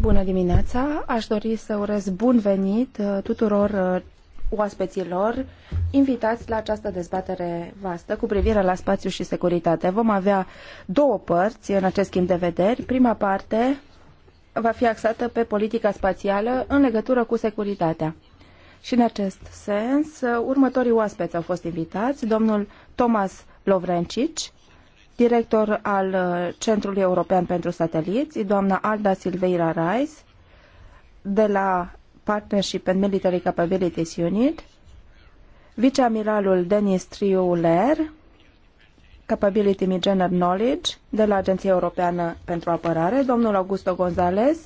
Bună dimineața! Aș dori să urez bun venit uh, tuturor uh, oaspeților invitați la această dezbatere vastă cu privire la spațiu și securitate. Vom avea două părți în acest schimb de vederi. Prima parte va fi axată pe politica spațială în legătură cu securitatea. Și în acest sens, uh, următorii oaspeți au fost invitați, domnul Thomas Lovrencic, director al uh, Centrului European pentru Sateliți, doamna Alda Silveira Reis, de la Partnership and Military Capabilities Unit, viceamiralul Denis Triuler, Capability General Knowledge, de la Agenția Europeană pentru Apărare, domnul Augusto González,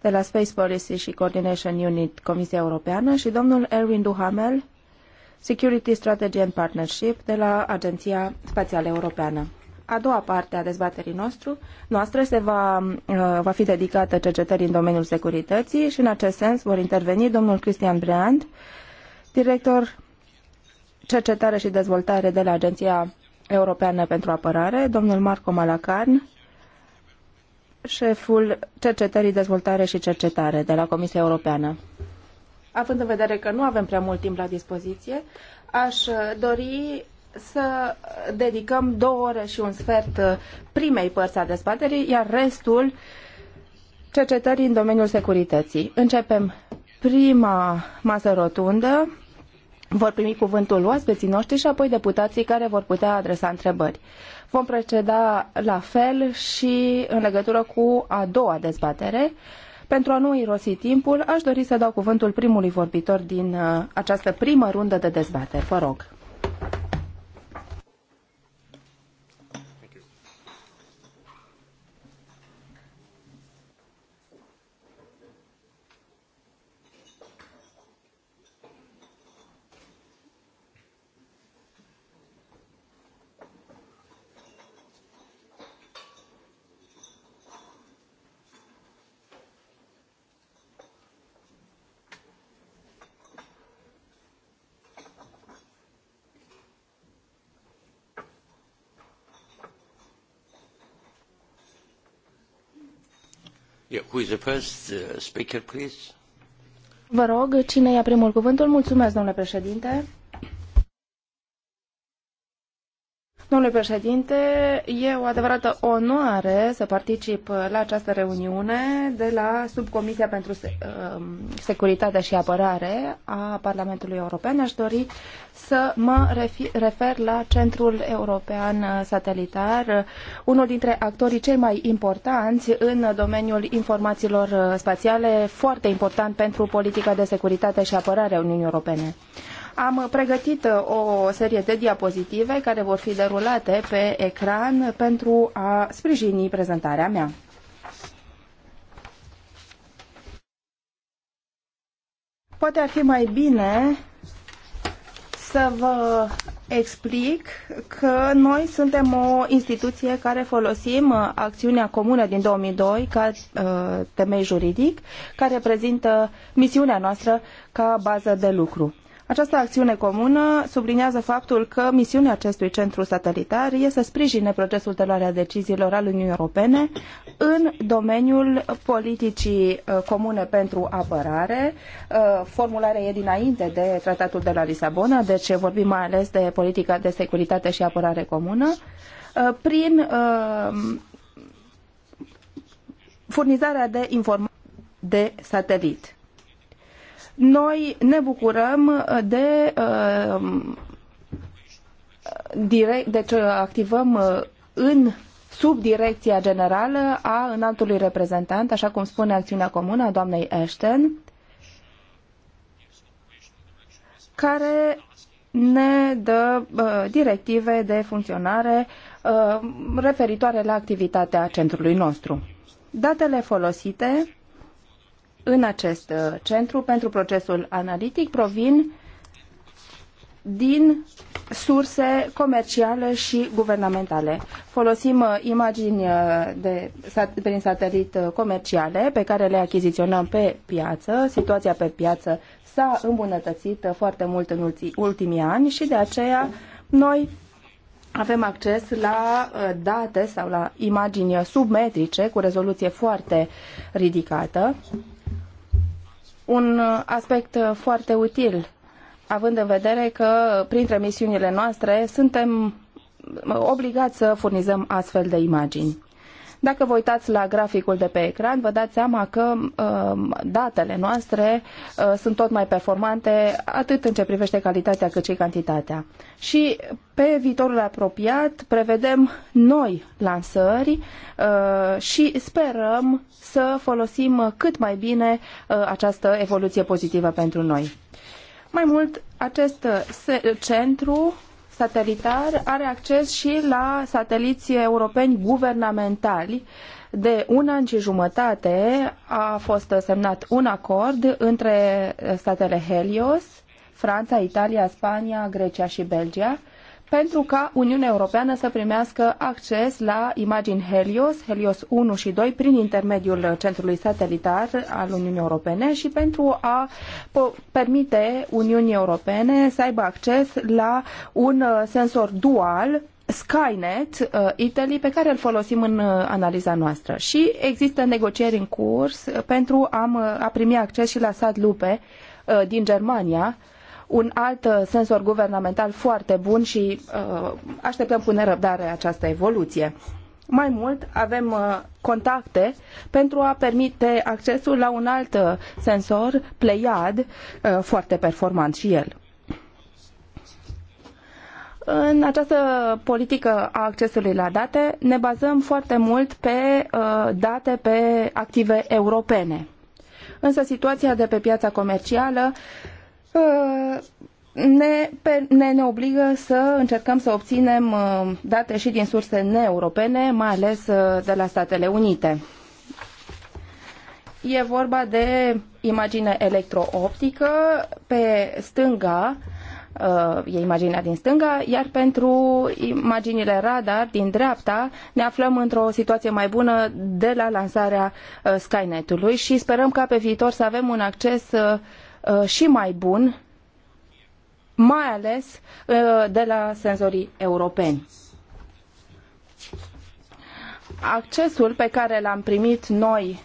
de la Space Policy și Coordination Unit, Comisia Europeană, și domnul Erwin Duhamel, Security Strategy and Partnership, de la Agenția Spațială Europeană. A doua parte a dezbaterii nostru, noastră se va, uh, va fi dedicată cercetării în domeniul securității și în acest sens vor interveni domnul Cristian Breand, director cercetare și dezvoltare de la Agenția Europeană pentru Apărare, domnul Marco Malacan, șeful cercetării, dezvoltare și cercetare de la Comisia Europeană. Având în vedere că nu avem prea mult timp la dispoziție, aș dori să dedicăm două ore și un sfert uh, primei părți a dezbaterii, iar restul cercetării în domeniul securității. Începem prima masă rotundă, vor primi cuvântul oaspeții noștri și apoi deputații care vor putea adresa întrebări. Vom proceda la fel și în legătură cu a doua dezbatere. Pentru a nu irosi timpul, aș dori să dau cuvântul primului vorbitor din uh, această primă rundă de dezbateri. Vă rog. Who uh, Vă rog, cine ia primul cuvântul? Mulțumesc, domnule președinte. Domnule președinte, e o adevărată onoare să particip la această reuniune de la Subcomisia pentru um, Securitate și Apărare a Parlamentului European. Aș dori să mă refer la Centrul European Satelitar, unul dintre actorii cei mai importanți în domeniul informațiilor spațiale, foarte important pentru politica de securitate și apărare a Uniunii Europene. Am pregătit uh, o serie de diapozitive care vor fi derulate pe ecran pentru a sprijini prezentarea mea. Poate ar fi mai bine să vă explic că noi suntem o instituție care folosim uh, acțiunea comună din 2002 ca uh, temei juridic, care reprezintă misiunea noastră ca bază de lucru. Această acțiune comună subliniază faptul că misiunea acestui centru satelitar este să sprijine procesul de luare a deciziilor al Uniunii Europene în domeniul politicii uh, comune pentru apărare. Uh, formularea e dinainte de tratatul de la Lisabona, deci vorbim mai ales de politica de securitate și apărare comună, uh, prin furnizarea de informații de satelit. Noi ne bucurăm uh, de uh, direct, deci uh, activăm în sub direcția generală a înaltului reprezentant, așa cum spune acțiunea comună a doamnei Ashton, care ne dă uh, directive de funcționare uh, referitoare la activitatea centrului nostru. Datele folosite în acest uh, centru pentru procesul analitic provin din surse comerciale și guvernamentale. Folosim uh, imagini uh, de, prin satelit comerciale pe care le achiziționăm pe piață. Situația pe piață s-a îmbunătățit foarte mult în ultimii ani și de aceea noi avem acces la date sau la imagini submetrice cu rezoluție foarte ridicată un uh, aspect uh, foarte util, având în vedere că printre misiunile noastre suntem uh, obligați să furnizăm astfel de imagini. Dacă vă uitați la graficul de pe ecran, vă dați seama că um, datele noastre uh, sunt tot mai performante, atât în ce privește calitatea cât și cantitatea. Și pe viitorul apropiat prevedem noi lansări uh, și sperăm să folosim cât mai bine uh, această evoluție pozitivă pentru noi. Mai mult, acest centru satelitar are acces și la sateliții europeni guvernamentali. De un an și jumătate a fost semnat un acord între statele Helios, Franța, Italia, Spania, Grecia și Belgia pentru ca Uniunea Europeană să primească acces la imagini Helios, Helios 1 și 2, prin intermediul Centrului Satelitar al Uniunii Europene și pentru a permite Uniunii Europene să aibă acces la un uh, sensor dual Skynet uh, Italy pe care îl folosim în uh, analiza noastră și există negocieri în curs pentru a, primi acces și la Sat Lupe din Germania un alt uh, sensor guvernamental foarte bun și uh, așteptăm cu nerăbdare această evoluție. Mai mult, avem uh, contacte pentru a permite accesul la un alt sensor, Pleiad, foarte performant și el. În această politică a accesului la date ne bazăm foarte mult pe date pe active europene. Însă situația de pe piața comercială Uh, ne, pe, ne, ne obligă să încercăm să obținem uh, date și din surse neeuropene, mai ales uh, de la Statele Unite. E vorba de imagine electrooptică pe stânga, e imaginea din stânga, iar pentru imaginile radar din dreapta ne aflăm într-o situație mai bună de la lansarea Skynet-ului și sperăm ca pe viitor să avem un acces Uh, și mai bun, mai ales uh, de la senzorii europeni. Accesul pe care l-am primit noi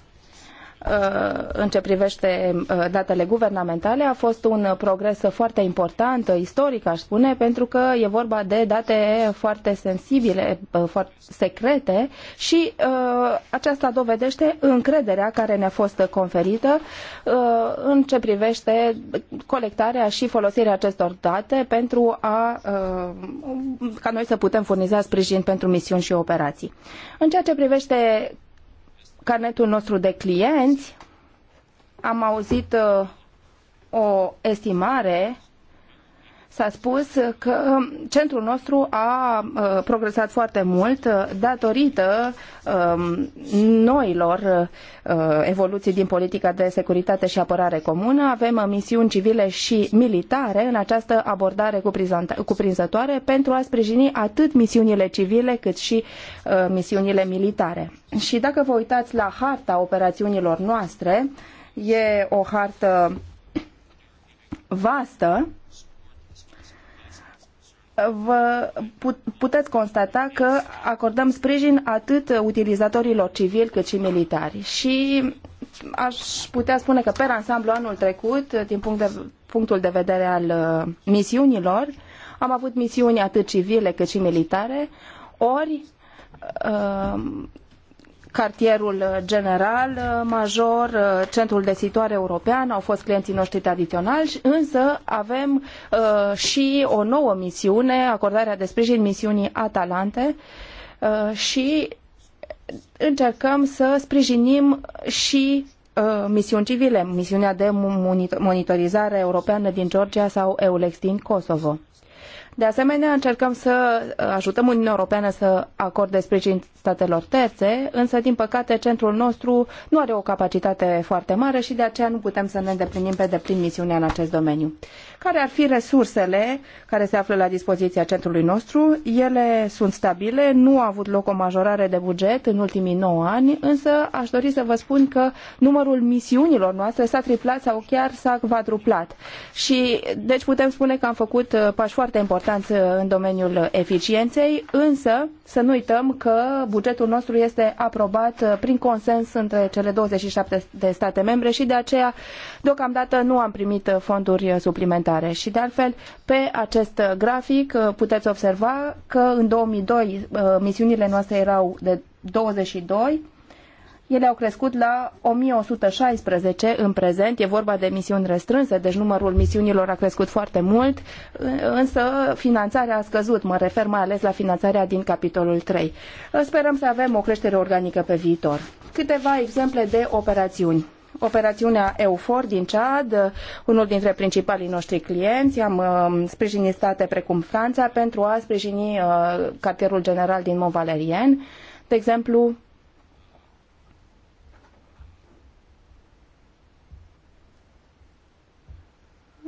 Uh, în ce privește uh, datele guvernamentale a fost un progres foarte important, istoric, aș spune, pentru că e vorba de date foarte sensibile, uh, foarte secrete și aceasta dovedește încrederea care ne-a fost conferită în ce privește colectarea și folosirea acestor date pentru a ca noi să putem furniza sprijin pentru misiuni și operații. În ceea ce privește carnetul nostru de clienți, am auzit uh, o estimare s-a spus că centrul nostru a uh, progresat foarte mult uh, datorită um, noilor uh, evoluții din politica de securitate și apărare comună. Avem misiuni civile și militare în această abordare cuprinzătoare pentru a sprijini atât misiunile civile cât și misiunile militare. Și dacă vă uitați la harta operațiunilor noastre, e o hartă vastă vă put, puteți constata că acordăm sprijin atât utilizatorilor civili cât și militari. Și aș putea spune că pe ansamblu anul trecut, din punct de, punctul de vedere al uh, misiunilor, am avut misiuni atât civile cât și militare, ori uh, cartierul general uh, major, uh, centrul de situare european, au fost clienții noștri tradiționali, însă avem uh, și o nouă misiune, acordarea de sprijin misiunii Atalante și încercăm să sprijinim și misiuni civile, misiunea de monitorizare europeană din Georgia sau EULEX din Kosovo. De asemenea, încercăm să uh, ajutăm Uniunea Europeană să acorde sprijin statelor terțe, însă, din păcate, centrul nostru nu are o capacitate foarte mare și de aceea nu putem să ne îndeplinim pe deplin misiunea în acest domeniu. Care ar fi resursele care se află la dispoziția centrului nostru? Ele sunt stabile, nu a avut loc o majorare de buget în ultimii 9 ani, însă aș dori să vă spun că numărul misiunilor noastre s-a triplat sau chiar s-a quadruplat. Și deci putem spune că am făcut uh, pași foarte importanți uh, în domeniul eficienței, însă să nu uităm că bugetul nostru este aprobat uh, prin consens între cele 27 de state membre și de aceea Deocamdată nu am primit uh, fonduri uh, suplimentare și de altfel pe acest uh, grafic puteți observa că în 2002 misiunile noastre erau de 22 ele au crescut la 1116 în prezent, e vorba de misiuni restrânse, deci numărul misiunilor a crescut foarte mult, însă finanțarea a scăzut, mă refer mai ales la finanțarea din capitolul 3. Sperăm să avem o creștere organică pe viitor. Câteva exemple de operațiuni operațiunea EUFOR din Chad, unul dintre principalii noștri clienți. Am uh, sprijinit state precum Franța pentru a sprijini uh, cartierul general din Mont Valerien. De exemplu,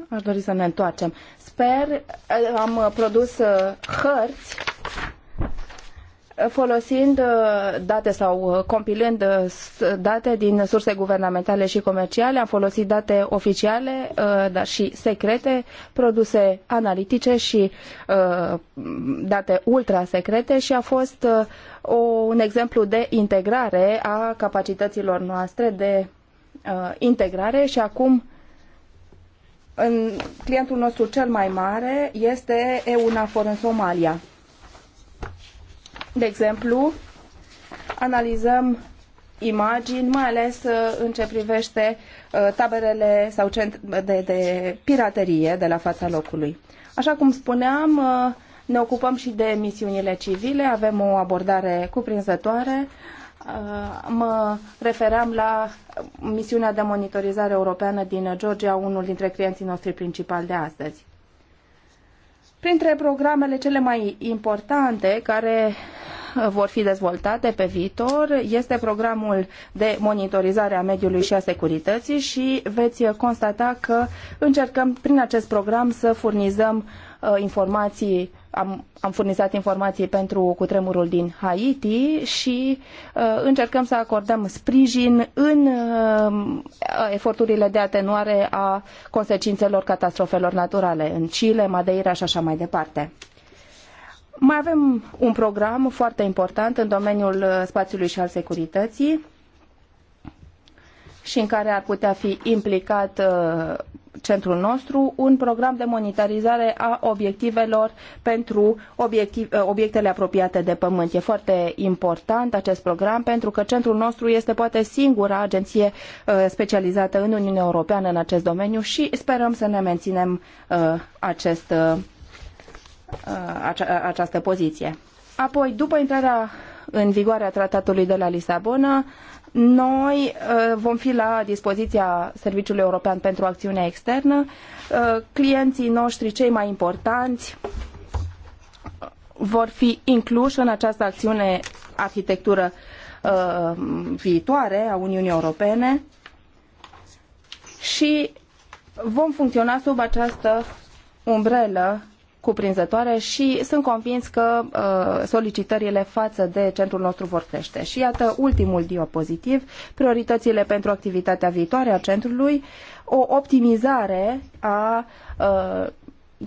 aș dori să ne întoarcem. Sper, uh, am produs uh, hărți folosind uh, date sau uh, compilând uh, date din surse guvernamentale și comerciale, am folosit date oficiale, dar și secrete, produse analitice și date ultrasecrete și a fost un exemplu de integrare a capacităților noastre de integrare și acum clientul nostru cel mai mare este EUNAFOR în Somalia de exemplu, analizăm imagini, mai ales uh, în ce privește uh, taberele sau de, de piraterie de la fața locului. Așa cum spuneam, uh, ne ocupăm și de misiunile civile, avem o abordare cuprinzătoare. Mă refeream la misiunea de monitorizare europeană din Georgia, unul dintre clienții noștri principali de astăzi. Printre programele cele mai importante care vor fi dezvoltate pe viitor este programul de monitorizare a mediului și a securității și veți constata că încercăm prin acest program să furnizăm uh, informații am, am furnizat informații pentru cutremurul din Haiti și uh, încercăm să acordăm sprijin în uh, eforturile de atenuare a consecințelor catastrofelor naturale în Chile, Madeira și așa mai departe. Mai avem un program foarte important în domeniul uh, spațiului și al securității și în care ar putea fi implicat uh, centrul nostru un program de monitorizare a obiectivelor pentru obiectiv, uh, obiectele apropiate de pământ. E foarte important acest program pentru că centrul nostru este poate singura agenție specializată în Uniunea Europeană în acest domeniu și sperăm să ne menținem acest Uh, uh, această poziție. Apoi, după intrarea în vigoare a tratatului de la Lisabona, noi uh, vom fi la dispoziția Serviciului European pentru Acțiune Externă. Clienții noștri cei mai importanți vor fi incluși în această acțiune arhitectură viitoare a Uniunii Europene și vom funcționa sub această umbrelă cuprinzătoare și sunt convins că uh, solicitările față de centrul nostru vor crește. Și iată ultimul diapozitiv, prioritățile pentru activitatea viitoare a centrului, o optimizare a uh,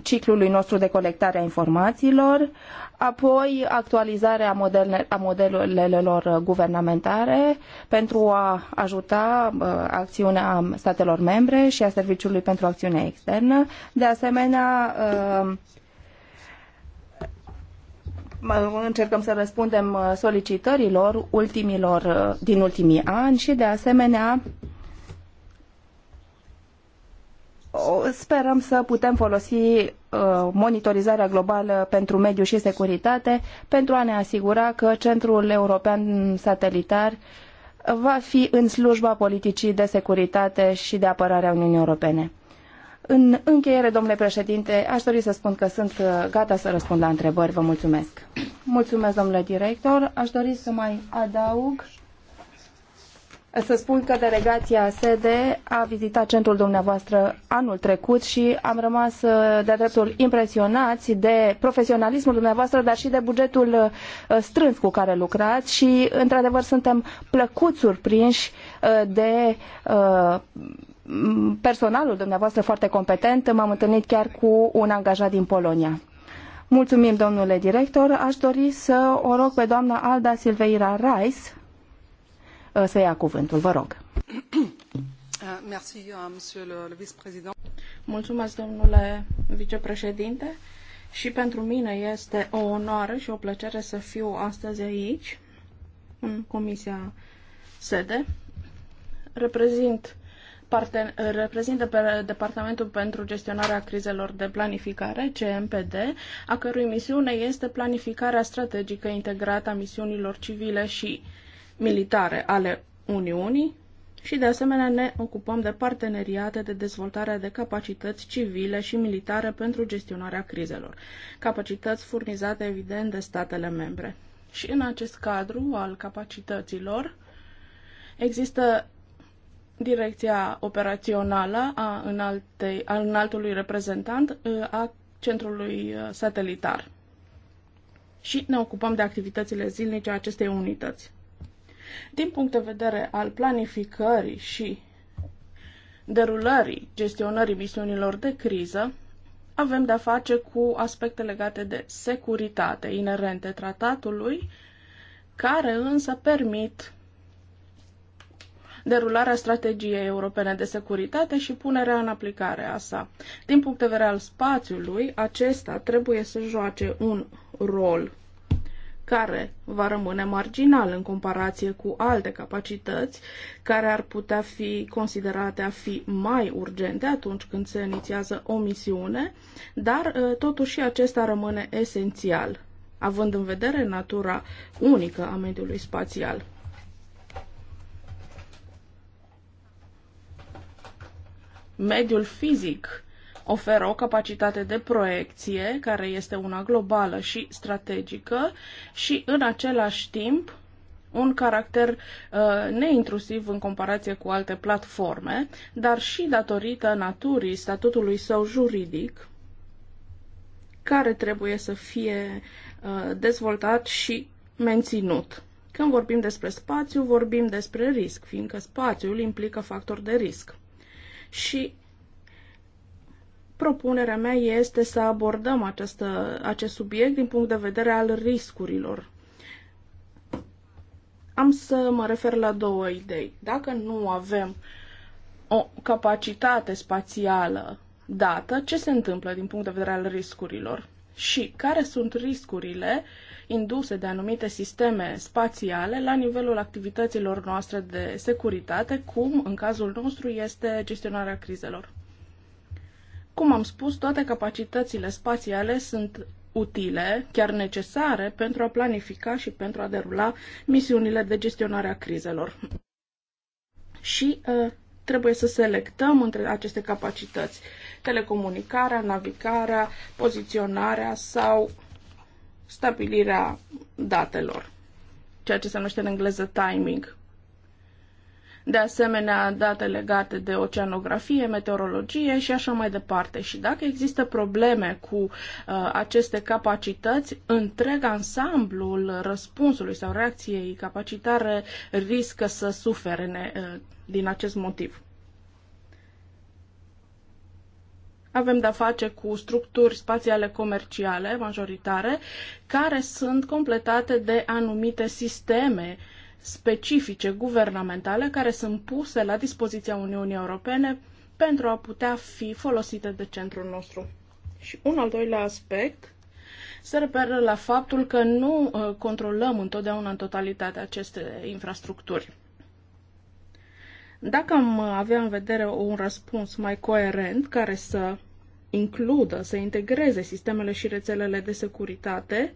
ciclului nostru de colectare a informațiilor, apoi actualizarea modele, a modelelor guvernamentare pentru a ajuta uh, acțiunea statelor membre și a Serviciului pentru Acțiune Externă, de asemenea uh, încercăm să răspundem uh, solicitărilor ultimilor, uh, din ultimii ani și de asemenea sperăm să putem folosi uh, monitorizarea globală pentru mediu și securitate pentru a ne asigura că Centrul European Satelitar va fi în slujba politicii de securitate și de apărare a Uniunii Europene. În încheiere, domnule președinte, aș dori să spun că sunt uh, gata să răspund la întrebări. Vă mulțumesc. Mulțumesc, domnule director. Aș dori să mai adaug să spun că delegația SEDE a vizitat centrul dumneavoastră anul trecut și am rămas uh, de-a dreptul impresionați de profesionalismul dumneavoastră, dar și de bugetul uh, strâns cu care lucrați și, într-adevăr, suntem plăcut surprinși de personalul dumneavoastră foarte competent. M-am întâlnit chiar cu un angajat din Polonia. Mulțumim, domnule director. Aș dori să o rog pe doamna Alda Silveira Rice uh, să ia cuvântul. Vă rog. Uh, uh, Mulțumesc, domnule vicepreședinte. Și pentru mine este o onoare și o plăcere să fiu astăzi aici, în Comisia Sede. Reprezint reprezintă pe Departamentul pentru Gestionarea Crizelor de Planificare, CMPD, a cărui misiune este planificarea strategică integrată a misiunilor civile și militare ale Uniunii și de asemenea ne ocupăm de parteneriate de dezvoltare de capacități civile și militare pentru gestionarea crizelor, capacități furnizate evident de statele membre. Și în acest cadru al capacităților există Direcția operațională a, înaltei, a înaltului reprezentant uh, a centrului uh, satelitar. Și ne ocupăm de activitățile zilnice a acestei unități. Din punct de vedere al planificării și derulării gestionării misiunilor de criză, avem de-a face cu aspecte legate de securitate inerente tratatului, care însă permit derularea strategiei europene de securitate și punerea în aplicare a sa. Din punct de vedere al spațiului, acesta trebuie să joace un rol care va rămâne marginal în comparație cu alte capacități care ar putea fi considerate a fi mai urgente atunci când se inițiază o misiune, dar uh, totuși acesta rămâne esențial, având în vedere natura unică a mediului spațial. Mediul fizic oferă o capacitate de proiecție, care este una globală și strategică, și în același timp un caracter uh, neintrusiv în comparație cu alte platforme, dar și datorită naturii statutului său juridic, care trebuie să fie uh, dezvoltat și menținut. Când vorbim despre spațiu, vorbim despre risc, fiindcă spațiul implică factori de risc și propunerea mea este să abordăm această, acest subiect din punct de vedere al riscurilor. Am să mă refer la două idei. Dacă nu avem o capacitate spațială dată, ce se întâmplă din punct de vedere al riscurilor? Și care sunt riscurile uh, induse de anumite sisteme spațiale la nivelul activităților noastre de securitate, cum în cazul nostru este gestionarea crizelor. Cum am spus, toate capacitățile spațiale sunt utile, chiar necesare, pentru a planifica și pentru a derula misiunile de gestionare a crizelor. Și uh, trebuie să selectăm între aceste capacități telecomunicarea, navigarea, poziționarea sau stabilirea datelor, ceea ce se numește în engleză timing. De asemenea, date legate de oceanografie, meteorologie și așa mai departe. Și dacă există probleme cu uh, aceste capacități, întreg ansamblul răspunsului sau reacției capacitare riscă să sufere ne, uh, din acest motiv. Avem de-a face cu structuri spațiale comerciale majoritare care sunt completate de anumite sisteme specifice guvernamentale care sunt puse la dispoziția Uniunii Europene pentru a putea fi folosite de centrul nostru. Și un al doilea aspect se referă la faptul că nu uh, controlăm întotdeauna în totalitate aceste infrastructuri. Dacă am avea în vedere un răspuns mai coerent care să includă, să integreze sistemele și rețelele de securitate,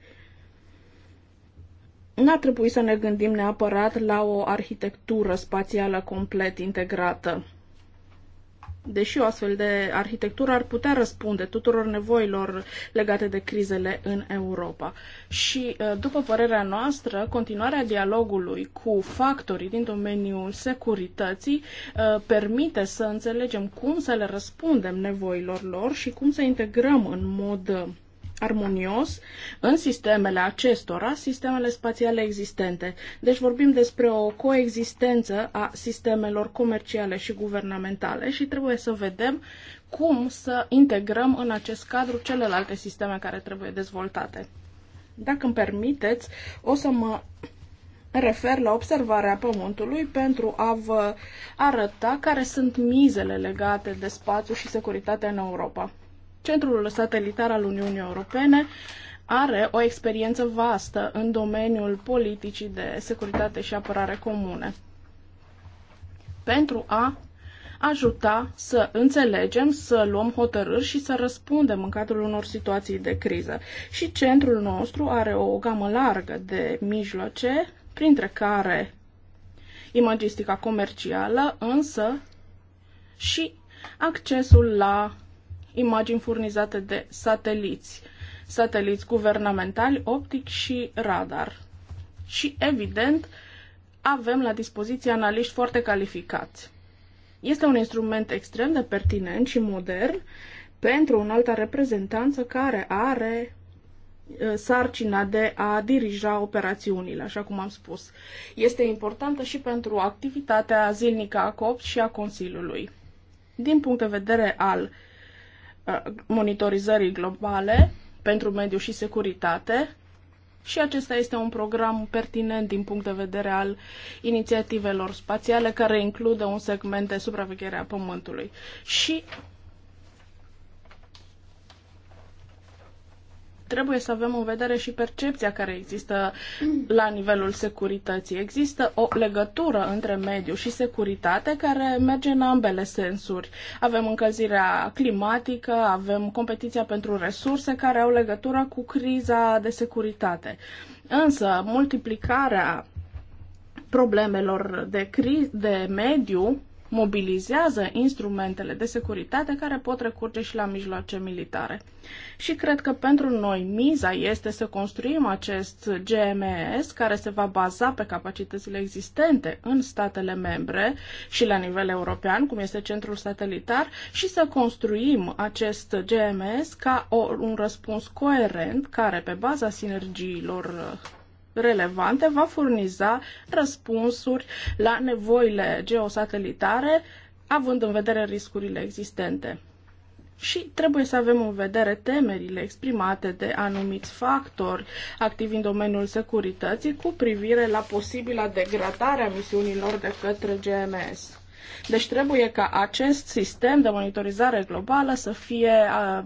n-ar trebui să ne gândim neapărat la o arhitectură spațială complet integrată deși o astfel de arhitectură ar putea răspunde tuturor nevoilor legate de crizele în Europa. Și, uh, după părerea noastră, continuarea dialogului cu factorii din domeniul securității uh, permite să înțelegem cum să le răspundem nevoilor lor și cum să integrăm în mod armonios în sistemele acestora, sistemele spațiale existente. Deci vorbim despre o coexistență a sistemelor comerciale și guvernamentale și trebuie să vedem cum să integrăm în acest cadru celelalte sisteme care trebuie dezvoltate. Dacă îmi permiteți, o să mă refer la observarea Pământului pentru a vă arăta care sunt mizele legate de spațiu și securitate în Europa. Centrul satelitar al Uniunii Europene are o experiență vastă în domeniul politicii de securitate și apărare comune. Pentru a ajuta să înțelegem, să luăm hotărâri și să răspundem în cadrul unor situații de criză. Și centrul nostru are o gamă largă de mijloace, printre care imagistica comercială, însă și accesul la imagini furnizate de sateliți, sateliți guvernamentali, optic și radar. Și, evident, avem la dispoziție analiști foarte calificați. Este un instrument extrem de pertinent și modern pentru un alta reprezentanță care are uh, sarcina de a dirija operațiunile, așa cum am spus. Este importantă și pentru activitatea zilnică a COPS și a Consiliului. Din punct de vedere al monitorizării globale pentru mediu și securitate. Și acesta este un program pertinent din punct de vedere al inițiativelor spațiale, care include un segment de supraveghere a Pământului. Și trebuie să avem în vedere și percepția care există la nivelul securității. Există o legătură între mediu și securitate care merge în ambele sensuri. Avem încălzirea climatică, avem competiția pentru resurse care au legătură cu criza de securitate. Însă, multiplicarea problemelor de, cri- de mediu mobilizează instrumentele de securitate care pot recurge și la mijloace militare. Și cred că pentru noi miza este să construim acest GMS care se va baza pe capacitățile existente în statele membre și la nivel european, cum este centrul satelitar, și să construim acest GMS ca o, un răspuns coerent care, pe baza sinergiilor relevante va furniza răspunsuri la nevoile geosatelitare, având în vedere riscurile existente. Și trebuie să avem în vedere temerile exprimate de anumiți factori activi în domeniul securității cu privire la posibila degradare a misiunilor de către GMS. Deci trebuie ca acest sistem de monitorizare globală să fie uh,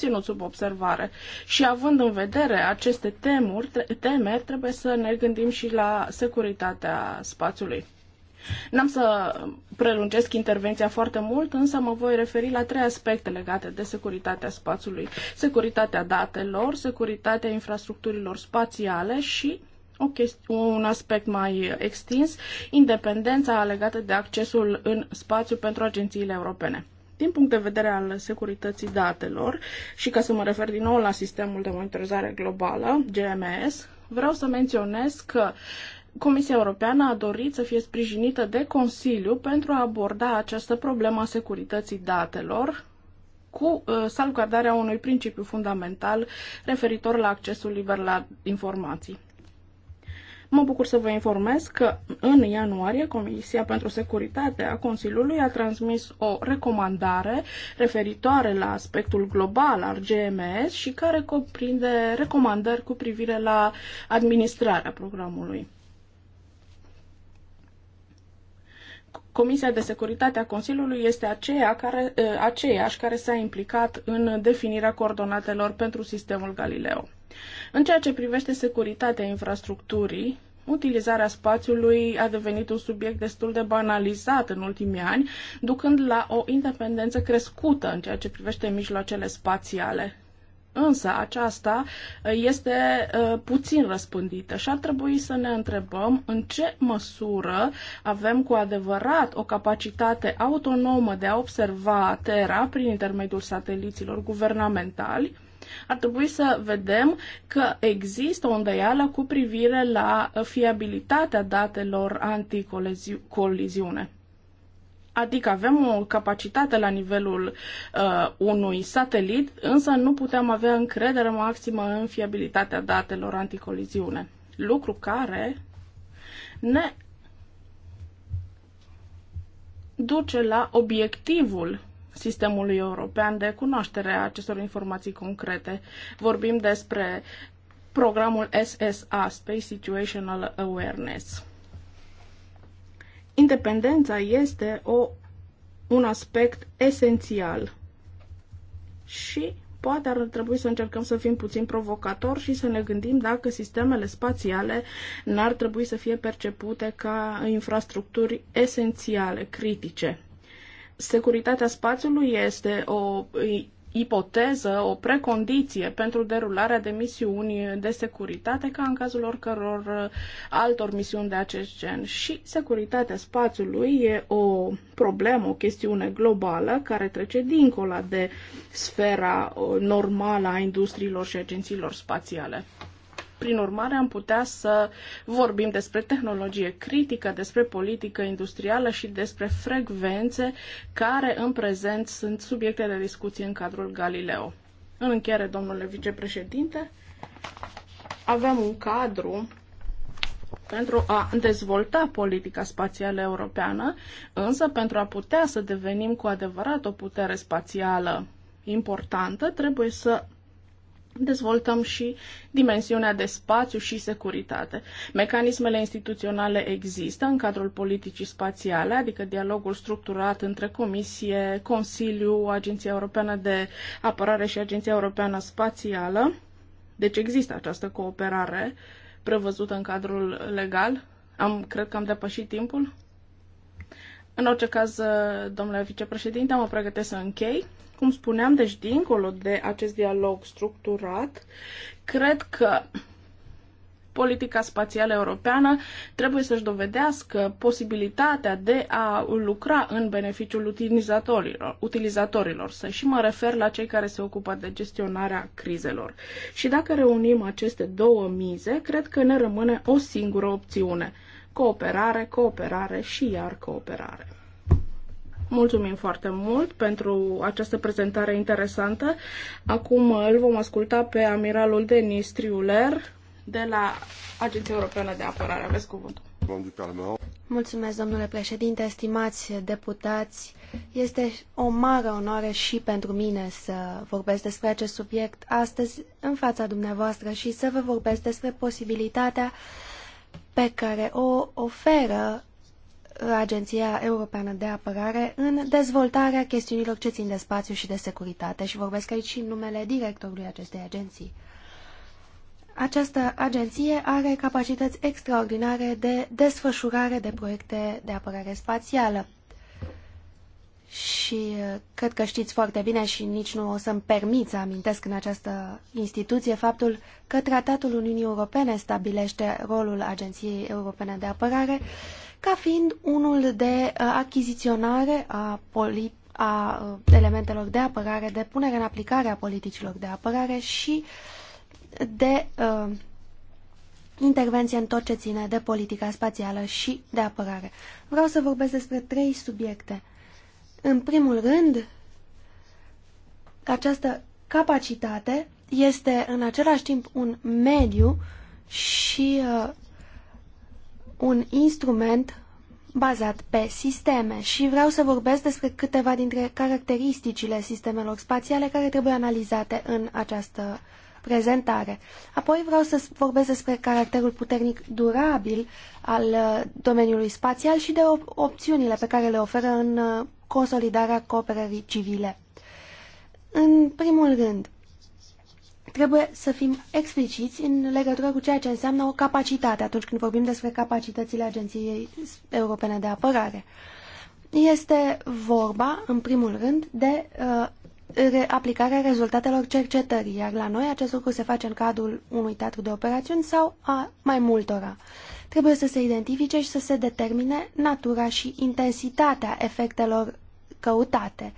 ținut sub observare. Și având în vedere aceste temuri, teme, trebuie să ne gândim și la securitatea spațiului. N-am să prelungesc intervenția foarte mult, însă mă voi referi la trei aspecte legate de securitatea spațiului. Securitatea datelor, securitatea infrastructurilor spațiale și o un aspect mai extins, independența legată de accesul în spațiu pentru agențiile europene. Din punct de vedere al securității datelor și ca să mă refer din nou la sistemul de monitorizare globală, GMS, vreau să menționez că Comisia Europeană a dorit să fie sprijinită de Consiliu pentru a aborda această problemă a securității datelor cu uh, salvgardarea unui principiu fundamental referitor la accesul liber la informații. Mă bucur să vă informez că în ianuarie Comisia pentru Securitate a Consiliului a transmis o recomandare referitoare la aspectul global al GMS și care cuprinde recomandări cu privire la administrarea programului. Comisia de Securitate a Consiliului este aceea care, eh, aceeași care s-a implicat în definirea coordonatelor pentru sistemul Galileo. În ceea ce privește securitatea infrastructurii, utilizarea spațiului a devenit un subiect destul de banalizat în ultimii ani, ducând la o independență crescută în ceea ce privește mijloacele spațiale. Însă aceasta uh, este uh, puțin răspândită și ar trebui să ne întrebăm în ce măsură avem cu adevărat o capacitate autonomă de a observa Terra prin intermediul sateliților guvernamentali ar trebui să vedem că există o îndoială cu privire la fiabilitatea datelor anticoliziune. Adică avem o capacitate la nivelul uh, unui satelit, însă nu putem avea încredere maximă în fiabilitatea datelor anticoliziune. Lucru care ne duce la obiectivul sistemului european de cunoaștere a acestor informații concrete. Vorbim despre programul SSA, Space Situational Awareness. Independența este o, un aspect esențial și poate ar trebui să încercăm să fim puțin provocatori și să ne gândim dacă sistemele spațiale n-ar trebui să fie percepute ca infrastructuri esențiale, critice securitatea spațiului este o ipoteză, o precondiție pentru derularea de misiuni de securitate, ca în cazul oricăror uh, altor misiuni de acest gen. Și securitatea spațiului e o problemă, o chestiune globală care trece dincolo de sfera uh, normală a industriilor și agențiilor spațiale. Prin urmare, am putea să vorbim despre tehnologie critică, despre politică industrială și despre frecvențe care în prezent sunt subiecte de discuție în cadrul Galileo. În încheiere, domnule vicepreședinte, avem un cadru pentru a dezvolta politica spațială europeană, însă pentru a putea să devenim cu adevărat o putere spațială importantă, trebuie să dezvoltăm și dimensiunea de spațiu și securitate. Mecanismele instituționale există în cadrul politicii spațiale, adică dialogul structurat între Comisie, Consiliu, Agenția Europeană de Apărare și Agenția Europeană Spațială. Deci există această cooperare prevăzută în cadrul legal. Am, cred că am depășit timpul. În orice caz, domnule vicepreședinte, mă pregătesc să închei. Cum spuneam, deci dincolo de acest dialog structurat, cred că politica spațială europeană trebuie să-și dovedească posibilitatea de a lucra în beneficiul utilizatorilor, utilizatorilor să și mă refer la cei care se ocupă de gestionarea crizelor. Și dacă reunim aceste două mize, cred că ne rămâne o singură opțiune. Cooperare, cooperare și iar cooperare. Mulțumim foarte mult pentru această prezentare interesantă. Acum uh, îl vom asculta pe amiralul Denis Triuler de la Agenția Europeană de Apărare. Aveți cuvântul. Mulțumesc, domnule președinte, stimați deputați. Este o mare onoare și pentru mine să vorbesc despre acest subiect astăzi în fața dumneavoastră și să vă vorbesc despre posibilitatea pe care o oferă Agenția Europeană de Apărare în dezvoltarea chestiunilor ce țin de spațiu și de securitate și vorbesc aici și în numele directorului acestei agenții. Această agenție are capacități extraordinare de desfășurare de proiecte de apărare spațială. Și uh, cred că știți foarte bine și nici nu o să-mi permit să amintesc în această instituție faptul că Tratatul Uniunii Europene stabilește rolul Agenției Europene de Apărare ca fiind unul de uh, achiziționare a, poli, a uh, elementelor de apărare, de punere în aplicare a politicilor de apărare și de uh, intervenție în tot ce ține de politica spațială și de apărare. Vreau să vorbesc despre trei subiecte. În primul rând, această capacitate este în același timp un mediu și uh, un instrument bazat pe sisteme și vreau să vorbesc despre câteva dintre caracteristicile sistemelor spațiale care trebuie analizate în această prezentare. Apoi vreau să vorbesc despre caracterul puternic durabil al uh, domeniului spațial și de op opțiunile pe care le oferă în uh, consolidarea cooperării civile. În primul rând, trebuie să fim expliciți în legătură cu ceea ce înseamnă o capacitate atunci când vorbim despre capacitățile Agenției Europene de Apărare. Este vorba, în primul rând, de uh, re aplicarea rezultatelor cercetării, iar la noi acest lucru se face în cadrul unui teatru de operațiuni sau a mai multora. Trebuie să se identifice și să se determine natura și intensitatea efectelor căutate.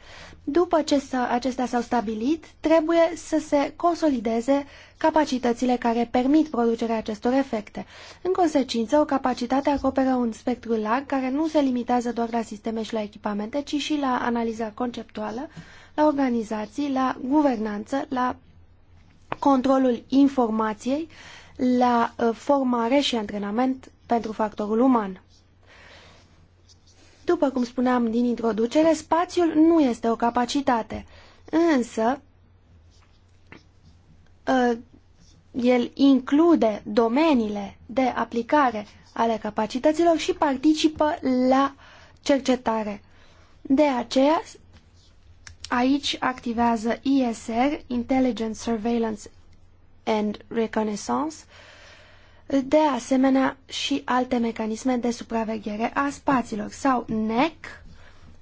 După ce acestea s-au stabilit, trebuie să se consolideze capacitățile care permit producerea acestor efecte. În consecință, o capacitate acoperă un spectru larg care nu se limitează doar la sisteme și la echipamente, ci și la analiza conceptuală, la organizații, la guvernanță, la controlul informației, la uh, formare și antrenament pentru factorul uman. După cum spuneam din introducere, spațiul nu este o capacitate, însă ă, el include domeniile de aplicare ale capacităților și participă la cercetare. De aceea, aici activează ISR, Intelligence Surveillance and Reconnaissance, de asemenea și alte mecanisme de supraveghere a spațiilor sau NEC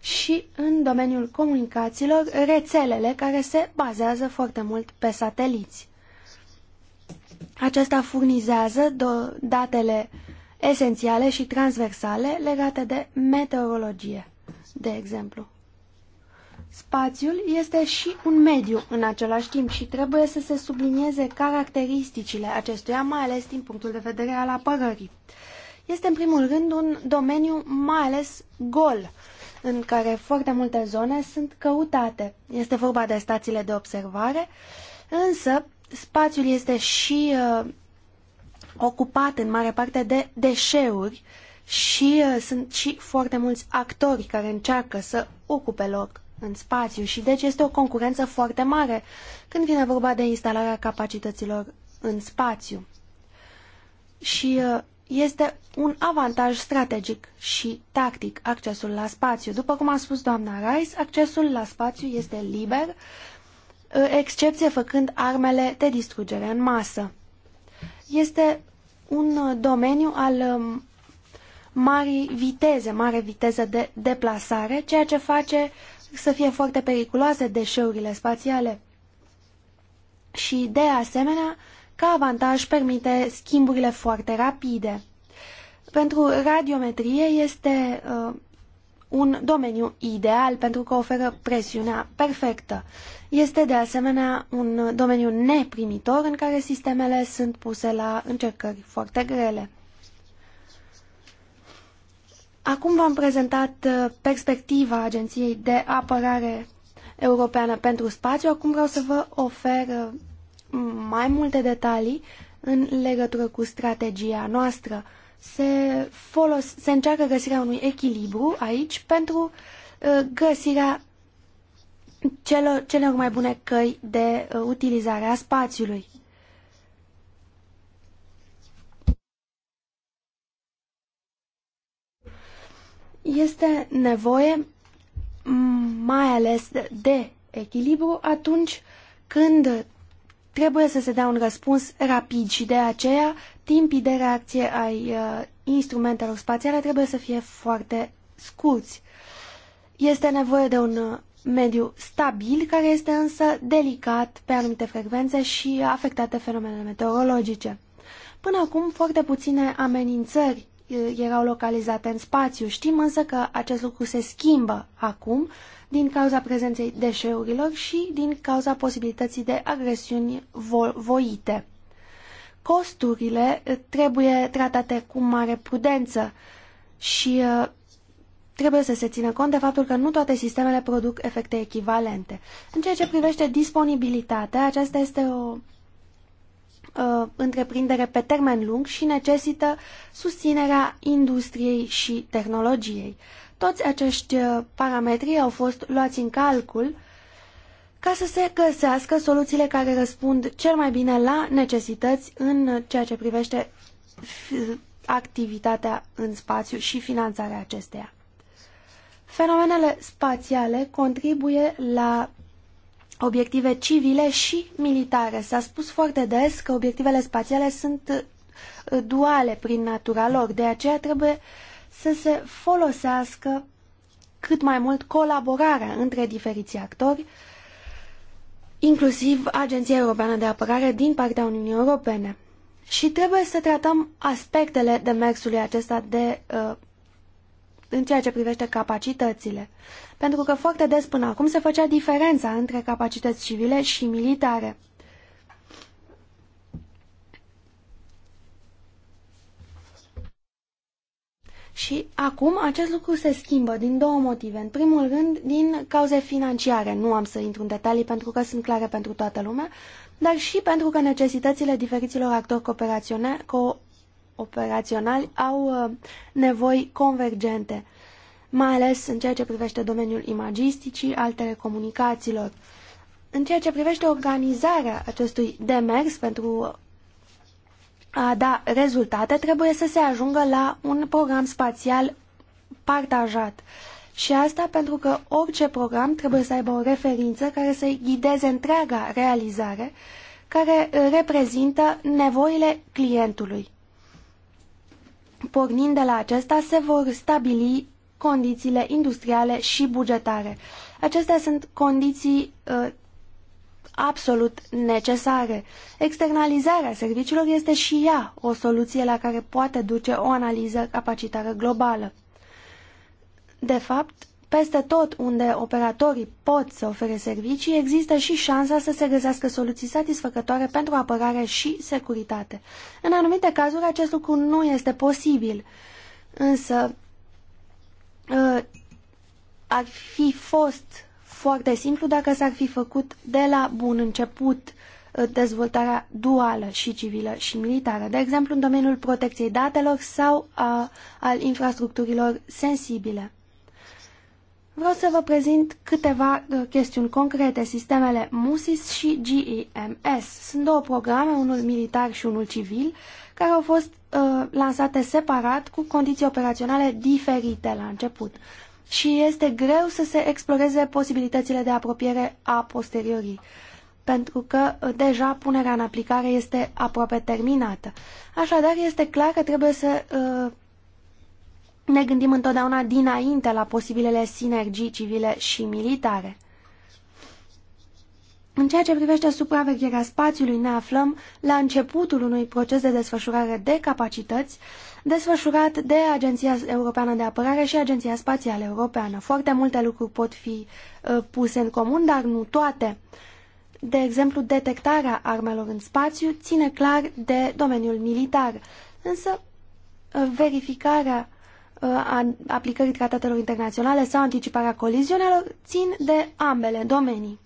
și în domeniul comunicațiilor rețelele care se bazează foarte mult pe sateliți. Acesta furnizează datele esențiale și transversale legate de meteorologie, de exemplu. Spațiul este și un mediu în același timp și trebuie să se sublinieze caracteristicile acestuia, mai ales din punctul de vedere al apărării. Este în primul rând un domeniu mai ales gol, în care foarte multe zone sunt căutate. Este vorba de stațiile de observare, însă spațiul este și uh, ocupat în mare parte de deșeuri și uh, sunt și foarte mulți actori care încearcă să ocupe loc în spațiu și deci este o concurență foarte mare când vine vorba de instalarea capacităților în spațiu. Și uh, este un avantaj strategic și tactic accesul la spațiu. După cum a spus doamna Rice, accesul la spațiu este liber, uh, excepție făcând armele de distrugere în masă. Este un uh, domeniu al um, marii viteze, mare viteză de deplasare, ceea ce face să fie foarte periculoase deșeurile spațiale. Și, de asemenea, ca avantaj permite schimburile foarte rapide. Pentru radiometrie este uh, un domeniu ideal pentru că oferă presiunea perfectă. Este de asemenea un domeniu neprimitor în care sistemele sunt puse la încercări foarte grele. Acum v-am prezentat uh, perspectiva Agenției de Apărare Europeană pentru Spațiu. Acum vreau să vă ofer uh, mai multe detalii în legătură cu strategia noastră. Se, folos, se încearcă găsirea unui echilibru aici pentru uh, găsirea celor, celor mai bune căi de utilizare a spațiului. Este nevoie mai ales de, de echilibru atunci când trebuie să se dea un răspuns rapid și de aceea timpii de reacție ai uh, instrumentelor spațiale trebuie să fie foarte scurți. Este nevoie de un uh, mediu stabil, care este însă delicat pe anumite frecvențe și afectate fenomenele meteorologice. Până acum, foarte puține amenințări erau localizate în spațiu. Știm însă că acest lucru se schimbă acum din cauza prezenței deșeurilor și din cauza posibilității de agresiuni vo voite. Costurile trebuie tratate cu mare prudență și trebuie să se țină cont de faptul că nu toate sistemele produc efecte echivalente. În ceea ce privește disponibilitatea, aceasta este o Uh, întreprindere pe termen lung și necesită susținerea industriei și tehnologiei. Toți acești uh, parametri au fost luați în calcul ca să se găsească soluțiile care răspund cel mai bine la necesități în ceea ce privește activitatea în spațiu și finanțarea acesteia. Fenomenele spațiale contribuie la obiective civile și militare. S-a spus foarte des că obiectivele spațiale sunt uh, duale prin natura lor, de aceea trebuie să se folosească cât mai mult colaborarea între diferiți actori, inclusiv Agenția Europeană de Apărare din partea Uniunii Europene. Și trebuie să tratăm aspectele demersului acesta de uh, în ceea ce privește capacitățile. Pentru că foarte des până acum se făcea diferența între capacități civile și militare. Și acum acest lucru se schimbă din două motive. În primul rând, din cauze financiare. Nu am să intru în detalii pentru că sunt clare pentru toată lumea, dar și pentru că necesitățile diferiților actori cooperațione, co operaționali au uh, nevoi convergente, mai ales în ceea ce privește domeniul imagisticii, al telecomunicațiilor. În ceea ce privește organizarea acestui demers pentru a da rezultate, trebuie să se ajungă la un program spațial partajat. Și asta pentru că orice program trebuie să aibă o referință care să-i ghideze întreaga realizare, care uh, reprezintă nevoile clientului. Pornind de la acesta, se vor stabili condițiile industriale și bugetare. Acestea sunt condiții uh, absolut necesare. Externalizarea serviciilor este și ea o soluție la care poate duce o analiză capacitară globală. De fapt, peste tot unde operatorii pot să ofere servicii, există și șansa să se găsească soluții satisfăcătoare pentru apărare și securitate. În anumite cazuri, acest lucru nu este posibil, însă uh, ar fi fost foarte simplu dacă s-ar fi făcut de la bun început uh, dezvoltarea duală și civilă și militară, de exemplu în domeniul protecției datelor sau a, al infrastructurilor sensibile. Vreau să vă prezint câteva uh, chestiuni concrete. Sistemele MUSIS și GEMS sunt două programe, unul militar și unul civil, care au fost uh, lansate separat cu condiții operaționale diferite la început. Și este greu să se exploreze posibilitățile de apropiere a posteriorii, pentru că uh, deja punerea în aplicare este aproape terminată. Așadar, este clar că trebuie să uh, ne gândim întotdeauna dinainte la posibilele sinergii civile și militare. În ceea ce privește supravegherea spațiului, ne aflăm la începutul unui proces de desfășurare de capacități desfășurat de Agenția Europeană de Apărare și Agenția Spațială Europeană. Foarte multe lucruri pot fi uh, puse în comun, dar nu toate. De exemplu, detectarea armelor în spațiu ține clar de domeniul militar, însă uh, verificarea uh, a aplicării tratatelor internaționale sau anticiparea coliziunilor țin de ambele domenii.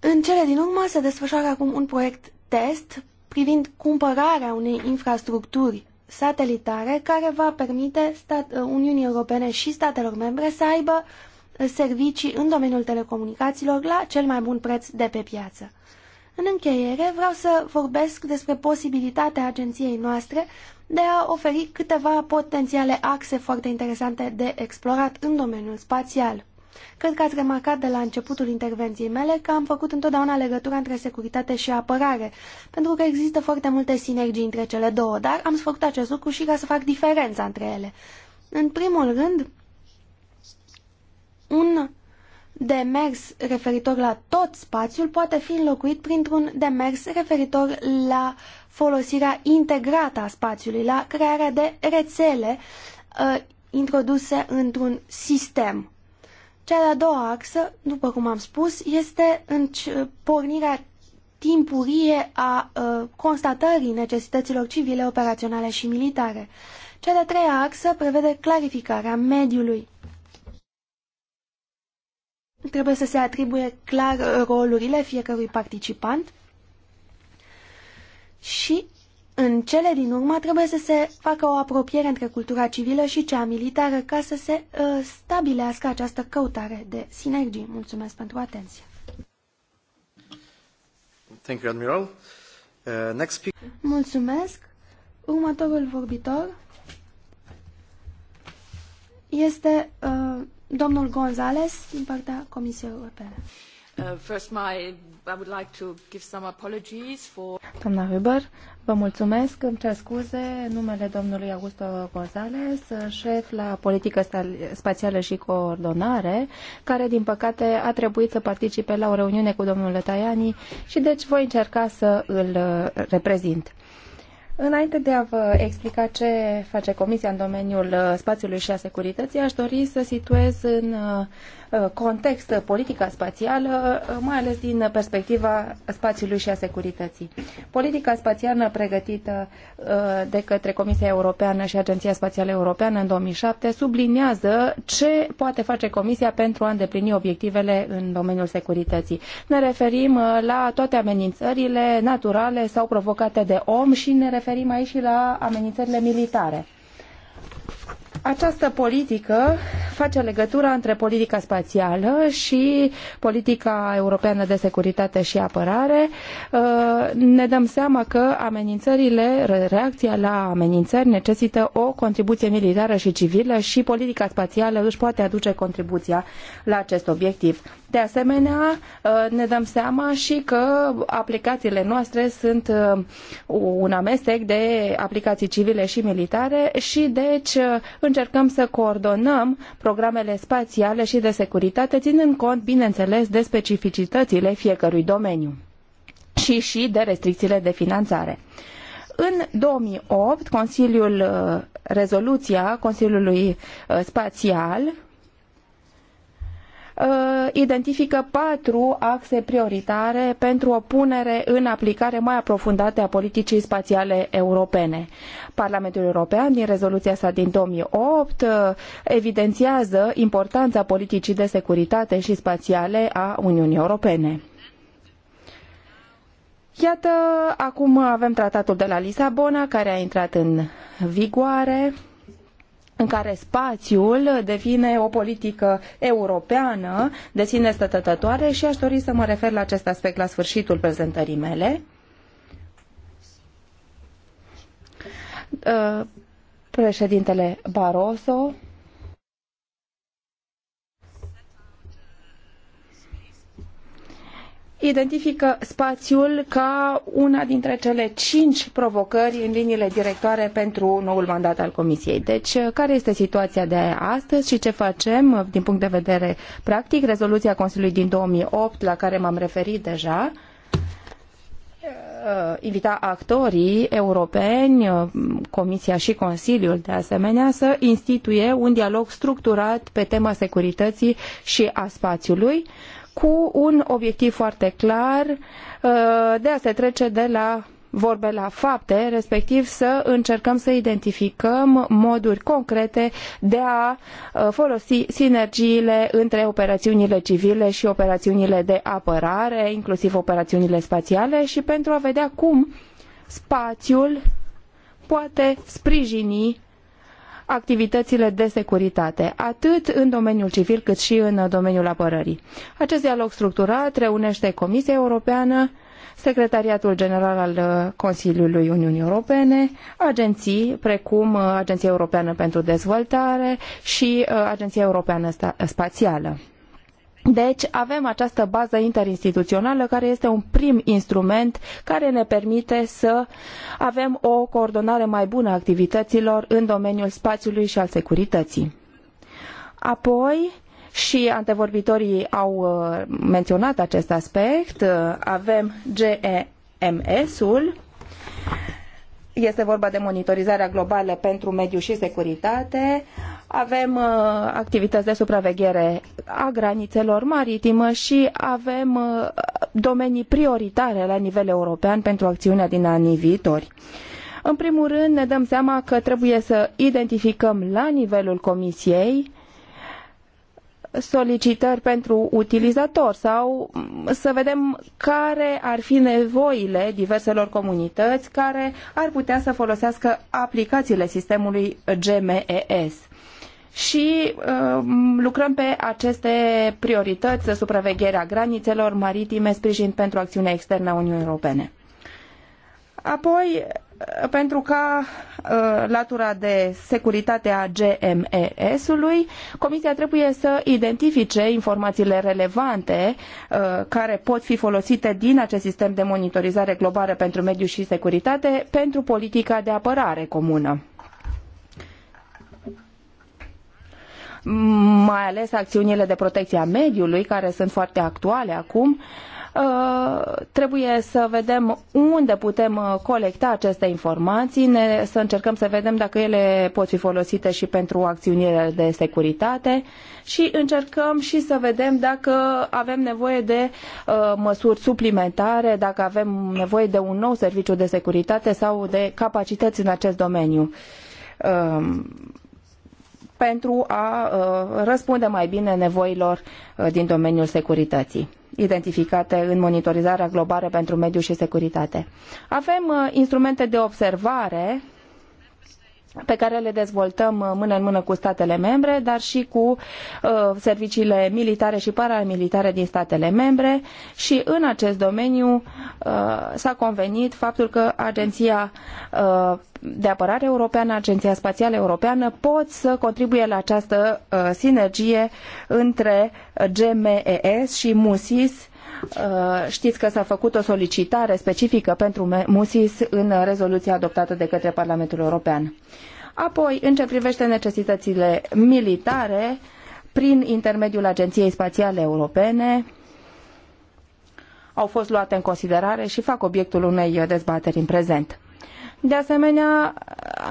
În cele din urmă se desfășoară acum un proiect test privind cumpărarea unei infrastructuri satelitare care va permite stat, Uniunii Europene și statelor membre să aibă uh, servicii în domeniul telecomunicațiilor la cel mai bun preț de pe piață. În încheiere, vreau să vorbesc despre posibilitatea agenției noastre de a oferi câteva potențiale axe foarte interesante de explorat în domeniul spațial. Cred că ați remarcat de la începutul intervenției mele că am făcut întotdeauna legătura între securitate și apărare, pentru că există foarte multe sinergii între cele două, dar am făcut acest lucru și ca să fac diferența între ele. În primul rând, un demers referitor la tot spațiul poate fi înlocuit printr-un demers referitor la folosirea integrată a spațiului, la crearea de rețele uh, introduse într-un sistem. Cea de-a doua axă, după cum am spus, este în pornirea timpurie a uh, constatării necesităților civile, operaționale și militare. Cea de-a treia axă prevede clarificarea mediului. Trebuie să se atribuie clar rolurile fiecărui participant și în cele din urmă trebuie să se facă o apropiere între cultura civilă și cea militară ca să se uh, stabilească această căutare de sinergii. Mulțumesc pentru atenție. Thank you, Admiral. Uh, next speaker. Mulțumesc. Următorul vorbitor este uh, Domnul Gonzales, din partea Comisiei Europene. Uh, first, my, I would like to give some apologies for... Doamna Huber, vă mulțumesc, îmi cer scuze numele domnului Augusto Gonzales, șef la politică spațială și coordonare, care din păcate a trebuit să participe la o reuniune cu domnul Tajani și deci voi încerca să îl uh, reprezint. Înainte de a vă explica ce face Comisia în domeniul uh, spațiului și a securității, aș dori să situez în uh, Uh, context uh, politica spațială, uh, mai ales din perspectiva spațiului și a securității. Politica spațială pregătită de către Comisia Europeană și Agenția Spațială Europeană în 2007 subliniază ce poate face Comisia pentru a îndeplini obiectivele în domeniul securității. Ne referim la toate amenințările naturale sau provocate de om și ne referim aici și la amenințările militare. Această politică face legătura între politica spațială și politica europeană de securitate și apărare. Uh, ne dăm seama că amenințările, reacția la amenințări necesită o contribuție militară și civilă și politica spațială își poate aduce contribuția la acest obiectiv. De asemenea, uh, ne dăm seama și că aplicațiile noastre sunt uh, un amestec de aplicații civile și militare și deci uh, încercăm să coordonăm programele spațiale și de securitate, ținând cont, bineînțeles, de specificitățile fiecărui domeniu și și de restricțiile de finanțare. În 2008, Consiliul, rezoluția Consiliului Spațial Uh, identifică patru axe prioritare pentru o punere în aplicare mai aprofundată a politicii spațiale europene. Parlamentul European, din rezoluția sa din 2008, uh, evidențiază importanța politicii de securitate și spațiale a Uniunii Europene. Iată, acum avem tratatul de la Lisabona, care a intrat în vigoare în care spațiul devine o politică europeană de sine stătătătoare și aș dori să mă refer la acest aspect la sfârșitul prezentării mele. Uh, președintele Barroso identifică spațiul ca una dintre cele cinci provocări în liniile directoare pentru noul mandat al Comisiei. Deci, uh, care este situația de astăzi și ce facem uh, din punct de vedere practic? Rezoluția Consiliului din 2008, la care m-am referit deja, uh, invita actorii europeni, Comisia și Consiliul de asemenea, să instituie un dialog structurat pe tema securității și a spațiului, cu un obiectiv foarte clar uh, de a se trece de la vorbe la fapte, respectiv să încercăm să identificăm moduri concrete de a uh, folosi sinergiile între operațiunile civile și operațiunile de apărare, inclusiv operațiunile spațiale și pentru a vedea cum spațiul poate sprijini activitățile de securitate, atât în domeniul civil cât și în domeniul apărării. Acest dialog structurat reunește Comisia Europeană, Secretariatul General al Consiliului Uniunii Europene, agenții precum Agenția Europeană pentru Dezvoltare și uh, Agenția Europeană Spațială. Deci avem această bază interinstituțională care este un prim instrument care ne permite să avem o coordonare mai bună a activităților în domeniul spațiului și al securității. Apoi, și antevorbitorii au uh, menționat acest aspect, uh, avem GEMS-ul, este vorba de monitorizarea globală pentru mediu și securitate avem uh, activități de supraveghere a granițelor maritime și avem uh, domenii prioritare la nivel european pentru acțiunea din anii viitori. În primul rând, ne dăm seama că trebuie să identificăm la nivelul Comisiei solicitări pentru utilizator sau mm, să vedem care ar fi nevoile diverselor comunități care ar putea să folosească aplicațiile sistemului GMES și uh, lucrăm pe aceste priorități, supravegherea granițelor maritime, sprijin pentru acțiunea externă a Uniunii Europene. Apoi, uh, pentru ca uh, latura de securitate a GMES-ului, Comisia trebuie să identifice informațiile relevante uh, care pot fi folosite din acest sistem de monitorizare globală pentru mediu și securitate pentru politica de apărare comună. mai ales acțiunile de protecție a mediului, care sunt foarte actuale acum, uh, trebuie să vedem unde putem uh, colecta aceste informații, ne, să încercăm să vedem dacă ele pot fi folosite și pentru acțiunile de securitate și încercăm și să vedem dacă avem nevoie de uh, măsuri suplimentare, dacă avem nevoie de un nou serviciu de securitate sau de capacități în acest domeniu. Uh, pentru a uh, răspunde mai bine nevoilor uh, din domeniul securității identificate în monitorizarea globală pentru mediu și securitate. Avem uh, instrumente de observare pe care le dezvoltăm uh, mână în mână cu statele membre, dar și cu uh, serviciile militare și paramilitare din statele membre și în acest domeniu uh, s-a convenit faptul că Agenția uh, de Apărare Europeană, Agenția Spațială Europeană pot să contribuie la această uh, sinergie între GMES și MUSIS Uh, știți că s-a făcut o solicitare specifică pentru MUSIS în rezoluția adoptată de către Parlamentul European. Apoi, în ce privește necesitățile militare, prin intermediul Agenției Spațiale Europene, au fost luate în considerare și fac obiectul unei dezbateri în prezent. De asemenea,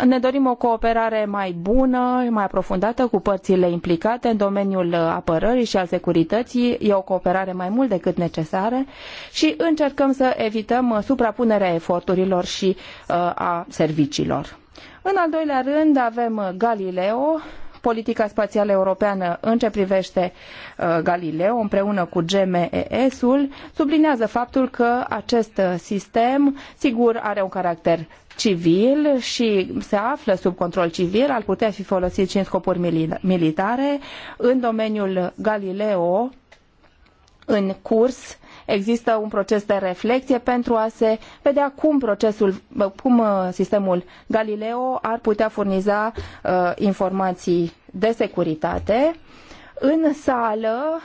ne dorim o cooperare mai bună, mai aprofundată cu părțile implicate în domeniul apărării și al securității. E o cooperare mai mult decât necesară și încercăm să evităm suprapunerea eforturilor și uh, a serviciilor. În al doilea rând avem Galileo, politica spațială europeană în ce privește uh, Galileo împreună cu GMES-ul subliniază faptul că acest sistem sigur are un caracter civil și se află sub control civil, ar putea fi folosit și în scopuri militare. În domeniul Galileo, în curs, există un proces de reflexie pentru a se vedea cum procesul, cum uh, sistemul Galileo ar putea furniza uh, informații de securitate. În sală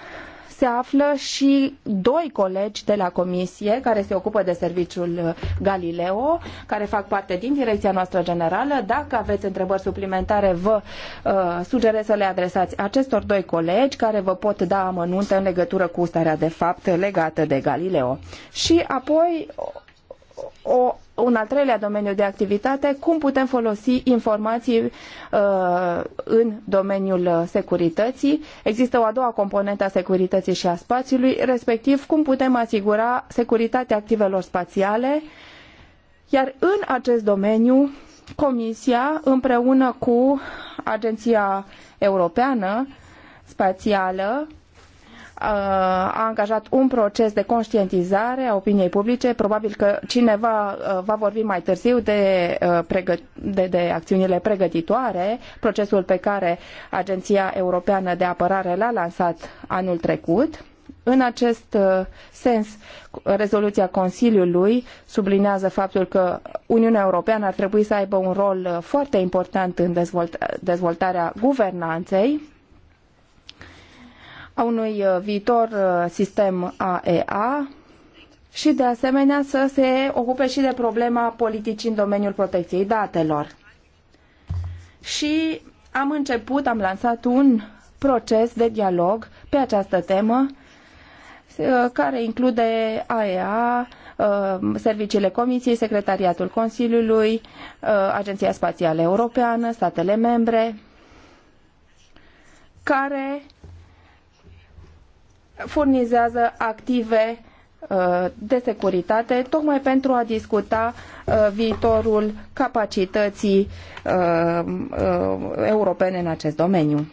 se află și doi colegi de la Comisie care se ocupă de serviciul Galileo, care fac parte din direcția noastră generală. Dacă aveți întrebări suplimentare, vă uh, sugerez să le adresați acestor doi colegi care vă pot da amănunte în legătură cu starea de fapt legată de Galileo. Și apoi o un al treilea domeniu de activitate, cum putem folosi informații uh, în domeniul uh, securității. Există o a doua componentă a securității și a spațiului, respectiv cum putem asigura securitatea activelor spațiale. Iar în acest domeniu, Comisia, împreună cu Agenția Europeană Spațială, a angajat un proces de conștientizare a opiniei publice. Probabil că cineva va vorbi mai târziu de, de, de acțiunile pregătitoare, procesul pe care Agenția Europeană de Apărare l-a lansat anul trecut. În acest sens, rezoluția Consiliului sublinează faptul că Uniunea Europeană ar trebui să aibă un rol foarte important în dezvoltarea guvernanței a unui uh, viitor uh, sistem AEA și de asemenea să se ocupe și de problema politicii în domeniul protecției datelor. Și am început, am lansat un proces de dialog pe această temă uh, care include AEA, serviciile Comisiei, Secretariatul Consiliului, Agenția Spațială Europeană, statele membre, care furnizează active uh, de securitate, tocmai pentru a discuta uh, viitorul capacității uh, europene în acest domeniu.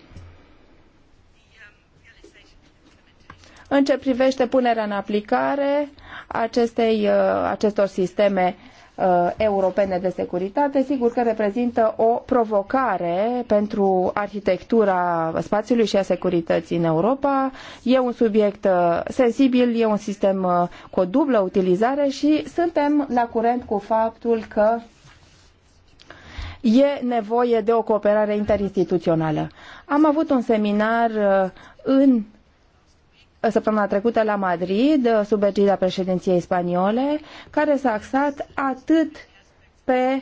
În ce privește punerea în aplicare acestei, acestor sisteme Uh, europene de securitate, sigur că reprezintă o provocare pentru arhitectura spațiului și a securității în Europa. E un subiect uh, sensibil, e un sistem uh, cu o dublă utilizare și suntem la curent cu faptul că e nevoie de o cooperare interinstituțională. Am avut un seminar în săptămâna trecută la Madrid, sub egida președinției spaniole, care s-a axat atât pe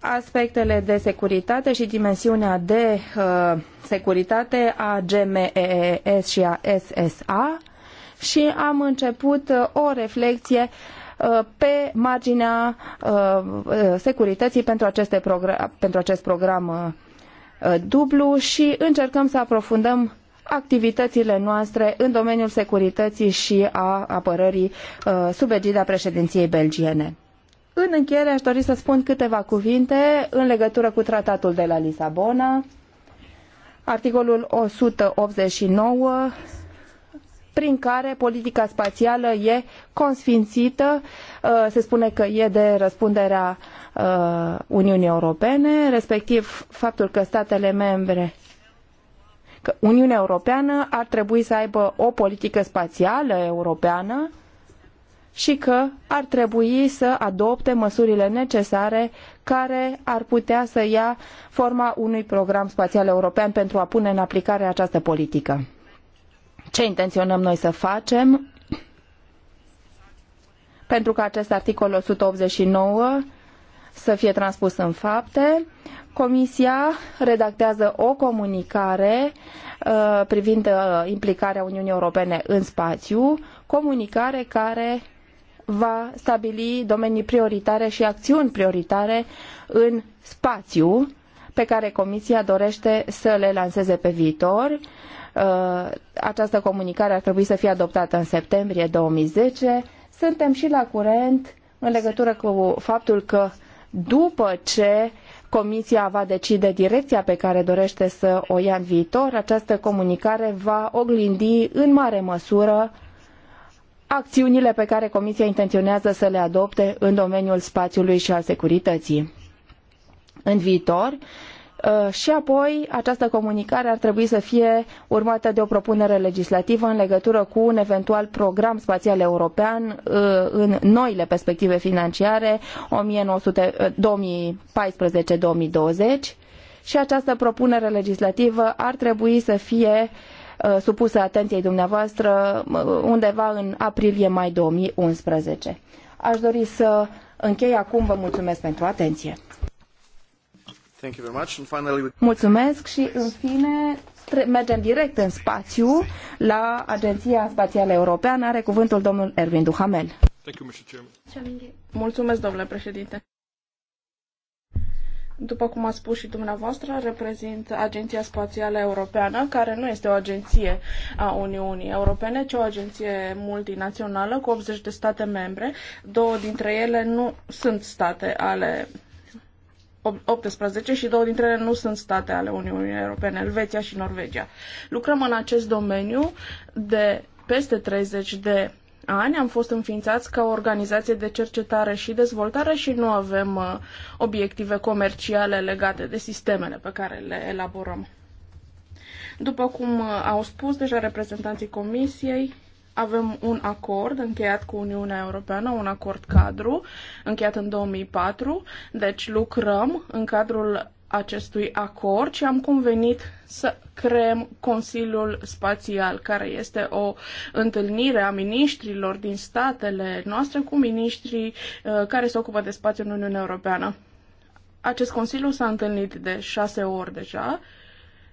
aspectele de securitate și dimensiunea de uh, securitate a GMES și a SSA și am început uh, o reflexie uh, pe marginea uh, securității pentru, aceste pentru acest program dublu și încercăm să aprofundăm activitățile noastre în domeniul securității și a apărării uh, sub egida președinției belgiene. În încheiere aș dori să spun câteva cuvinte în legătură cu tratatul de la Lisabona, articolul 189 prin care politica spațială e consfințită, uh, se spune că e de răspunderea uh, Uniunii Europene, respectiv faptul că statele membre că Uniunea Europeană ar trebui să aibă o politică spațială europeană și că ar trebui să adopte măsurile necesare care ar putea să ia forma unui program spațial european pentru a pune în aplicare această politică. Ce intenționăm noi să facem pentru că acest articol 189 să fie transpus în fapte. Comisia redactează o comunicare uh, privind uh, implicarea Uniunii Europene în spațiu, comunicare care va stabili domenii prioritare și acțiuni prioritare în spațiu pe care Comisia dorește să le lanseze pe viitor. Uh, această comunicare ar trebui să fie adoptată în septembrie 2010. Suntem și la curent în legătură cu faptul că după ce Comisia va decide direcția pe care dorește să o ia în viitor, această comunicare va oglindi în mare măsură acțiunile pe care Comisia intenționează să le adopte în domeniul spațiului și al securității. În viitor, Uh, și apoi această comunicare ar trebui să fie urmată de o propunere legislativă în legătură cu un eventual program spațial european uh, în noile perspective financiare 2014-2020 și această propunere legislativă ar trebui să fie uh, supusă atenției dumneavoastră undeva în aprilie-mai 2011. Aș dori să închei acum, vă mulțumesc pentru atenție. Mulțumesc și în fine mergem direct în spațiu la Agenția Spațială Europeană. Are cuvântul domnul Erwin Duhamel. Mulțumesc, domnule președinte. După cum ați spus și dumneavoastră, reprezint Agenția Spațială Europeană, care nu este o agenție a Uniunii Europene, ci o agenție multinațională cu 80 de state membre. Două dintre ele nu sunt state ale 18 și două dintre ele nu sunt state ale Uniunii Europene, Elveția și Norvegia. Lucrăm în acest domeniu de peste 30 de ani am fost înființați ca o organizație de cercetare și dezvoltare și nu avem uh, obiective comerciale legate de sistemele pe care le elaborăm. După cum uh, au spus deja reprezentanții Comisiei, avem un acord încheiat cu Uniunea Europeană, un acord cadru, încheiat în 2004, deci lucrăm în cadrul acestui acord și am convenit să creăm Consiliul Spațial, care este o întâlnire a miniștrilor din statele noastre cu miniștrii uh, care se ocupă de spațiu în Uniunea Europeană. Acest Consiliu s-a întâlnit de șase ori deja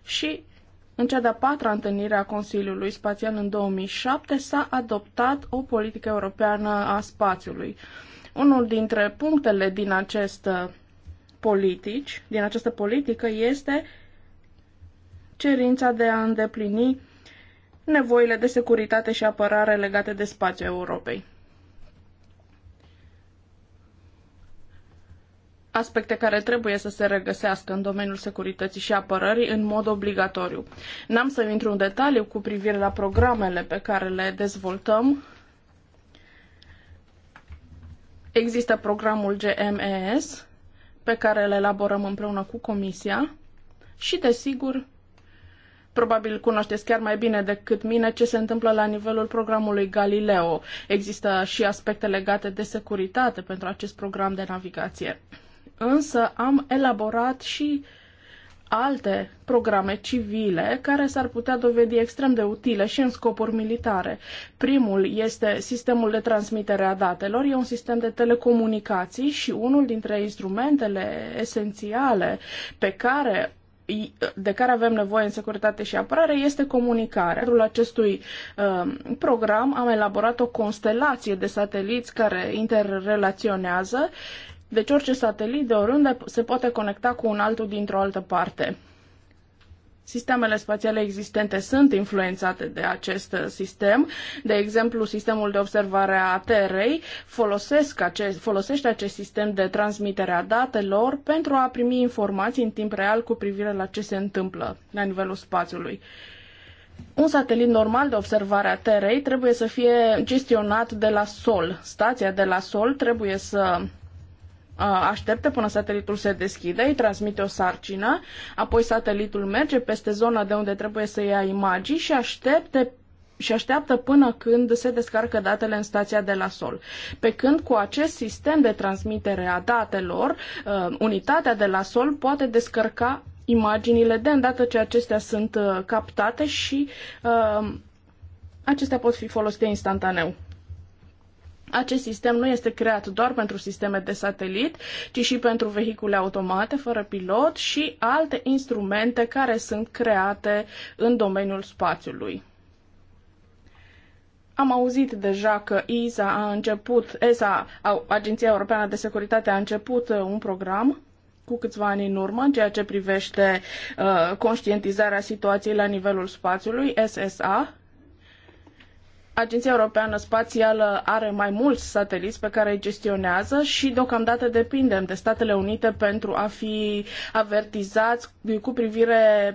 și în cea de-a patra întâlnire a Consiliului Spațial în 2007 s-a adoptat o politică europeană a spațiului. Unul dintre punctele din acest uh, politici, din această politică este cerința de a îndeplini nevoile de securitate și apărare legate de spațiul Europei. aspecte care trebuie să se regăsească în domeniul securității și apărării în mod obligatoriu. N-am să intru în detaliu cu privire la programele pe care le dezvoltăm. Există programul GMES pe care îl elaborăm împreună cu Comisia și, desigur, probabil cunoașteți chiar mai bine decât mine ce se întâmplă la nivelul programului Galileo. Există și aspecte legate de securitate pentru acest program de navigație însă am elaborat și alte programe civile care s-ar putea dovedi extrem de utile și în scopuri militare. Primul este sistemul de transmitere a datelor, e un sistem de telecomunicații și unul dintre instrumentele esențiale pe care de care avem nevoie în securitate și apărare este comunicarea. În acestui uh, program am elaborat o constelație de sateliți care interrelaționează deci orice satelit de oriunde se poate conecta cu un altul dintr-o altă parte. Sistemele spațiale existente sunt influențate de acest sistem. De exemplu, sistemul de observare a Terrei folosesc acest, folosește acest sistem de transmitere a datelor pentru a primi informații în timp real cu privire la ce se întâmplă la nivelul spațiului. Un satelit normal de observare a Terrei trebuie să fie gestionat de la sol. Stația de la sol trebuie să aștepte până satelitul se deschide, îi transmite o sarcină, apoi satelitul merge peste zona de unde trebuie să ia imagini și aștepte și așteaptă până când se descarcă datele în stația de la sol. Pe când cu acest sistem de transmitere a datelor, uh, unitatea de la sol poate descărca imaginile de îndată ce acestea sunt uh, captate și uh, acestea pot fi folosite instantaneu. Acest sistem nu este creat doar pentru sisteme de satelit, ci și pentru vehicule automate fără pilot și alte instrumente care sunt create în domeniul spațiului. Am auzit deja că ESA a început, ESA, Agenția Europeană de Securitate a început uh, un program cu câțiva ani în urmă în ceea ce privește uh, conștientizarea situației la nivelul spațiului, SSA, Agenția Europeană Spațială are mai mulți sateliți pe care îi gestionează și deocamdată depindem de Statele Unite pentru a fi avertizați cu privire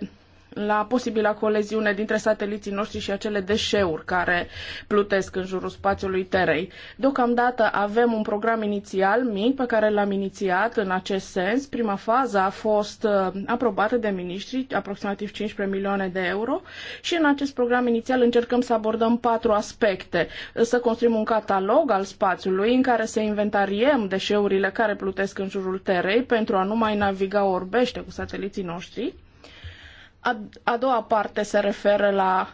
la posibila coleziune dintre sateliții noștri și acele deșeuri care plutesc în jurul spațiului Terei. Deocamdată avem un program inițial mic pe care l-am inițiat în acest sens. Prima fază a fost uh, aprobată de miniștri, aproximativ 15 milioane de euro și în acest program inițial încercăm să abordăm patru aspecte. Să construim un catalog al spațiului în care să inventariem deșeurile care plutesc în jurul Terei pentru a nu mai naviga orbește cu sateliții noștri a, a doua parte se referă la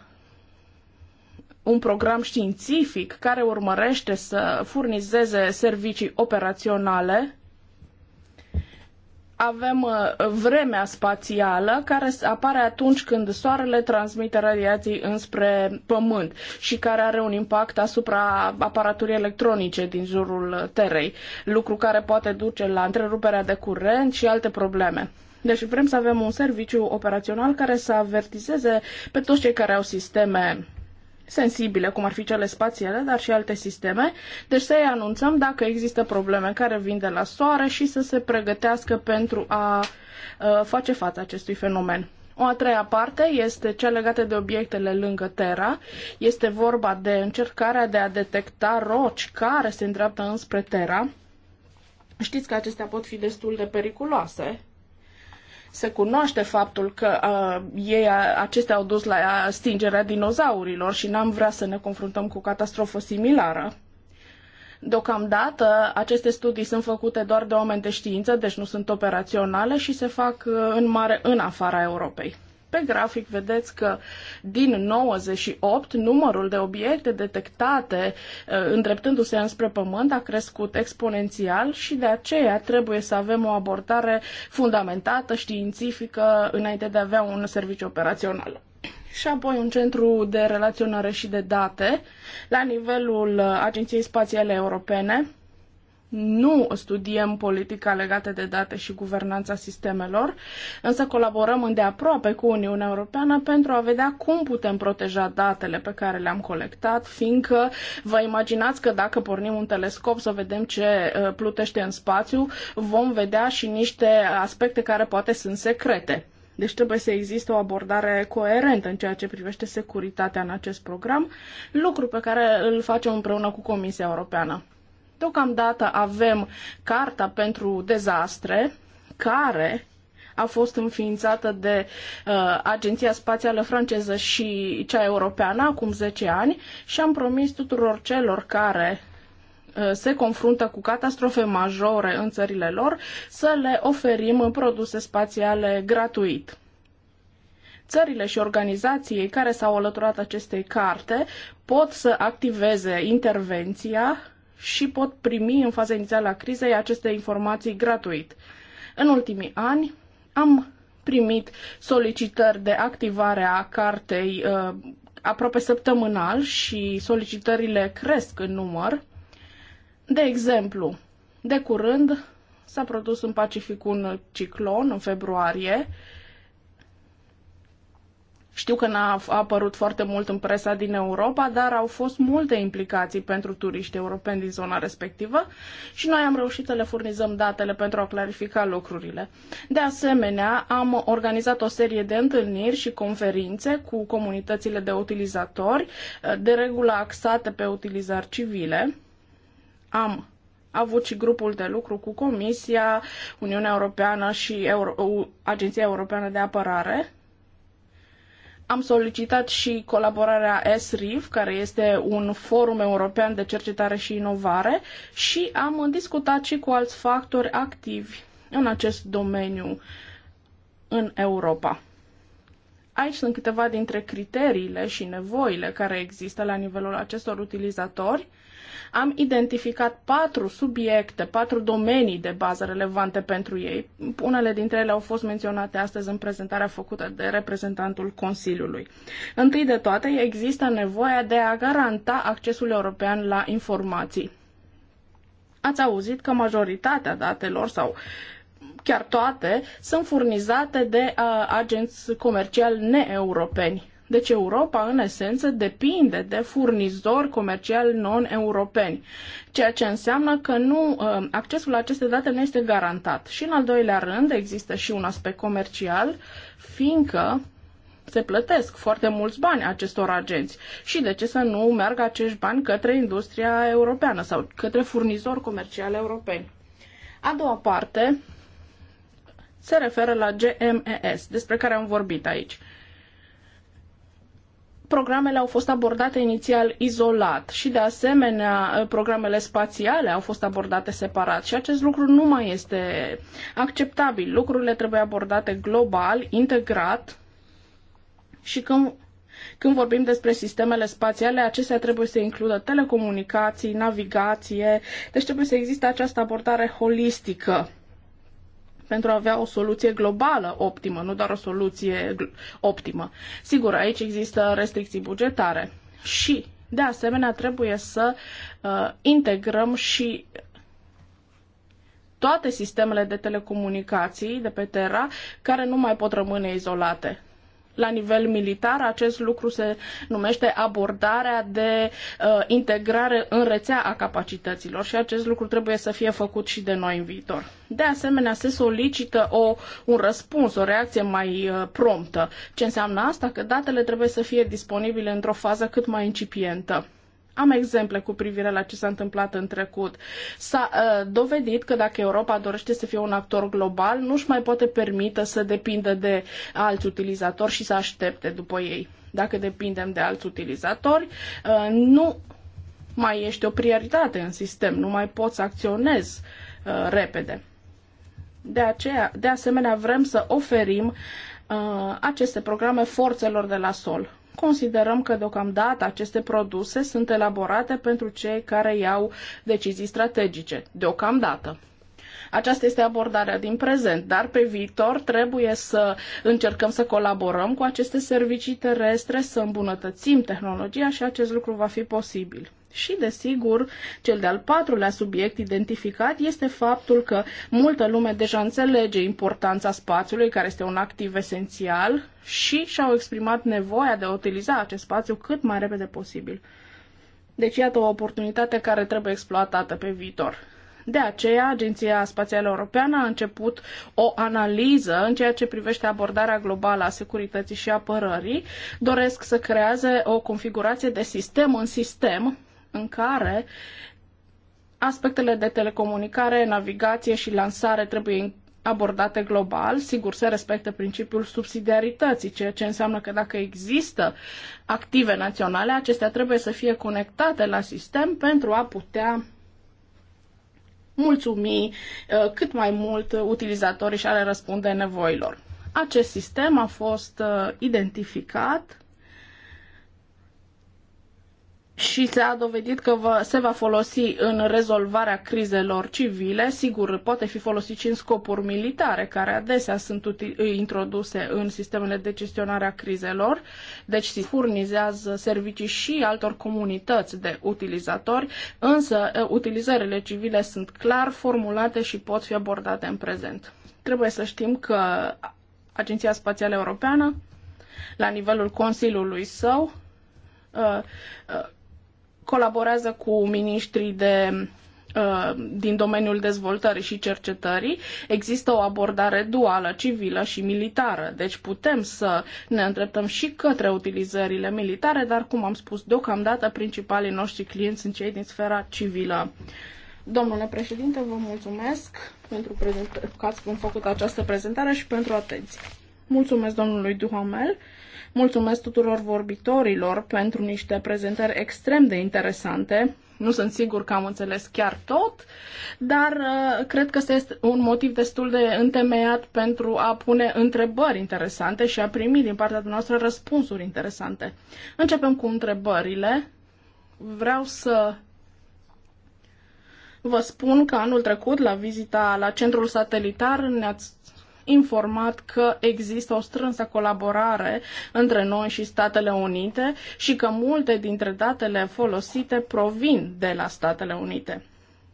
un program științific care urmărește să furnizeze servicii operaționale. Avem uh, vremea spațială care apare atunci când soarele transmite radiații înspre Pământ și care are un impact asupra aparaturii electronice din jurul Terei, lucru care poate duce la întreruperea de curent și alte probleme. Deci vrem să avem un serviciu operațional care să avertizeze pe toți cei care au sisteme sensibile, cum ar fi cele spațiale, dar și alte sisteme, deci să-i anunțăm dacă există probleme care vin de la soare și să se pregătească pentru a uh, face față acestui fenomen. O a treia parte este cea legată de obiectele lângă Terra. Este vorba de încercarea de a detecta roci care se îndreaptă înspre Terra. Știți că acestea pot fi destul de periculoase se cunoaște faptul că uh, ei, acestea au dus la stingerea dinozaurilor și n-am vrea să ne confruntăm cu o catastrofă similară. Deocamdată, aceste studii sunt făcute doar de oameni de știință, deci nu sunt operaționale și se fac uh, în mare în afara Europei. Pe grafic vedeți că din 98 numărul de obiecte detectate uh, îndreptându-se înspre Pământ a crescut exponențial și de aceea trebuie să avem o abordare fundamentată, științifică, înainte de a avea un serviciu operațional și apoi un centru de relaționare și de date la nivelul uh, Agenției Spațiale Europene, nu studiem politica legată de date și guvernanța sistemelor, însă colaborăm îndeaproape cu Uniunea Europeană pentru a vedea cum putem proteja datele pe care le-am colectat, fiindcă vă imaginați că dacă pornim un telescop să vedem ce uh, plutește în spațiu, vom vedea și niște aspecte care poate sunt secrete. Deci trebuie să existe o abordare coerentă în ceea ce privește securitatea în acest program, lucru pe care îl facem împreună cu Comisia Europeană. Deocamdată avem Carta pentru Dezastre, care a fost înființată de uh, Agenția Spațială Franceză și cea europeană acum 10 ani și am promis tuturor celor care uh, se confruntă cu catastrofe majore în țările lor, să le oferim produse spațiale gratuit. Țările și organizații care s-au alăturat acestei carte pot să activeze intervenția și pot primi în faza inițială a crizei aceste informații gratuit. În ultimii ani am primit solicitări de activare a cartei uh, aproape săptămânal și solicitările cresc în număr. De exemplu, de curând s-a produs în Pacific un ciclon în februarie știu că n-a apărut foarte mult în presa din Europa, dar au fost multe implicații pentru turiști europeni din zona respectivă și noi am reușit să le furnizăm datele pentru a clarifica lucrurile. De asemenea, am organizat o serie de întâlniri și conferințe cu comunitățile de utilizatori, de regulă axate pe utilizări civile. Am a avut și grupul de lucru cu Comisia, Uniunea Europeană și Euro- Agenția Europeană de Apărare am solicitat și colaborarea SRIF, care este un forum european de cercetare și inovare, și am discutat și cu alți factori activi în acest domeniu în Europa. Aici sunt câteva dintre criteriile și nevoile care există la nivelul acestor utilizatori am identificat patru subiecte, patru domenii de bază relevante pentru ei. Unele dintre ele au fost menționate astăzi în prezentarea făcută de reprezentantul Consiliului. Întâi de toate, există nevoia de a garanta accesul european la informații. Ați auzit că majoritatea datelor sau chiar toate, sunt furnizate de uh, agenți comerciali neeuropeni. Deci Europa, în esență, depinde de furnizori comerciali non-europeni, ceea ce înseamnă că nu, uh, accesul la aceste date nu este garantat. Și, în al doilea rând, există și un aspect comercial, fiindcă se plătesc foarte mulți bani acestor agenți și de ce să nu meargă acești bani către industria europeană sau către furnizori comerciali europeni. A doua parte se referă la GMES, despre care am vorbit aici programele au fost abordate inițial izolat și, de asemenea, programele spațiale au fost abordate separat și acest lucru nu mai este acceptabil. Lucrurile trebuie abordate global, integrat și când, când vorbim despre sistemele spațiale, acestea trebuie să includă telecomunicații, navigație, deci trebuie să existe această abordare holistică pentru a avea o soluție globală optimă, nu doar o soluție optimă. Sigur, aici există restricții bugetare și, de asemenea, trebuie să uh, integrăm și toate sistemele de telecomunicații de pe Terra care nu mai pot rămâne izolate la nivel militar. Acest lucru se numește abordarea de uh, integrare în rețea a capacităților și acest lucru trebuie să fie făcut și de noi în viitor. De asemenea, se solicită o, un răspuns, o reacție mai uh, promptă. Ce înseamnă asta? Că datele trebuie să fie disponibile într-o fază cât mai incipientă. Am exemple cu privire la ce s-a întâmplat în trecut. S-a uh, dovedit că dacă Europa dorește să fie un actor global, nu își mai poate permite să depindă de alți utilizatori și să aștepte după ei. Dacă depindem de alți utilizatori, uh, nu mai ești o prioritate în sistem, nu mai poți să acționezi uh, repede. De, aceea, de asemenea, vrem să oferim uh, aceste programe forțelor de la sol. Considerăm că deocamdată aceste produse sunt elaborate pentru cei care iau decizii strategice. Deocamdată. Aceasta este abordarea din prezent, dar pe viitor trebuie să încercăm să colaborăm cu aceste servicii terestre, să îmbunătățim tehnologia și acest lucru va fi posibil. Și, desigur, cel de-al patrulea subiect identificat este faptul că multă lume deja înțelege importanța spațiului, care este un activ esențial, și și-au exprimat nevoia de a utiliza acest spațiu cât mai repede posibil. Deci, iată o oportunitate care trebuie exploatată pe viitor. De aceea, Agenția Spațială Europeană a început o analiză în ceea ce privește abordarea globală a securității și apărării. Doresc să creeze o configurație de sistem în sistem în care aspectele de telecomunicare, navigație și lansare trebuie abordate global, sigur se respectă principiul subsidiarității, ceea ce înseamnă că dacă există active naționale, acestea trebuie să fie conectate la sistem pentru a putea mulțumi uh, cât mai mult utilizatorii și a le răspunde nevoilor. Acest sistem a fost uh, identificat și s-a dovedit că se va folosi în rezolvarea crizelor civile, sigur, poate fi folosit și în scopuri militare, care adesea sunt introduse în sistemele de gestionare a crizelor, deci se furnizează servicii și altor comunități de utilizatori, însă utilizările civile sunt clar formulate și pot fi abordate în prezent. Trebuie să știm că Agenția Spațială Europeană, la nivelul Consiliului său, colaborează cu miniștrii de uh, din domeniul dezvoltării și cercetării, există o abordare duală, civilă și militară. Deci putem să ne îndreptăm și către utilizările militare, dar, cum am spus, deocamdată principalii noștri clienți sunt cei din sfera civilă. Domnule președinte, vă mulțumesc pentru că ați făcut această prezentare și pentru atenție. Mulțumesc domnului Duhamel. Mulțumesc tuturor vorbitorilor pentru niște prezentări extrem de interesante. Nu sunt sigur că am înțeles chiar tot, dar uh, cred că este un motiv destul de întemeiat pentru a pune întrebări interesante și a primi din partea noastră răspunsuri interesante. Începem cu întrebările. Vreau să vă spun că anul trecut, la vizita la centrul satelitar, ne-ați informat că există o strânsă colaborare între noi și Statele Unite și că multe dintre datele folosite provin de la Statele Unite.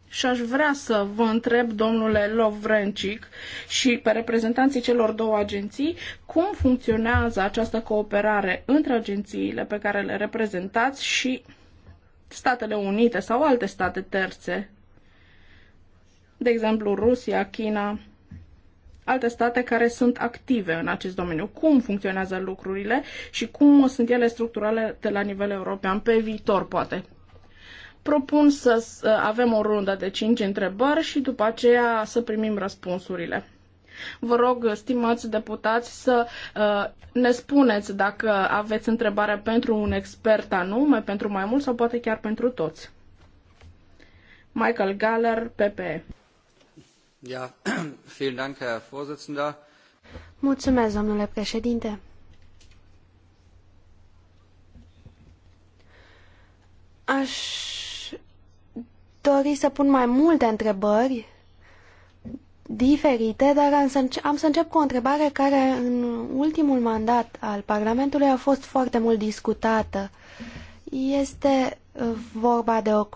Și aș vrea să vă întreb, domnule Lovrencic, și pe reprezentanții celor două agenții, cum funcționează această cooperare între agențiile pe care le reprezentați și Statele Unite sau alte state terțe, de exemplu Rusia, China, alte state care sunt active în acest domeniu. Cum funcționează lucrurile și cum sunt ele structurale de la nivel european pe viitor, poate? Propun să avem o rundă de 5 întrebări și după aceea să primim răspunsurile. Vă rog, stimați deputați, să uh, ne spuneți dacă aveți întrebarea pentru un expert anume, pentru mai mult sau poate chiar pentru toți. Michael Galler, PPE. Ja, Aș dori să pun mai multe întrebări diferite, dar am să încep cu o întrebare care în ultimul mandat al Parlamentului a fost foarte mult discutată. Este vorba de o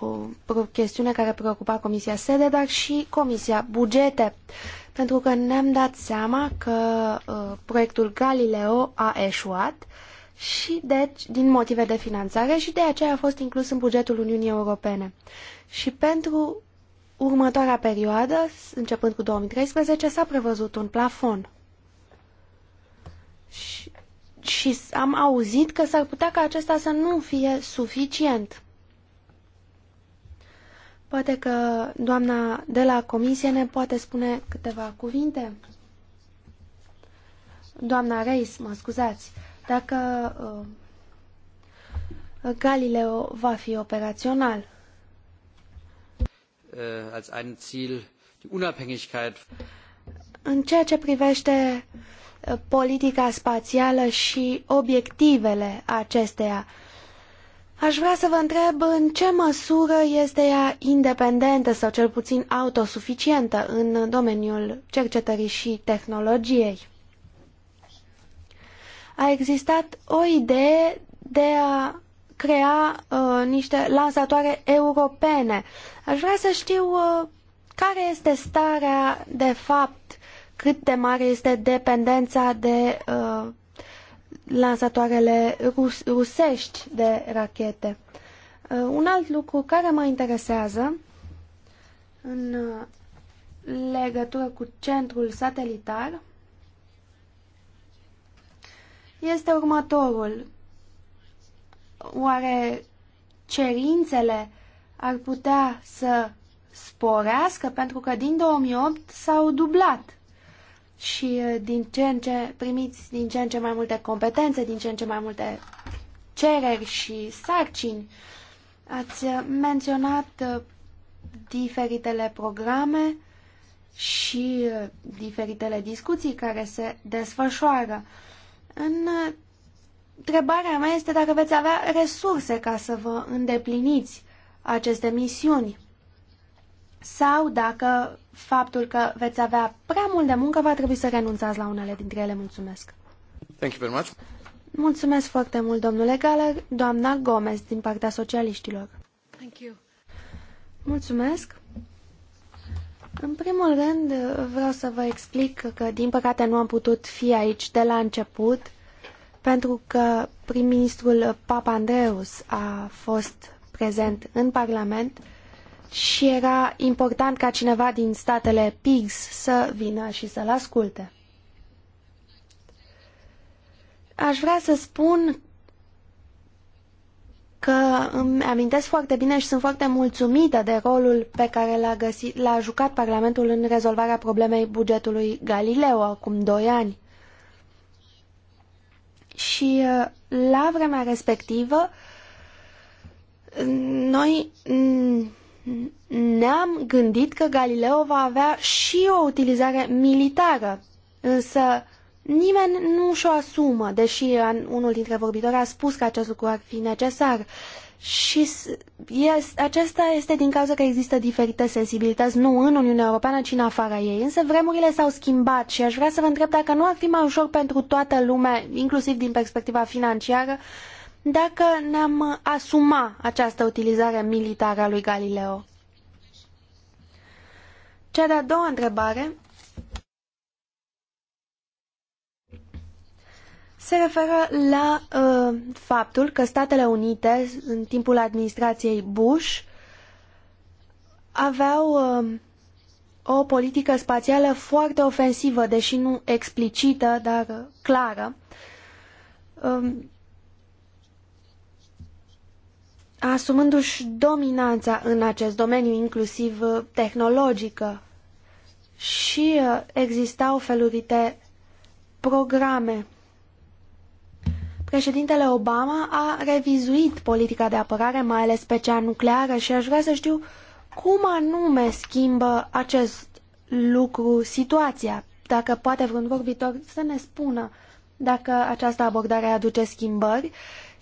chestiune care preocupa Comisia Sede, dar și Comisia Bugete, pentru că ne-am dat seama că uh, proiectul Galileo a eșuat și deci din motive de finanțare și de aceea a fost inclus în bugetul Uniunii Europene. Și pentru următoarea perioadă, începând cu 2013, s-a prevăzut un plafon. Și, și am auzit că s-ar putea ca acesta să nu fie suficient. Poate că doamna de la comisie ne poate spune câteva cuvinte? Doamna Reis, mă scuzați, dacă uh, Galileo va fi operațional. Uh, als ein Ziel die Unabhängigkeit. În ceea ce privește uh, politica spațială și obiectivele acesteia, Aș vrea să vă întreb în ce măsură este ea independentă sau cel puțin autosuficientă în domeniul cercetării și tehnologiei. A existat o idee de a crea uh, niște lansatoare europene. Aș vrea să știu uh, care este starea de fapt, cât de mare este dependența de uh, lansatoarele rus rusești de rachete. Uh, un alt lucru care mă interesează în uh, legătură cu centrul satelitar este următorul. Oare cerințele ar putea să sporească pentru că din 2008 s-au dublat și uh, din ce în ce, primiți din ce în ce mai multe competențe, din ce în ce mai multe cereri și sarcini. Ați uh, menționat uh, diferitele programe și diferitele discuții care se desfășoară. În Întrebarea mea este dacă veți avea resurse ca să vă îndepliniți aceste misiuni sau dacă faptul că veți avea prea mult de muncă va trebui să renunțați la unele dintre ele. Mulțumesc! Thank you very much. Mulțumesc foarte mult, domnule Galer, doamna Gomez, din partea socialiștilor. Thank you. Mulțumesc! În primul rând, vreau să vă explic că, din păcate, nu am putut fi aici de la început, pentru că prim-ministrul Papandreus a fost prezent în Parlament și era important ca cineva din statele PIGS să vină și să-l asculte. Aș vrea să spun că îmi amintesc foarte bine și sunt foarte mulțumită de rolul pe care l-a, găsit, l-a jucat Parlamentul în rezolvarea problemei bugetului Galileo acum doi ani. Și uh, la vremea respectivă, noi mm, ne-am gândit că Galileo va avea și o utilizare militară, însă nimeni nu și-o asumă, deși unul dintre vorbitori a spus că acest lucru ar fi necesar. Și yes, acesta este din cauza că există diferite sensibilități, nu în Uniunea Europeană, ci în afara ei. Însă vremurile s-au schimbat și aș vrea să vă întreb dacă nu ar fi mai ușor pentru toată lumea, inclusiv din perspectiva financiară, dacă ne-am asuma această utilizare militară a lui Galileo. Cea de-a doua întrebare se referă la uh, faptul că Statele Unite, în timpul administrației Bush, aveau uh, o politică spațială foarte ofensivă, deși nu explicită, dar uh, clară. Uh, asumându-și dominanța în acest domeniu, inclusiv uh, tehnologică. Și uh, existau felurite programe. Președintele Obama a revizuit politica de apărare, mai ales pe cea nucleară, și aș vrea să știu cum anume schimbă acest lucru situația. Dacă poate vreun vorbitor să ne spună dacă această abordare aduce schimbări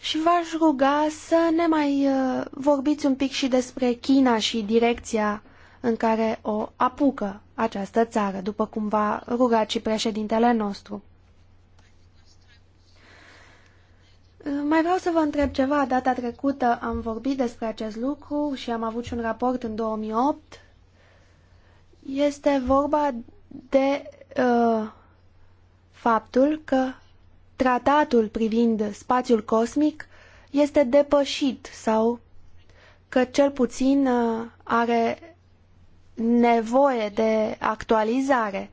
și v-aș ruga să ne mai uh, vorbiți un pic și despre China și direcția în care o apucă această țară, după cum v-a rugat și președintele nostru. Uh, mai vreau să vă întreb ceva. Data trecută am vorbit despre acest lucru și am avut și un raport în 2008. Este vorba de uh, faptul că tratatul privind spațiul cosmic este depășit sau că cel puțin uh, are nevoie de actualizare.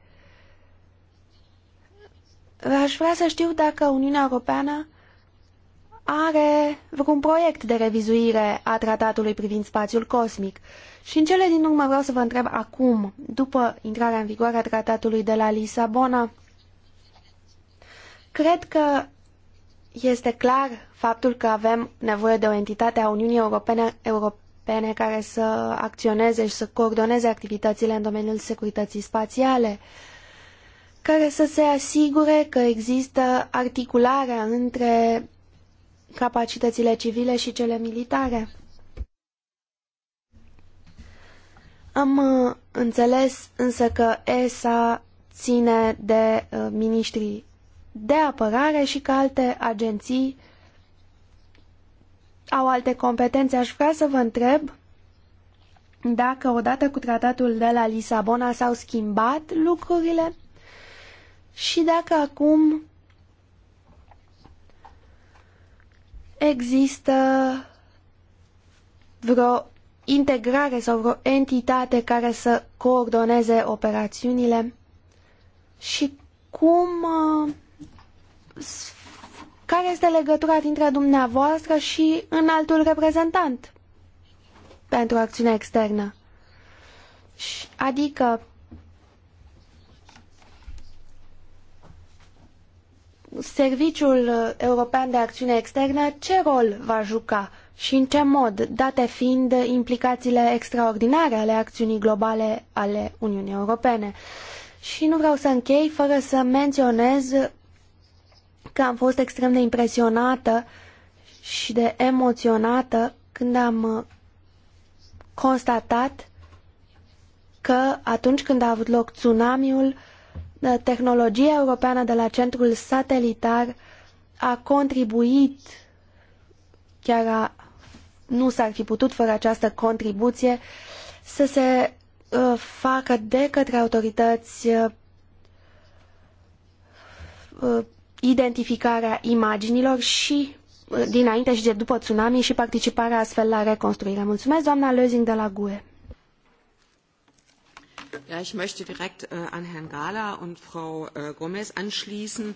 Aș vrea să știu dacă Uniunea Europeană are vreun proiect de revizuire a tratatului privind spațiul cosmic. Și în cele din urmă vreau să vă întreb acum, după intrarea în vigoare a tratatului de la Lisabona, Cred că este clar faptul că avem nevoie de o entitate a Uniunii Europene, Europene care să acționeze și să coordoneze activitățile în domeniul securității spațiale, care să se asigure că există articularea între capacitățile civile și cele militare. Am uh, înțeles însă că ESA ține de uh, ministrii de apărare și că alte agenții au alte competențe. Aș vrea să vă întreb dacă odată cu tratatul de la Lisabona s-au schimbat lucrurile și dacă acum există vreo integrare sau vreo entitate care să coordoneze operațiunile și cum uh, care este legătura dintre dumneavoastră și înaltul reprezentant pentru acțiunea externă? Adică Serviciul European de Acțiune Externă ce rol va juca și în ce mod, date fiind implicațiile extraordinare ale acțiunii globale ale Uniunii Europene? Și nu vreau să închei fără să menționez că am fost extrem de impresionată și de emoționată când am uh, constatat că atunci când a avut loc tsunamiul, uh, tehnologia europeană de la centrul satelitar a contribuit, chiar a, nu s-ar fi putut fără această contribuție, să se uh, facă de către autorități uh, uh identificarea imaginilor și uh, dinainte și de după tsunami și participarea astfel la reconstruire. Mulțumesc, doamna Lözing de la GUE. Ja, ich möchte direkt äh, an Herrn Gala und Frau äh, Gomez anschließen.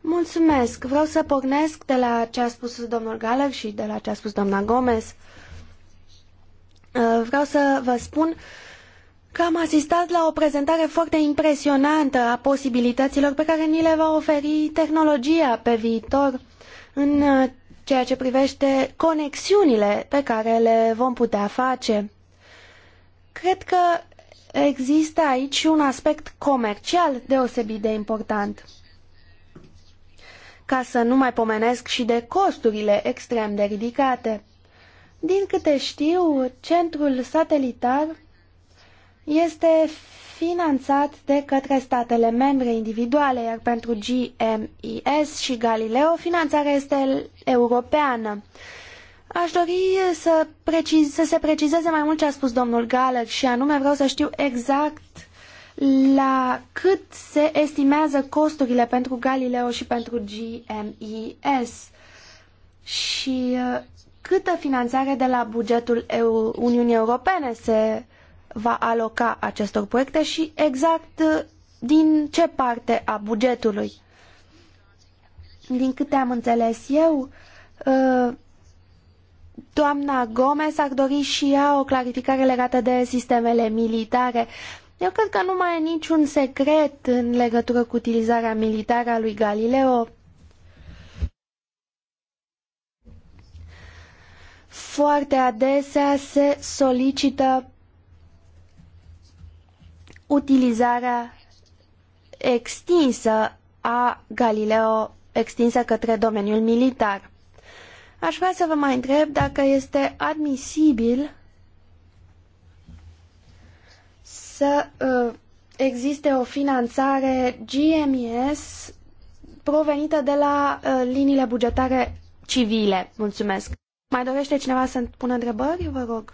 Mulțumesc. Vreau să pornesc de la ce a spus domnul Galer și de la ce a spus doamna Gomez. Äh, vreau să vă spun uh, că am asistat la o prezentare foarte impresionantă a posibilităților pe care ni le va oferi tehnologia pe viitor în uh, ceea ce privește conexiunile pe care le vom putea face. Cred că există aici un aspect comercial deosebit de important. Ca să nu mai pomenesc și de costurile extrem de ridicate. Din câte știu, centrul satelitar este finanțat de către statele membre individuale, iar pentru GMES și Galileo finanțarea este europeană. Aș dori să, preciz, să se precizeze mai mult ce a spus domnul Galer și anume vreau să știu exact la cât se estimează costurile pentru Galileo și pentru GMES și uh, câtă finanțare de la bugetul Uniunii Europene se uh, va aloca acestor proiecte și exact uh, din ce parte a bugetului. Din câte am înțeles eu, uh, doamna Gomez ar dori și ea o clarificare legată de sistemele militare. Eu cred că nu mai e niciun secret în legătură cu utilizarea militară a lui Galileo. Foarte adesea se solicită utilizarea extinsă a Galileo, extinsă către domeniul militar. Aș vrea să vă mai întreb dacă este admisibil să uh, existe o finanțare GMS provenită de la uh, liniile bugetare civile. Mulțumesc. Mai dorește cineva să pună întrebări? Vă rog.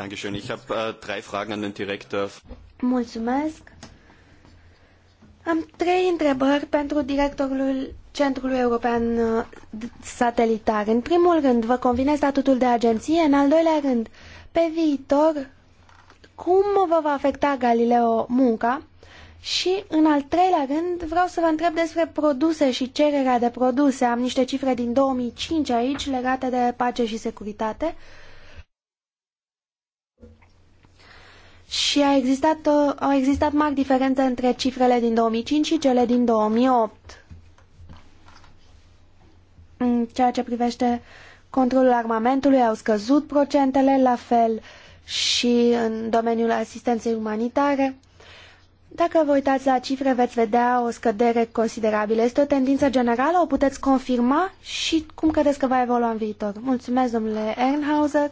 Dankeschön. Ich habe uh, drei Fragen an den Direktor. Mulțumesc. Am trei întrebări pentru directorul Centrului European uh, Satelitar. În primul rând, vă convine statutul de agenție? În al doilea rând, pe viitor, cum vă va afecta Galileo munca? Și, în al treilea rând, vreau să vă întreb despre produse și cererea de produse. Am niște cifre din 2005 aici legate de pace și securitate. Uh, și a existat, uh, au existat mari diferențe între cifrele din 2005 și cele din 2008 în ceea ce privește controlul armamentului au scăzut procentele, la fel și în domeniul asistenței umanitare. Dacă vă uitați la cifre, veți vedea o scădere considerabilă. Este o tendință generală, o puteți confirma și cum credeți că va evolua în viitor. Mulțumesc, domnule Ernhauser.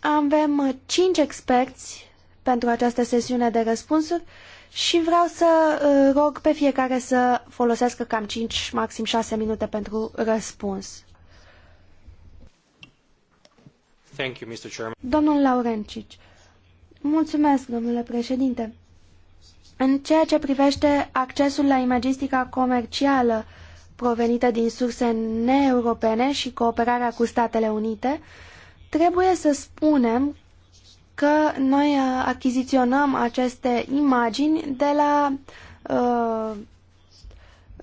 Avem uh, cinci experți pentru această sesiune de răspunsuri și vreau să uh, rog pe fiecare să folosească cam 5, maxim 6 minute pentru răspuns. Thank you, Mr. Chairman. Domnul Laurencic, mulțumesc, domnule președinte. În ceea ce privește accesul la imagistica comercială provenită din surse neeuropene și cooperarea cu Statele Unite, uh, Trebuie să spunem că noi uh, achiziționăm aceste imagini de la uh,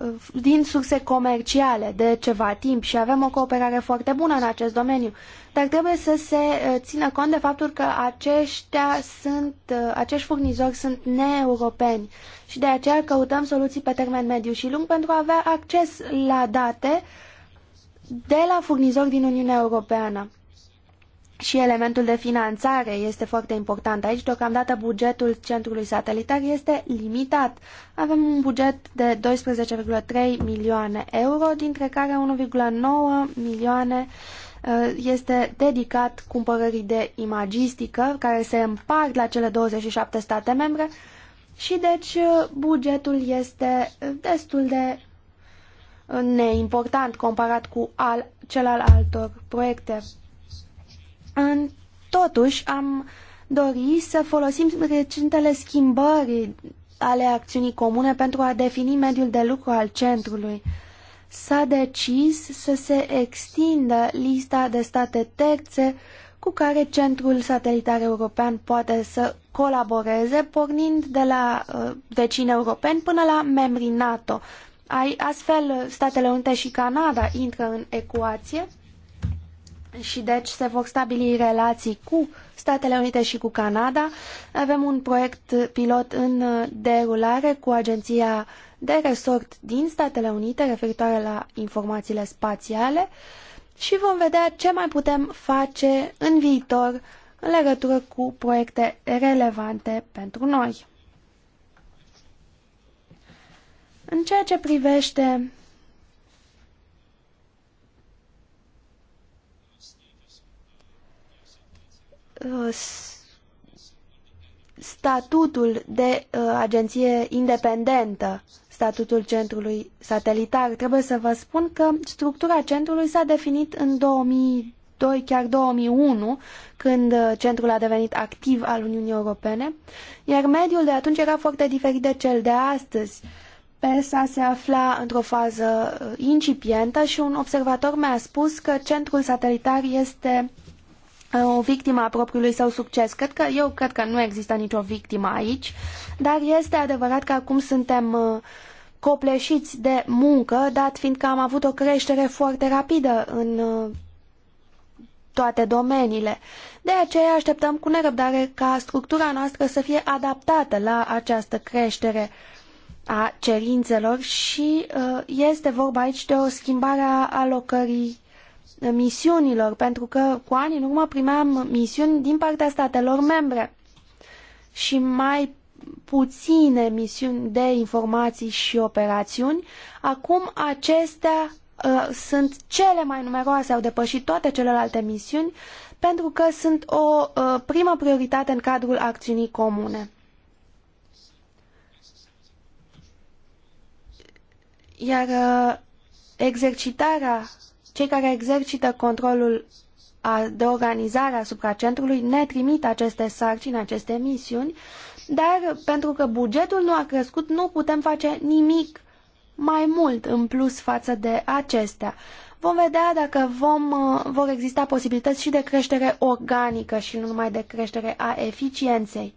uh, din surse comerciale de ceva timp și avem o cooperare foarte bună în acest domeniu, dar trebuie să se țină cont de faptul că aceștia sunt, acești furnizori sunt neeuropeni și de aceea căutăm soluții pe termen mediu și lung pentru a avea acces la date de la furnizori din Uniunea Europeană. Și elementul de finanțare este foarte important aici. Deocamdată bugetul centrului satelitar este limitat. Avem un buget de 12,3 milioane euro, dintre care 1,9 milioane uh, este dedicat cumpărării de imagistică, care se împart la cele 27 state membre și deci uh, bugetul este uh, destul de neimportant comparat cu al, cel al altor proiecte. În, totuși, am dori să folosim recentele schimbări ale acțiunii comune pentru a defini mediul de lucru al centrului. S-a decis să se extindă lista de state terțe cu care Centrul Satelitar European poate să colaboreze, pornind de la uh, vecini europeni până la membrii NATO. Ai, astfel, Statele Unite și Canada intră în ecuație și deci se vor stabili relații cu Statele Unite și cu Canada. Avem un proiect pilot în derulare cu agenția de resort din Statele Unite referitoare la informațiile spațiale și vom vedea ce mai putem face în viitor în legătură cu proiecte relevante pentru noi. În ceea ce privește Uh, statutul de uh, agenție independentă, statutul centrului satelitar. Trebuie să vă spun că structura centrului s-a definit în 2002, chiar 2001, când uh, centrul a devenit activ al Uniunii Europene, iar mediul de atunci era foarte diferit de cel de astăzi. PESA se afla într-o fază incipientă și un observator mi-a spus că centrul satelitar este o victimă a propriului său succes. Cred că, eu cred că nu există nicio victimă aici, dar este adevărat că acum suntem uh, copleșiți de muncă, dat fiindcă am avut o creștere foarte rapidă în uh, toate domeniile. De aceea așteptăm cu nerăbdare ca structura noastră să fie adaptată la această creștere a cerințelor și uh, este vorba aici de o schimbare a alocării misiunilor, pentru că cu ani în urmă primeam misiuni din partea statelor membre și mai puține misiuni de informații și operațiuni. Acum acestea uh, sunt cele mai numeroase, au depășit toate celelalte misiuni, pentru că sunt o uh, primă prioritate în cadrul acțiunii comune. Iar uh, exercitarea cei care exercită controlul de organizare asupra centrului ne trimit aceste sarcini, aceste misiuni, dar pentru că bugetul nu a crescut, nu putem face nimic mai mult în plus față de acestea. Vom vedea dacă vom, uh, vor exista posibilități și de creștere organică și nu numai de creștere a eficienței.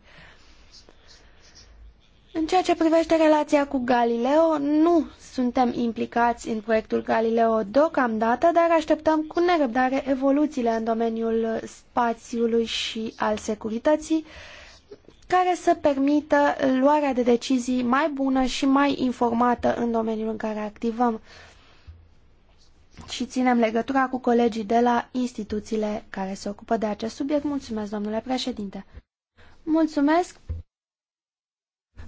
În ceea ce privește relația cu Galileo, nu suntem implicați în proiectul Galileo deocamdată, dar așteptăm cu nerăbdare evoluțiile în domeniul spațiului și al securității, care să permită luarea de decizii mai bună și mai informată în domeniul în care activăm și ținem legătura cu colegii de la instituțiile care se ocupă de acest subiect. Mulțumesc, domnule președinte! Mulțumesc!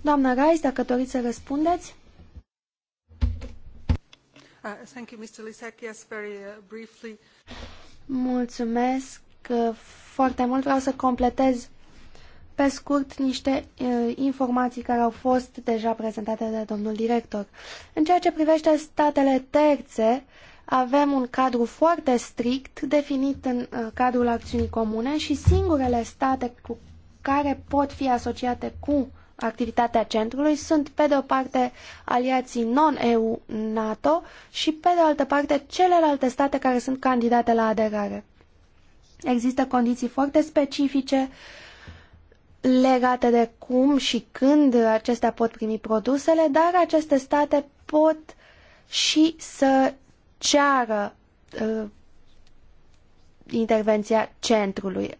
Doamna Rice, dacă doriți să răspundeți. Uh, uh, Mulțumesc uh, foarte mult. Vreau să completez pe scurt niște informații care au fost deja prezentate de domnul director. În ceea ce privește statele terțe, avem un cadru foarte strict definit în cadrul acțiunii comune și singurele state cu care pot fi asociate cu activitatea centrului sunt, pe de o parte, aliații non-EU-NATO și, pe de altă parte, celelalte state care sunt candidate la aderare. Există condiții foarte specifice legate de cum și când acestea pot primi produsele, dar aceste state pot și să ceară uh, intervenția centrului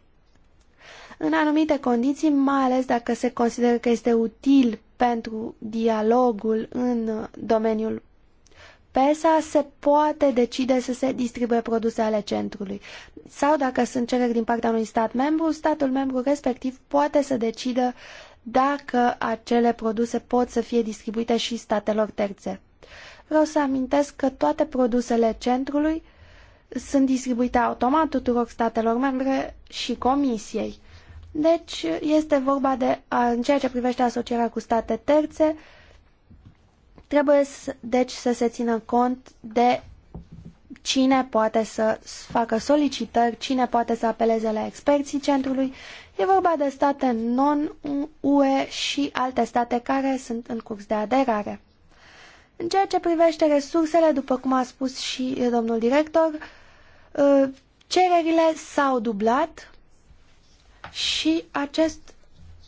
în anumite condiții, mai ales dacă se consideră că este util pentru dialogul în domeniul PESA, se poate decide să se distribuie produse ale centrului. Sau dacă sunt cereri din partea unui stat membru, statul membru respectiv poate să decidă dacă acele produse pot să fie distribuite și statelor terțe. Vreau să amintesc că toate produsele centrului sunt distribuite automat tuturor statelor membre și comisiei. Deci este vorba de, în ceea ce privește asocierea cu state terțe, trebuie deci să se țină cont de cine poate să facă solicitări, cine poate să apeleze la experții centrului. E vorba de state non-UE și alte state care sunt în curs de aderare. În ceea ce privește resursele, după cum a spus și domnul director, ă, cererile s-au dublat și acest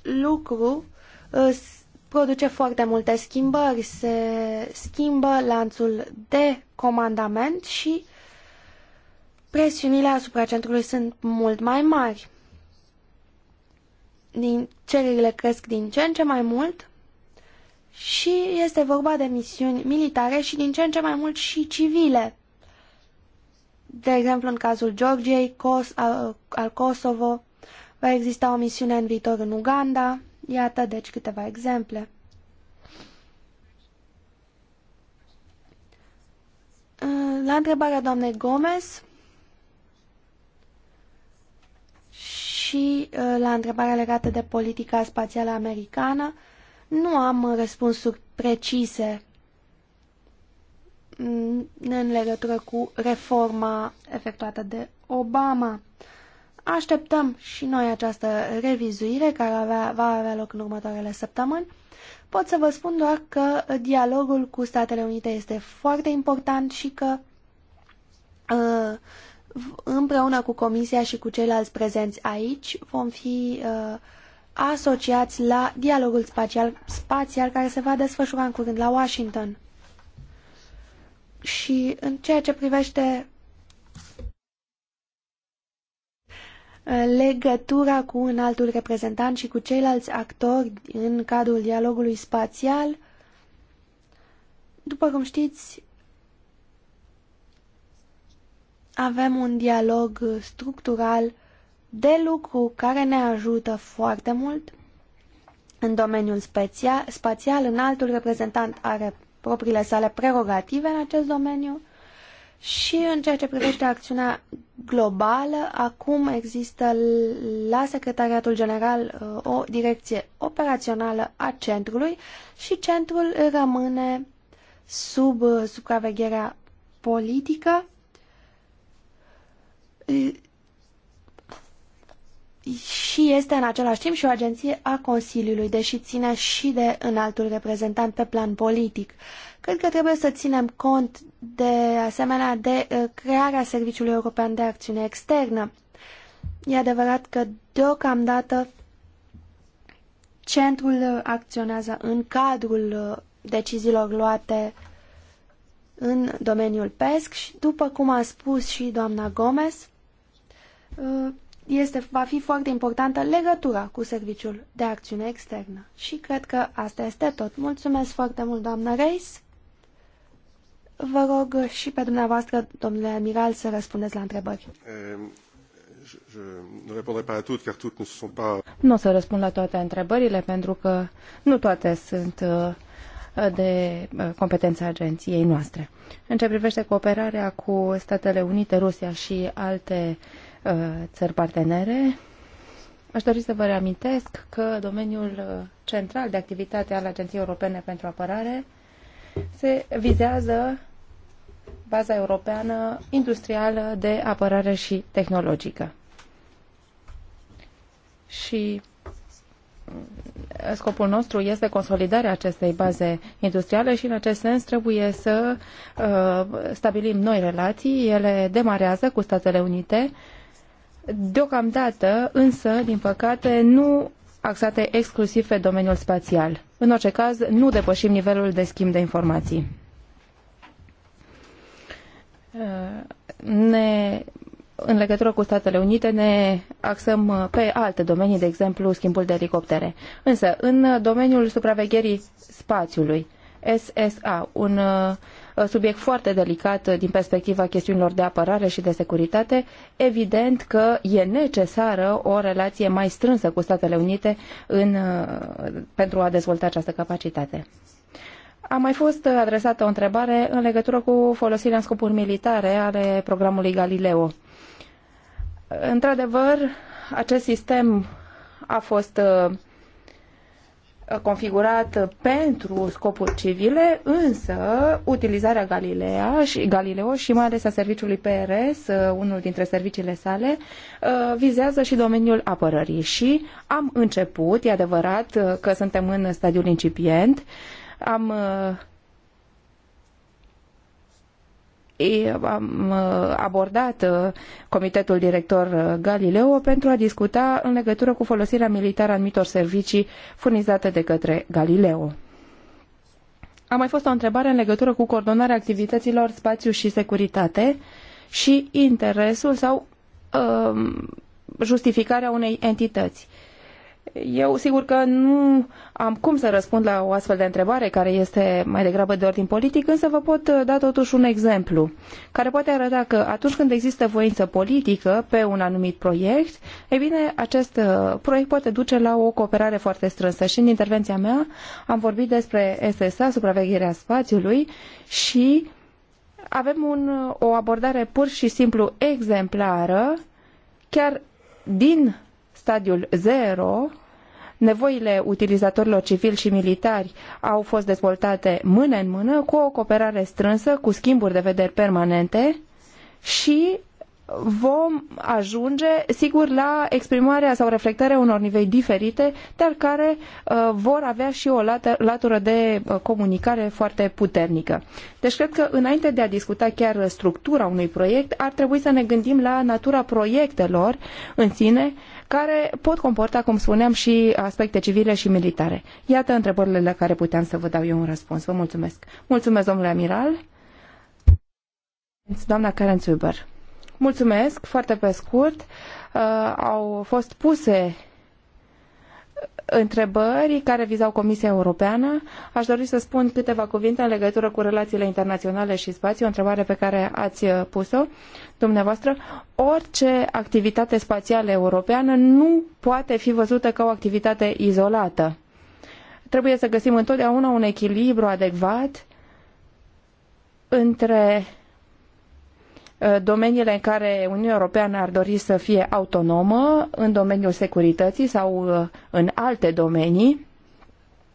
lucru uh, produce foarte multe schimbări. Se schimbă lanțul de comandament și presiunile asupra centrului sunt mult mai mari. Din, cererile cresc din ce în ce mai mult și este vorba de misiuni militare și din ce în ce mai mult și civile. De exemplu, în cazul Georgiei, Kos al, al Kosovo, Va exista o misiune în viitor în Uganda. Iată, deci, câteva exemple. La întrebarea doamnei Gomez și uh, la întrebarea legată de politica spațială americană, nu am răspunsuri precise în legătură cu reforma efectuată de Obama. Așteptăm și noi această revizuire care avea, va avea loc în următoarele săptămâni. Pot să vă spun doar că dialogul cu Statele Unite este foarte important și că uh, împreună cu Comisia și cu ceilalți prezenți aici vom fi uh, asociați la dialogul spațial, spațial care se va desfășura în curând la Washington. Și în ceea ce privește legătura cu un altul reprezentant și cu ceilalți actori în cadrul dialogului spațial. După cum știți, avem un dialog structural de lucru care ne ajută foarte mult în domeniul spațial. În altul reprezentant are propriile sale prerogative în acest domeniu și în ceea ce privește acțiunea globală, acum există la Secretariatul General uh, o direcție operațională a centrului și centrul rămâne sub uh, supravegherea politică. Și este în același timp și o agenție a Consiliului, deși ține și de înaltul reprezentant pe plan politic. Cred că trebuie să ținem cont de asemenea de uh, crearea Serviciului European de Acțiune Externă. E adevărat că deocamdată centrul acționează în cadrul uh, deciziilor luate în domeniul PESC și, după cum a spus și doamna Gomez, uh, este, va fi foarte importantă legătura cu Serviciul de Acțiune Externă. Și cred că asta este tot. Mulțumesc foarte mult, doamna Reis. Vă rog și pe dumneavoastră, domnule Amiral, să răspundeți la întrebări. Eh, nu o să răspund la toate întrebările, pentru că nu toate sunt eh, de eh, competența agenției noastre. În ce privește cooperarea cu Statele Unite, Rusia și alte țări partenere, Aș dori să vă reamintesc că domeniul central de activitate al Agenției Europene pentru Apărare se vizează baza europeană industrială de apărare și tehnologică. Și mm, scopul nostru este consolidarea acestei baze industriale și în acest sens trebuie să uh, stabilim noi relații. Ele demarează cu Statele Unite. Deocamdată, însă, din păcate, nu axate exclusiv pe domeniul spațial. În orice caz, nu depășim nivelul de schimb de informații. Uh, ne, în legătură cu Statele Unite ne axăm uh, pe alte domenii, de exemplu schimbul de elicoptere. Însă, în domeniul supravegherii spațiului, SSA, un uh, Uh, subiect foarte delicat uh, din perspectiva chestiunilor de apărare și de securitate, evident că e necesară o relație mai strânsă cu Statele Unite în, uh, pentru a dezvolta această capacitate. A mai fost adresată o întrebare în legătură cu folosirea în scopuri militare ale programului Galileo. Într-adevăr, acest sistem a fost uh, configurat pentru scopuri civile, însă utilizarea Galileea și Galileo și mai ales a serviciului PRS, unul dintre serviciile sale, uh, vizează și domeniul apărării și am început, e adevărat uh, că suntem în stadiul incipient, am uh, am uh, abordat uh, Comitetul Director uh, Galileo pentru a discuta în legătură cu folosirea militară a anumitor servicii furnizate de către Galileo. A mai fost o întrebare în legătură cu coordonarea activităților spațiu și securitate și interesul sau uh, justificarea unei entități. Eu sigur că nu am cum să răspund la o astfel de întrebare care este mai degrabă de ordin politic, însă vă pot uh, da totuși un exemplu care poate arăta că atunci când există voință politică pe un anumit proiect, e bine, acest uh, proiect poate duce la o cooperare foarte strânsă și în intervenția mea am vorbit despre SSA, supravegherea spațiului și avem un, uh, o abordare pur și simplu exemplară, chiar din stadiul zero, nevoile utilizatorilor civili și militari au fost dezvoltate mână în mână cu o cooperare strânsă, cu schimburi de vederi permanente și vom ajunge, sigur, la exprimarea sau reflectarea unor nivei diferite, dar care uh, vor avea și o latură de uh, comunicare foarte puternică. Deci cred că înainte de a discuta chiar structura unui proiect, ar trebui să ne gândim la natura proiectelor în sine, uh, care pot comporta, cum spuneam, și aspecte civile și militare. Iată întrebările la care puteam să vă dau eu un răspuns. Vă mulțumesc. Mulțumesc, domnule amiral. Doamna Karen Zuber. Mulțumesc, foarte pe scurt. Uh, au fost puse întrebări care vizau Comisia Europeană. Aș dori să spun câteva cuvinte în legătură cu relațiile internaționale și spațiu, o întrebare pe care ați uh, pus-o dumneavoastră. Orice activitate spațială europeană nu poate fi văzută ca o activitate izolată. Trebuie să găsim întotdeauna un echilibru adecvat între Eh, domeniile în care Uniunea Europeană ar dori să fie autonomă, în domeniul securității sau eh, în alte domenii,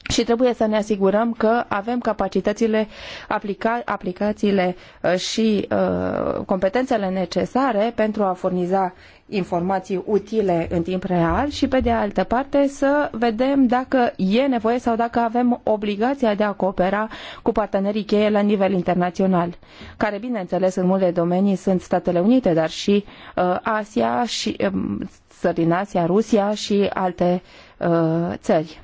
și trebuie să ne asigurăm că avem capacitățile, aplica, aplicațiile uh, și uh, competențele necesare pentru a furniza informații utile în timp real și, pe de altă parte, să vedem dacă e nevoie sau dacă avem obligația de a coopera cu partenerii cheie la nivel internațional, care, bineînțeles, în multe domenii sunt Statele Unite, dar și uh, Asia și uh, um, din Asia, Rusia și alte uh, țări.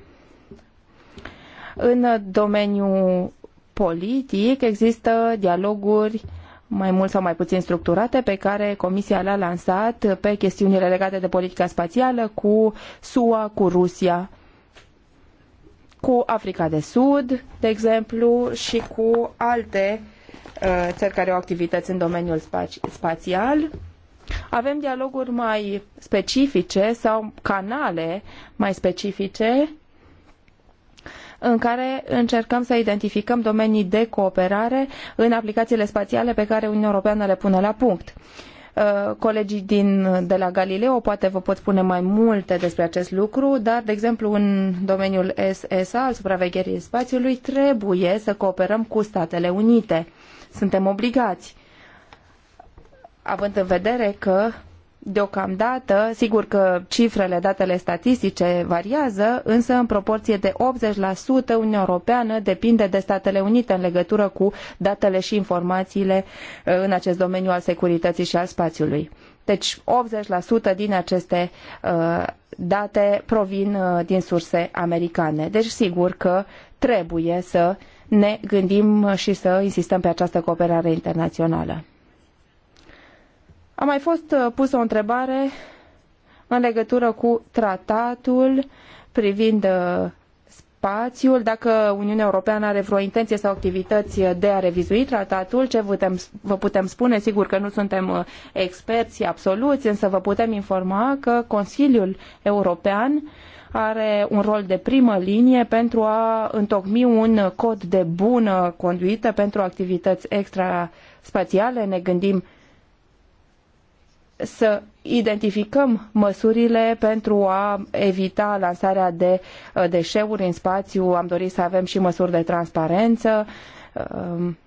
În domeniul politic există dialoguri mai mult sau mai puțin structurate pe care Comisia le-a lansat pe chestiunile legate de politica spațială cu SUA, cu Rusia, cu Africa de Sud, de exemplu, și cu alte uh, țări care au activități în domeniul spa spațial. Avem dialoguri mai specifice sau canale mai specifice în care încercăm să identificăm domenii de cooperare în aplicațiile spațiale pe care Uniunea Europeană le pune la punct. Uh, colegii din, de la Galileo poate vă pot spune mai multe despre acest lucru, dar, de exemplu, în domeniul SSA, al supravegherii spațiului, trebuie să cooperăm cu Statele Unite. Suntem obligați, având în vedere că Deocamdată, sigur că cifrele, datele statistice variază, însă în proporție de 80% Uniunea Europeană depinde de Statele Unite în legătură cu datele și informațiile uh, în acest domeniu al securității și al spațiului. Deci 80% din aceste uh, date provin uh, din surse americane. Deci sigur că trebuie să ne gândim și să insistăm pe această cooperare internațională. A mai fost uh, pusă o întrebare în legătură cu tratatul privind uh, spațiul, dacă Uniunea Europeană are vreo intenție sau activități uh, de a revizui tratatul, ce putem, vă putem spune? Sigur că nu suntem experți absoluți, însă vă putem informa că Consiliul European are un rol de primă linie pentru a întocmi un cod de bună conduită pentru activități extraspațiale. Ne gândim să identificăm măsurile pentru a evita lansarea de uh, deșeuri în spațiu. Am dorit să avem și măsuri de transparență um,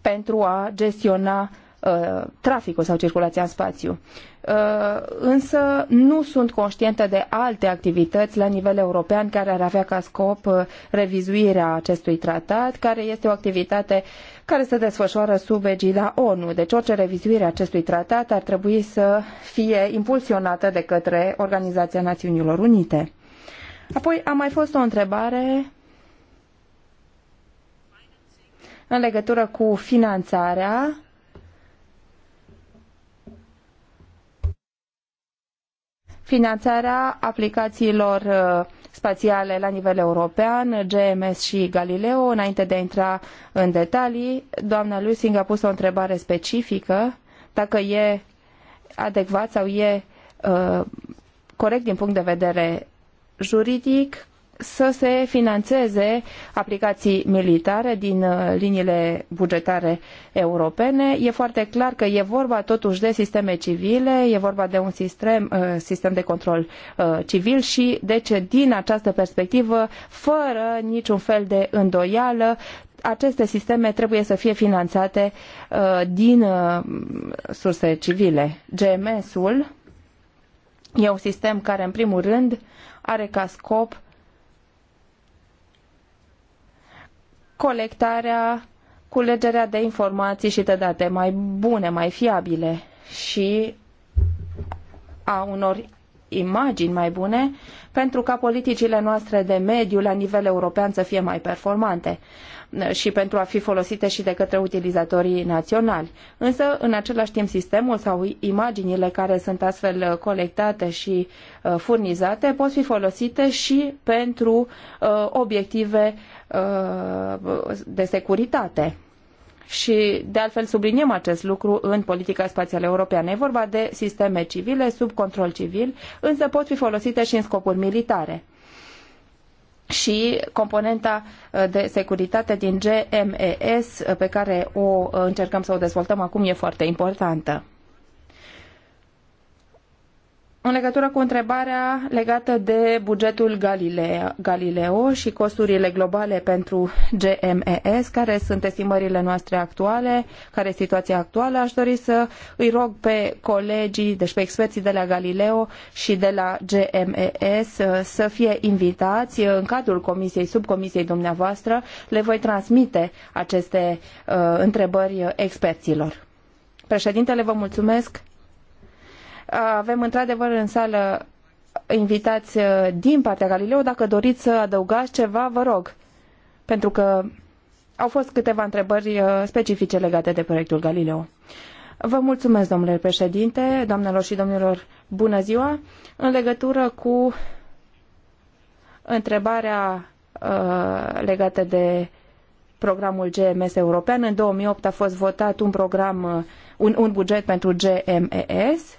pentru a gestiona Uh, traficul sau circulația în spațiu. Uh, însă nu sunt conștientă de alte activități la nivel european care ar avea ca scop uh, revizuirea acestui tratat, care este o activitate care se desfășoară sub egida ONU. Deci orice revizuire a acestui tratat ar trebui să fie impulsionată de către Organizația Națiunilor Unite. Apoi a mai fost o întrebare în legătură cu finanțarea finanțarea aplicațiilor uh, spațiale la nivel european, GMS și Galileo. Înainte de a intra în detalii, doamna Lusing a pus o întrebare specifică dacă e adecvat sau e uh, corect din punct de vedere juridic să se financeze aplicații militare din uh, liniile bugetare europene. E foarte clar că e vorba totuși de sisteme civile, e vorba de un sistem, uh, sistem de control uh, civil și deci din această perspectivă, fără niciun fel de îndoială, aceste sisteme trebuie să fie finanțate din surse civile. GMS-ul e un sistem care în primul rând are ca scop colectarea, culegerea de informații și de date mai bune, mai fiabile și a unor imagini mai bune pentru ca politicile noastre de mediu la nivel european să fie mai performante și pentru a fi folosite și de către utilizatorii naționali. Însă, în același timp, sistemul sau imaginile care sunt astfel colectate și uh, furnizate pot fi folosite și pentru uh, obiective uh, de securitate. Și, de altfel, subliniem acest lucru în politica spațială europeană. E vorba de sisteme civile sub control civil, însă pot fi folosite și în scopuri militare și componenta uh, de securitate din GMES uh, pe care o uh, încercăm să o dezvoltăm acum e foarte importantă în legătură cu întrebarea legată de bugetul Galileo și costurile globale pentru GMES, care sunt estimările noastre actuale, care este situația actuală, aș dori să îi rog pe colegii, deci pe experții de la Galileo și de la GMES uh, să fie invitați uh, în cadrul comisiei, subcomisiei dumneavoastră. Le voi transmite aceste uh, întrebări experților. Președintele, vă mulțumesc avem într-adevăr în sală invitați uh, din partea Galileo. Dacă doriți să adăugați ceva, vă rog. Pentru că au fost câteva întrebări uh, specifice legate de proiectul Galileo. Vă mulțumesc, domnule președinte, doamnelor și domnilor, bună ziua. În legătură cu întrebarea uh, legată de programul GMS european, în 2008 a fost votat un program, uh, un, un buget pentru GMES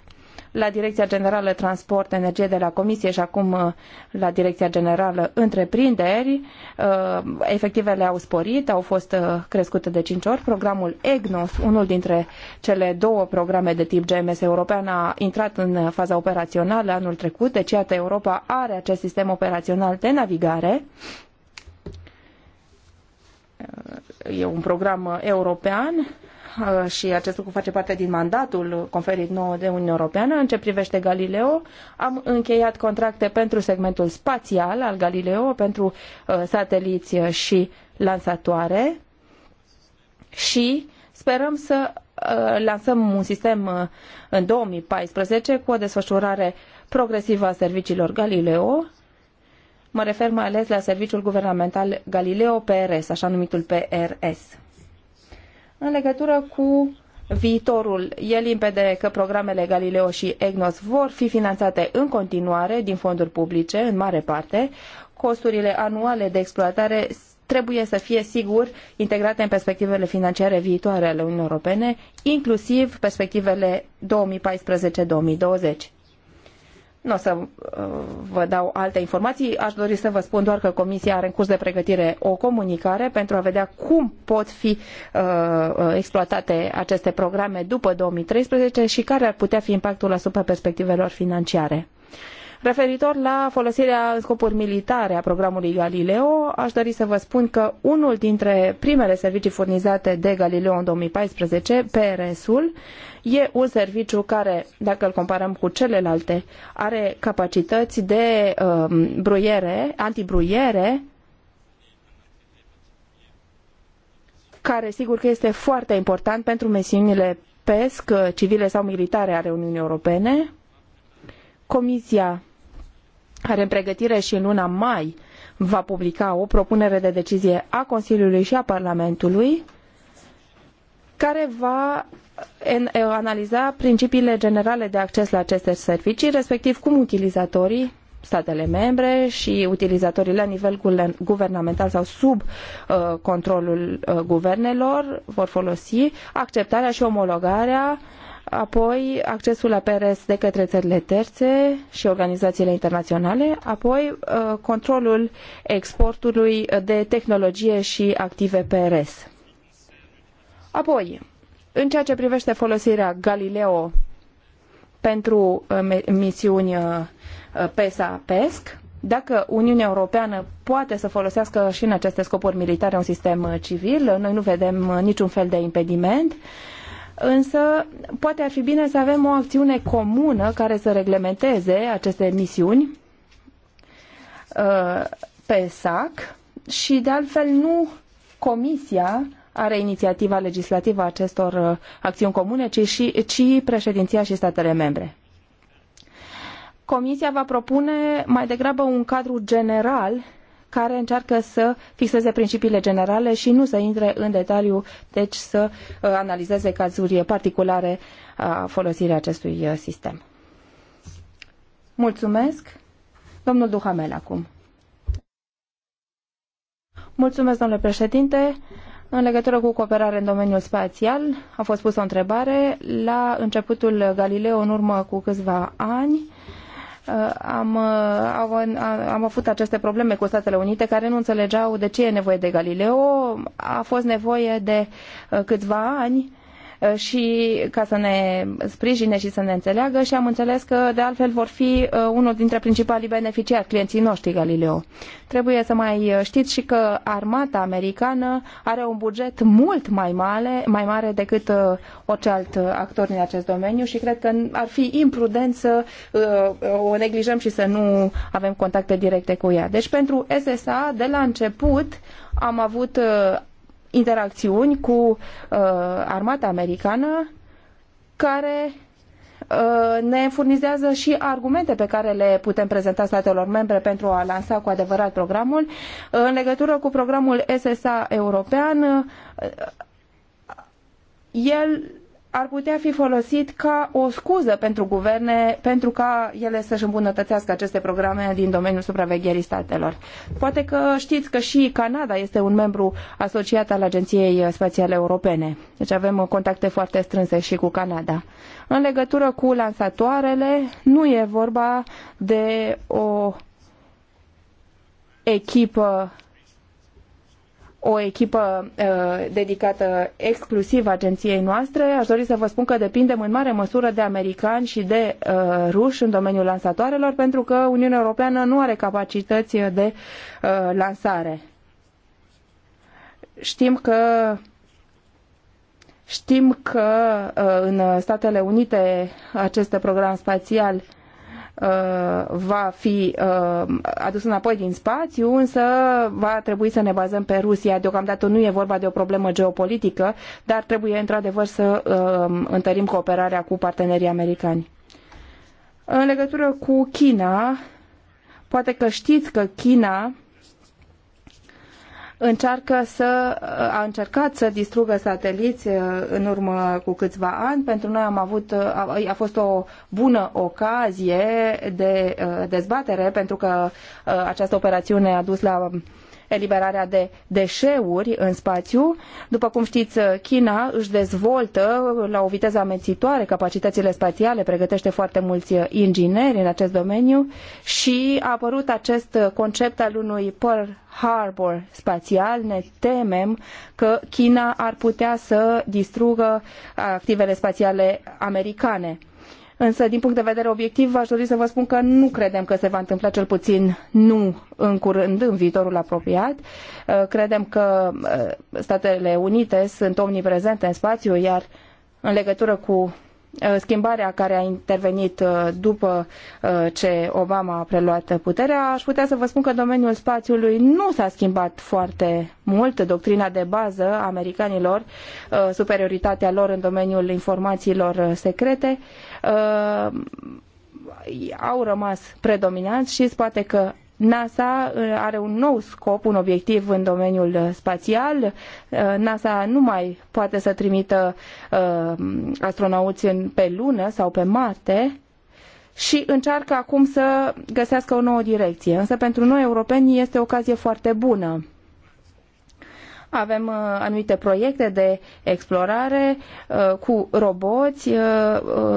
la Direcția Generală Transport Energie de la Comisie și acum uh, la Direcția Generală Întreprinderi. Uh, efectivele au sporit, au fost uh, crescute de 5 ori. Programul EGNOS, unul dintre cele două programe de tip GMS european, a intrat în faza operațională anul trecut, deci iată Europa are acest sistem operațional de navigare e un program european Uh, și acest lucru face parte din mandatul conferit nou de Uniunea Europeană, în ce privește Galileo, am încheiat contracte pentru segmentul spațial al Galileo, pentru uh, sateliți și lansatoare și sperăm să uh, lansăm un sistem în 2014 cu o desfășurare progresivă a serviciilor Galileo. Mă refer mai ales la serviciul guvernamental Galileo PRS, așa numitul PRS în legătură cu viitorul. E limpede că programele Galileo și EGNOS vor fi finanțate în continuare din fonduri publice, în mare parte. Costurile anuale de exploatare trebuie să fie sigur integrate în perspectivele financiare viitoare ale Uniunii Europene, inclusiv perspectivele 2014-2020. Nu o să uh, vă dau alte informații, aș dori să vă spun doar că Comisia are în curs de pregătire o comunicare pentru a vedea cum pot fi uh, uh, exploatate aceste programe după 2013 și care ar putea fi impactul asupra perspectivelor financiare. Referitor la folosirea în scopuri militare a programului Galileo, aș dori să vă spun că unul dintre primele servicii furnizate de Galileo în 2014, PRS-ul, E un serviciu care, dacă îl comparăm cu celelalte, are capacități de um, bruiere, antibruiere, care sigur că este foarte important pentru mesiunile PESC, civile sau militare ale Uniunii Europene. Comisia are în pregătire și în luna mai va publica o propunere de decizie a Consiliului și a Parlamentului care va analiza principiile generale de acces la aceste servicii, respectiv cum utilizatorii statele membre și utilizatorii la nivel guvernamental sau sub uh, controlul uh, guvernelor vor folosi acceptarea și omologarea apoi accesul la PRS de către țările terțe și organizațiile internaționale, apoi uh, controlul exportului de tehnologie și active PRS. Apoi, în ceea ce privește folosirea Galileo pentru uh, misiuni uh, uh, PESA-PESC, dacă Uniunea Europeană poate să folosească și în aceste scopuri militare un sistem civil, noi nu vedem niciun fel de impediment, însă poate ar fi bine să avem o acțiune comună care să reglementeze aceste misiuni pe SAC și de altfel nu Comisia are inițiativa legislativă a acestor uh, acțiuni comune, ci, și, ci președinția și statele membre. Comisia va propune mai degrabă un cadru general care încearcă să fixeze principiile generale și nu să intre în detaliu, deci să uh, analizeze cazuri particulare uh, a folosirii acestui sistem. Mulțumesc. Domnul Duhamel acum. Mulțumesc, domnule președinte. În legătură cu cooperare în domeniul spațial, a fost pusă o întrebare. La începutul Galileo, în urmă cu câțiva ani, uh, am, uh, am, am avut aceste probleme cu Statele Unite care nu înțelegeau de ce e nevoie de Galileo. A fost nevoie de uh, câțiva ani Uh, și ca să ne sprijine și să ne înțeleagă și am înțeles că de altfel vor fi uh, unul dintre principalii beneficiari, clienții noștri Galileo. Trebuie să mai uh, știți și că armata americană are un buget mult mai mare, mai mare decât orice alt actor din acest domeniu și cred că ar fi imprudent să o neglijăm și să nu avem contacte directe cu ea. Deci pentru SSA, de la început, am avut interacțiuni cu uh, armata americană care uh, ne furnizează și argumente pe care le putem prezenta statelor membre pentru a lansa cu adevărat programul. În legătură cu programul SSA european, uh, el ar putea fi folosit ca o scuză pentru guverne pentru ca ele să-și îmbunătățească aceste programe din domeniul supravegherii statelor. Poate că știți că și Canada este un membru asociat al Agenției Spațiale Europene, deci avem contacte foarte strânse și cu Canada. În legătură cu lansatoarele, nu e vorba de o echipă o echipă uh, dedicată exclusiv agenției noastre. Aș dori să vă spun că depindem în mare măsură de americani și de uh, ruși în domeniul lansatoarelor, pentru că Uniunea Europeană nu are capacități de uh, lansare. Știm că Știm că uh, în Statele Unite acest program spațial Uh, va fi uh, adus înapoi din spațiu, însă va trebui să ne bazăm pe Rusia. Deocamdată nu e vorba de o problemă geopolitică, dar trebuie într-adevăr să uh, întărim cooperarea cu partenerii americani. În legătură cu China, poate că știți că China încearcă să, a încercat să distrugă sateliți uh, în urmă cu câțiva ani. Pentru noi am avut, a, uh, a fost o bună ocazie de uh, dezbatere pentru că această operațiune a dus la eliberarea de deșeuri în spațiu. După cum știți, China își dezvoltă la o viteză amețitoare capacitățile spațiale, pregătește foarte mulți ingineri în acest domeniu și a apărut acest concept al unui Pearl Harbor spațial. Ne temem că China ar putea să distrugă activele spațiale americane Însă, din punct de vedere obiectiv, aș dori să vă spun că nu credem că se va întâmpla cel puțin nu în curând, în viitorul apropiat. Uh, credem că uh, Statele Unite sunt omniprezente în spațiu, iar în legătură cu uh, schimbarea care a intervenit după ce Obama a preluat puterea, aș putea să vă spun că domeniul spațiului nu s-a schimbat foarte mult. Doctrina de bază a americanilor, superioritatea lor în domeniul informațiilor secrete, Uh, au rămas predominanți. și poate că NASA uh, are un nou scop, un obiectiv în domeniul uh, spațial. NASA nu mai poate să trimită astronauți pe lună sau pe Marte și încearcă acum să găsească o nouă direcție. Însă pentru noi europeni este o ocazie foarte bună avem uh, anumite proiecte de explorare uh, cu roboți uh,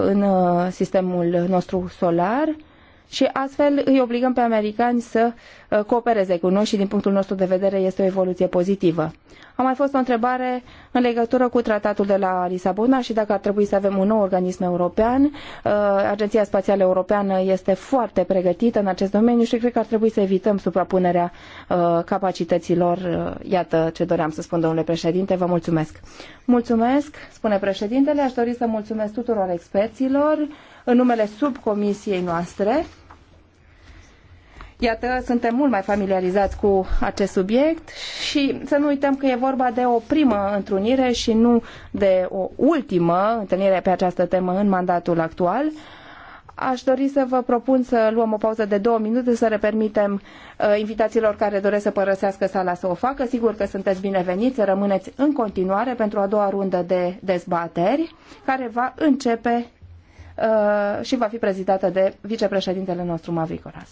în sistemul nostru solar și astfel îi obligăm pe americani să uh, coopereze cu noi și din punctul nostru de vedere este o evoluție pozitivă. A mai fost o întrebare în legătură cu tratatul de la Lisabona și dacă ar trebui să avem un nou organism european. Uh, Agenția Spațială Europeană este foarte pregătită în acest domeniu și cred că ar trebui să evităm suprapunerea uh, capacităților. Iată ce doream să spun, domnule președinte. Vă mulțumesc. Mulțumesc, spune președintele. Aș dori să mulțumesc tuturor experților în numele subcomisiei noastre. Iată, suntem mult mai familiarizați cu acest subiect și să nu uităm că e vorba de o primă întrunire și nu de o ultimă întâlnire pe această temă în mandatul actual. Aș dori să vă propun să luăm o pauză de două minute, să repermitem permitem uh, invitațiilor care doresc să părăsească sala să o facă. Sigur că sunteți bineveniți, să rămâneți în continuare pentru a doua rundă de dezbateri, care va începe uh, și va fi prezentată de vicepreședintele nostru Mavricoras.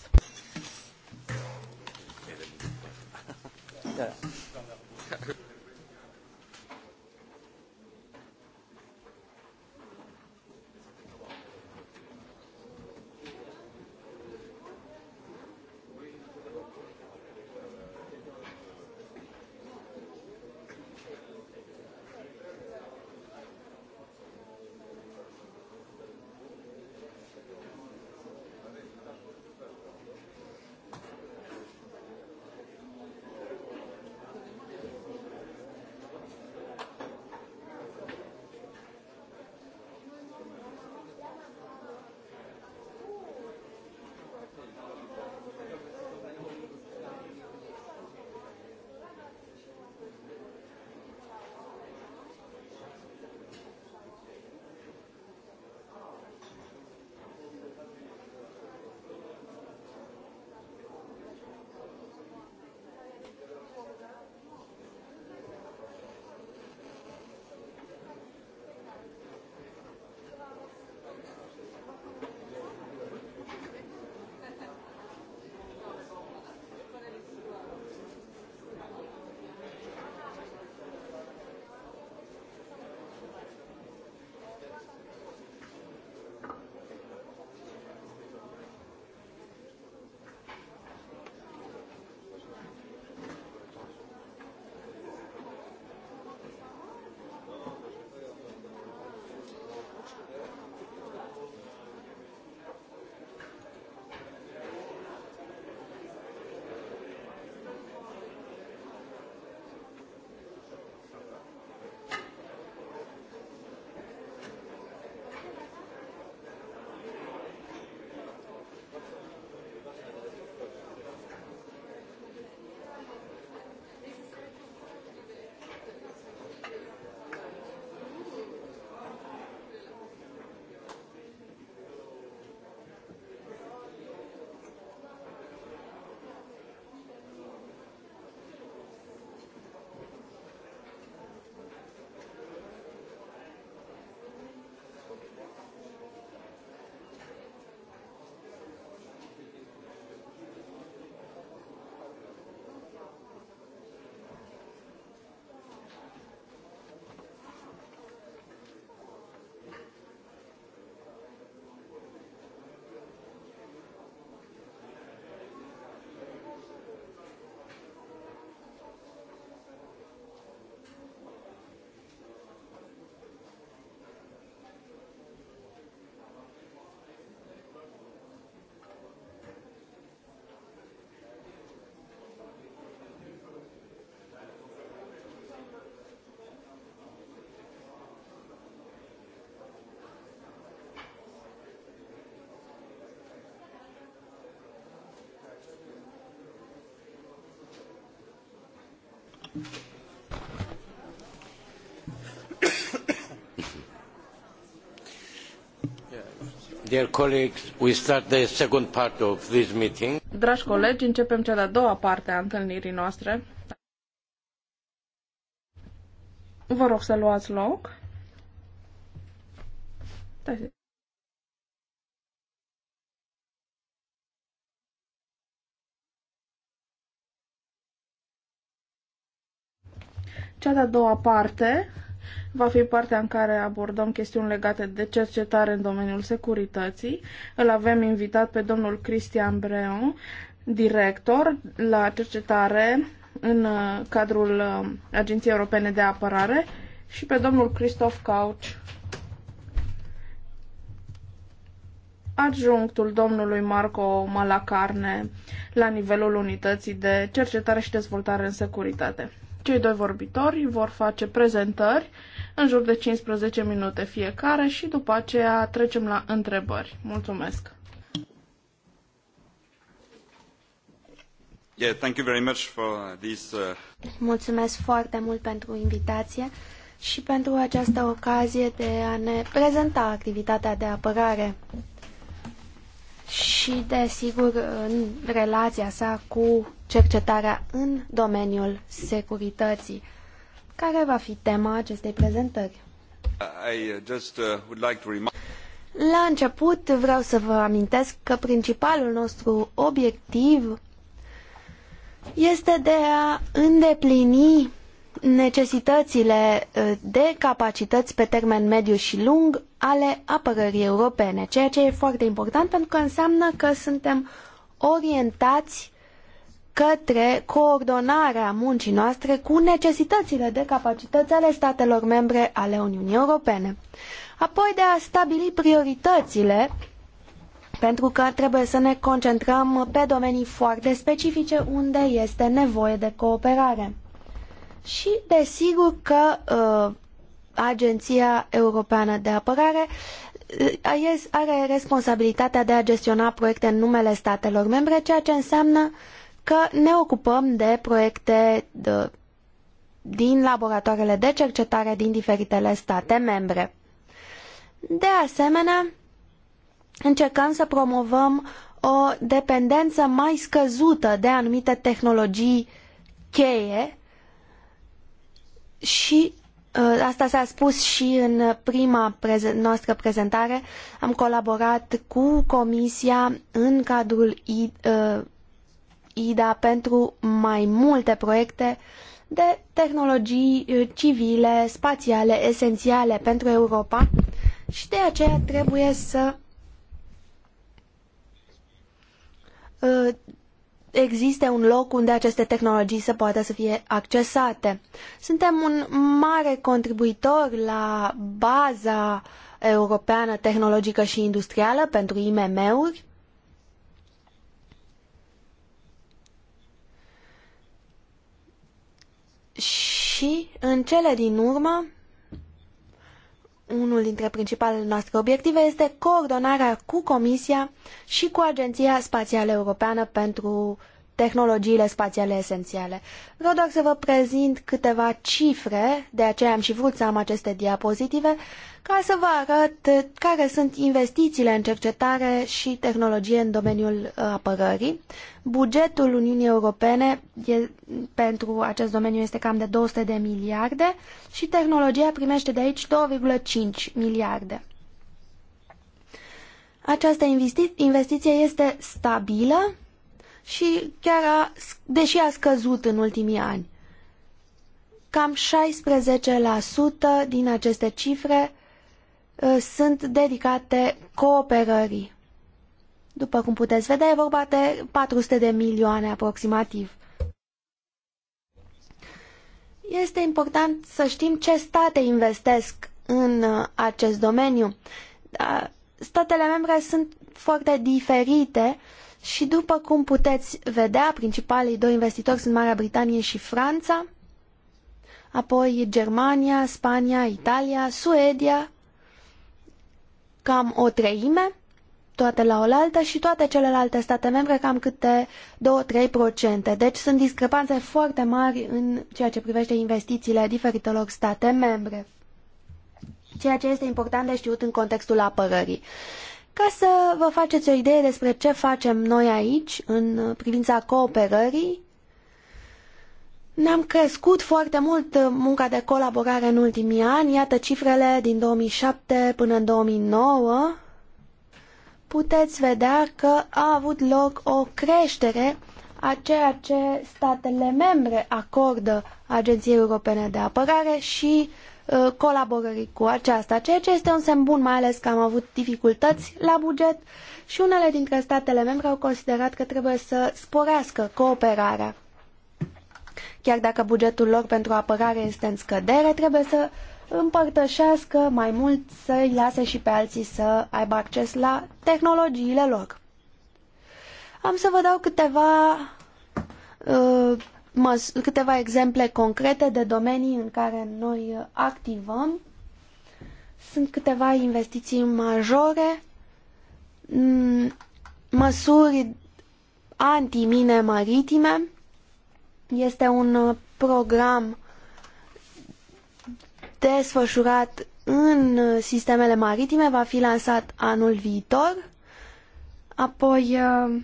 Dear colleagues, we start the second part of this meeting. Dragi colegi, începem cea de-a doua parte a întâlnirii noastre. Vă rog să luați loc. Da. Cea de-a doua parte va fi partea în care abordăm chestiuni legate de cercetare în domeniul securității. Îl avem invitat pe domnul Cristian Breu, director la cercetare în uh, cadrul uh, Agenției Europene de Apărare și pe domnul Christoph Couch, adjunctul domnului Marco Malacarne la nivelul unității de cercetare și dezvoltare în securitate. Cei doi vorbitori vor face prezentări în jur de 15 minute fiecare și după aceea trecem la întrebări. Mulțumesc! Yeah, thank you very much for this, uh... Mulțumesc foarte mult pentru invitație și pentru această ocazie de a ne prezenta activitatea de apărare și, desigur, în relația sa cu cercetarea în domeniul securității, care va fi tema acestei prezentări. Uh, just, uh, like remind... La început vreau să vă amintesc că principalul nostru obiectiv este de a îndeplini necesitățile ă, de capacități pe termen mediu și lung ale apărării europene, ceea ce e foarte important pentru că înseamnă că suntem orientați către coordonarea muncii noastre cu necesitățile de capacități ale statelor membre ale Uniunii Europene. Apoi de a stabili prioritățile, pentru că trebuie să ne concentrăm pe domenii foarte specifice unde este nevoie de cooperare și desigur că uh, Agenția Europeană de Apărare uh, are responsabilitatea de a gestiona proiecte în numele statelor membre, ceea ce înseamnă că ne ocupăm de proiecte de, din laboratoarele de cercetare din diferitele state membre. De asemenea, încercăm să promovăm o dependență mai scăzută de anumite tehnologii cheie și uh, Asta s-a spus și în prima noastră prezentare. Am colaborat cu Comisia în cadrul IDA uh, pentru mai multe proiecte de tehnologii uh, civile, spațiale, esențiale pentru Europa și de aceea trebuie să existe un loc unde aceste tehnologii să poată să fie accesate. Suntem un mare contribuitor la baza europeană tehnologică și industrială pentru IMM-uri. Și în cele din urmă unul dintre principalele noastre obiective este coordonarea cu Comisia și cu Agenția Spațială Europeană pentru uh, tehnologiile spațiale esențiale. Vreau doar să vă prezint câteva cifre, de aceea am și vrut să am aceste diapozitive, ca să vă arăt uh, care sunt investițiile în cercetare și tehnologie în domeniul uh, apărării. Bugetul Uniunii Europene e, pentru acest domeniu este cam de 200 de miliarde și tehnologia primește de aici 2,5 miliarde. Această investiție este stabilă și chiar a, deși a scăzut în ultimii ani. Cam 16% din aceste cifre uh, sunt dedicate cooperării. După cum puteți vedea, e vorba de 400 de milioane aproximativ. Este important să știm ce state investesc în uh, acest domeniu. Da, statele membre sunt foarte diferite uh, și după cum puteți vedea, principalii doi investitori sunt Marea Britanie și Franța, apoi Germania, Spania, Italia, Suedia, cam o treime, toate la oaltă și toate celelalte state membre cam câte 2-3%. Deci sunt discrepanțe foarte mari în ceea ce privește investițiile diferitelor state membre. Ceea ce este important de știut în contextul apărării. Ca să vă faceți o idee despre ce facem noi aici în privința cooperării, ne-am crescut foarte mult munca de colaborare în ultimii ani. Iată cifrele din 2007 până în 2009. Puteți vedea că a avut loc o creștere a ceea ce statele membre acordă Agenției Europene de Apărare și uh, Uh, colaborării cu aceasta, ceea ce este un semn bun, mai ales că am avut dificultăți la buget și unele dintre statele membre au considerat că trebuie să sporească cooperarea. Chiar dacă bugetul lor pentru apărare este în scădere, trebuie să împărtășească mai mult, să-i lase și pe alții să aibă acces la tehnologiile lor. Am să vă dau câteva uh, câteva exemple concrete de domenii în care noi activăm. Sunt câteva investiții majore, mm, măsuri antimine maritime. Este un program desfășurat în sistemele maritime, va fi lansat anul viitor. Apoi uh,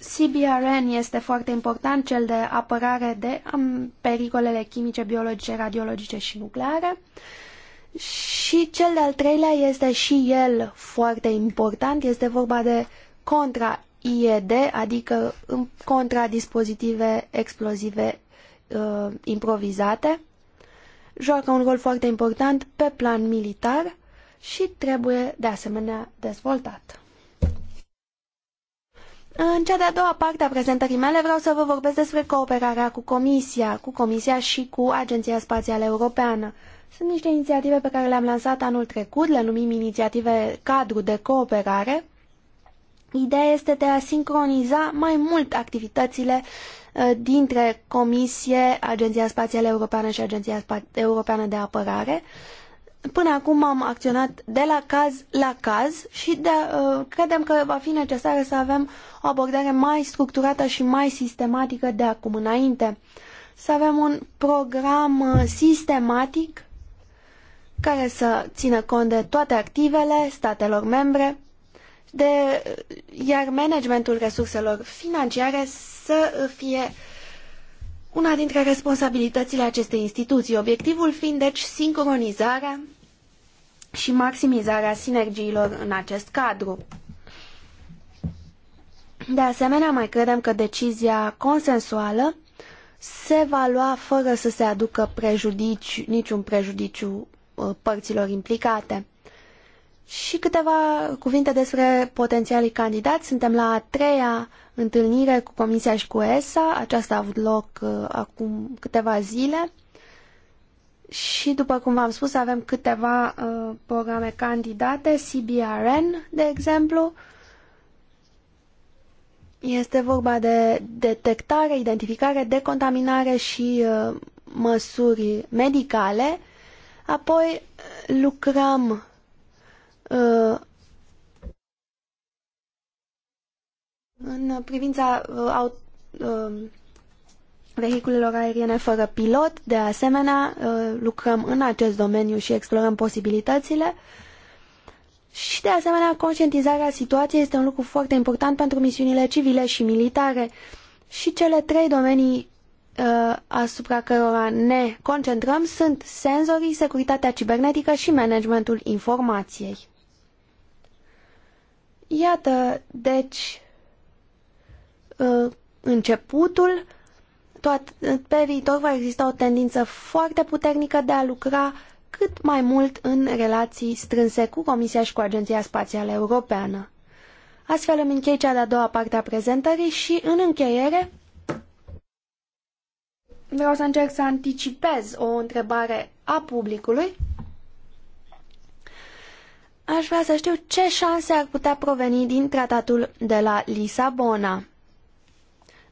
CBRN este foarte important, cel de apărare de pericolele chimice, biologice, radiologice și nucleare. Și cel de-al treilea este și el foarte important, este vorba de contra IED, adică contra dispozitive explozive uh, improvizate. Joacă un rol foarte important pe plan militar și trebuie de asemenea dezvoltat. În cea de-a doua parte a prezentării mele vreau să vă vorbesc despre cooperarea cu Comisia, cu Comisia și cu Agenția Spațială Europeană. Sunt niște inițiative pe care le-am lansat anul trecut, le numim inițiative cadru de cooperare. Ideea este de a sincroniza mai mult activitățile ă, dintre Comisie, Agenția Spațială Europeană și Agenția Spa Europeană de Apărare Până acum am acționat de la caz la caz și de, uh, credem că va fi necesară să avem o abordare mai structurată și mai sistematică de acum înainte. Să avem un program uh, sistematic care să țină cont de toate activele statelor membre, de, uh, iar managementul resurselor financiare să fie una dintre responsabilitățile acestei instituții, obiectivul fiind deci sincronizarea și maximizarea sinergiilor în acest cadru. De asemenea, mai credem că decizia consensuală se va lua fără să se aducă prejudici, niciun prejudiciu uh, părților implicate. Și câteva cuvinte despre potențialii candidați. Suntem la a treia întâlnire cu Comisia și cu ESA. Aceasta a avut loc uh, acum câteva zile. Și, după cum v-am spus, avem câteva uh, programe candidate, CBRN, de exemplu. Este vorba de detectare, identificare, decontaminare și uh, măsuri medicale. Apoi uh, lucrăm uh, în privința uh, uh vehiculelor aeriene fără pilot. De asemenea, uh, lucrăm în acest domeniu și explorăm posibilitățile. Și, de asemenea, conștientizarea situației este un lucru foarte important pentru misiunile civile și militare. Și cele trei domenii uh, asupra cărora ne concentrăm sunt senzorii, securitatea cibernetică și managementul informației. Iată, deci, uh, începutul tot pe viitor va exista o tendință foarte puternică de a lucra cât mai mult în relații strânse cu Comisia și cu Agenția Spațială Europeană. Astfel îmi închei cea de-a doua parte a prezentării și, în încheiere, vreau să încerc să anticipez o întrebare a publicului. Aș vrea să știu ce șanse ar putea proveni din tratatul de la Lisabona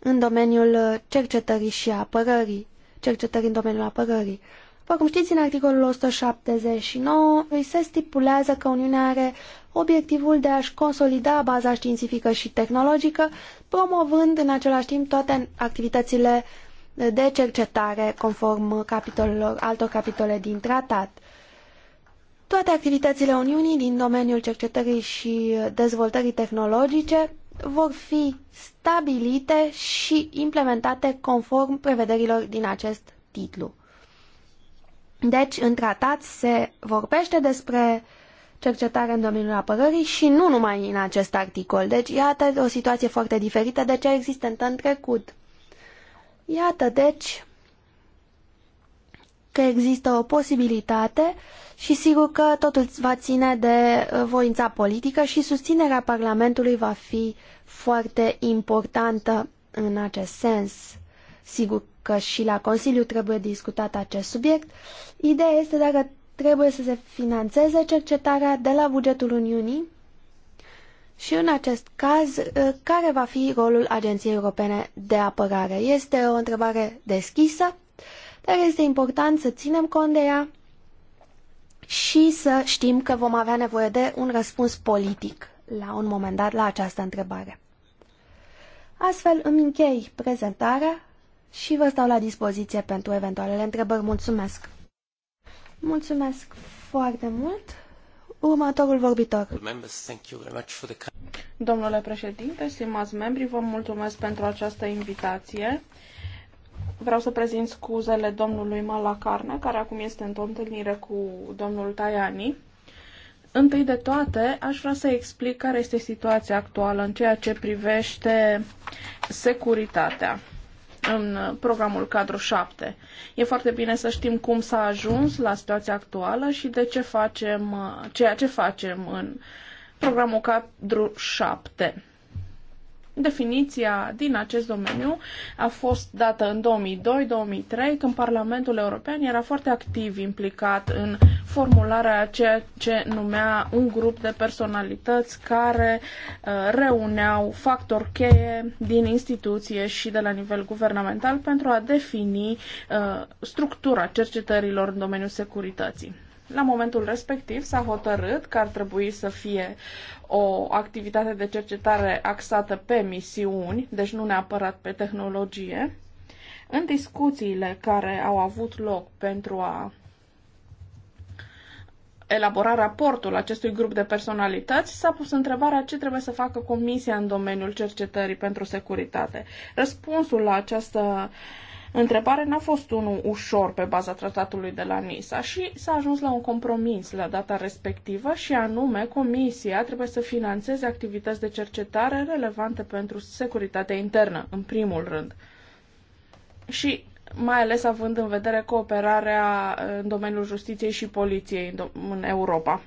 în domeniul cercetării și apărării, cercetării în domeniul apărării. După cum știți, în articolul 179 îi se stipulează că Uniunea are obiectivul de a-și consolida baza științifică și tehnologică, promovând în același timp toate activitățile de cercetare conform capitolelor, altor capitole din tratat. Toate activitățile Uniunii din domeniul cercetării și dezvoltării tehnologice vor fi stabilite și implementate conform prevederilor din acest titlu. Deci, în tratat se vorbește despre cercetare în domeniul apărării și nu numai în acest articol. Deci, iată o situație foarte diferită de cea existentă în trecut. Iată, deci, că există o posibilitate și sigur că totul va ține de uh, voința politică și susținerea Parlamentului va fi foarte importantă în acest sens. Sigur că și la Consiliu trebuie discutat acest subiect. Ideea este dacă trebuie să se financeze cercetarea de la bugetul Uniunii și în acest caz, uh, care va fi rolul Agenției Europene de Apărare? Este o întrebare deschisă dar este important să ținem cont de ea și să știm că vom avea nevoie de un răspuns politic la un moment dat la această întrebare. Astfel îmi închei prezentarea și vă stau la dispoziție pentru eventualele întrebări. Mulțumesc! Mulțumesc foarte mult! Următorul vorbitor. Domnule președinte, stimați membri, vă mulțumesc pentru această invitație. Vreau să prezint scuzele domnului Malacarne, care acum este într-o întâlnire cu domnul Tajani. Întâi de toate, aș vrea să explic care este situația actuală în ceea ce privește securitatea în programul cadru 7. E foarte bine să știm cum s-a ajuns la situația actuală și de ce facem ceea ce facem în programul cadru 7. Definiția din acest domeniu a fost dată în 2002-2003, când Parlamentul European era foarte activ implicat în formularea a ceea ce numea un grup de personalități care uh, reuneau factori cheie din instituție și de la nivel guvernamental pentru a defini uh, structura cercetărilor în domeniul securității. La momentul respectiv s-a hotărât că ar trebui să fie o activitate de cercetare axată pe misiuni, deci nu neapărat pe tehnologie. În discuțiile care au avut loc pentru a elabora raportul acestui grup de personalități, s-a pus întrebarea ce trebuie să facă Comisia în domeniul cercetării pentru securitate. Răspunsul la această uh, întrebare n-a fost unul ușor pe baza tratatului de la Nisa și s-a ajuns la un compromis la data respectivă și anume Comisia trebuie să financeze activități de cercetare relevante pentru securitatea internă, în primul rând. Și mai ales având în vedere cooperarea uh, în domeniul justiției și poliției în Europa.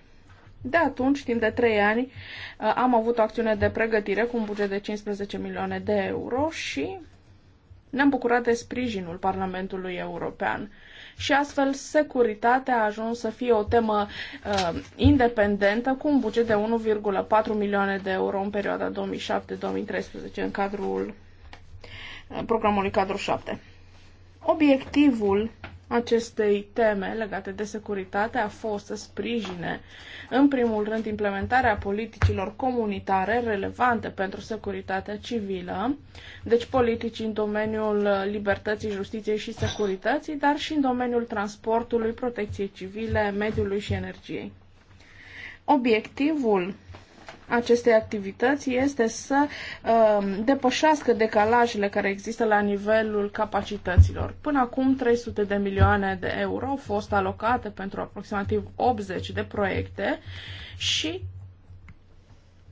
De atunci, timp de trei ani, uh, am avut o acțiune de pregătire cu un buget de 15 milioane de euro și ne-am bucurat de sprijinul Parlamentului European și astfel securitatea a ajuns să fie o temă uh, independentă cu un buget de 1,4 milioane de euro în perioada 2007-2013 în cadrul uh, programului cadru 7. Obiectivul acestei teme legate de securitate a fost să sprijine, în primul rând, implementarea politicilor comunitare relevante pentru securitatea civilă, deci politici în domeniul libertății, justiției și securității, dar și în domeniul transportului, protecției civile, mediului și energiei. Obiectivul acestei activități este să um, depășească decalajele care există la nivelul capacităților. Până acum 300 de milioane de euro au fost alocate pentru aproximativ 80 de proiecte și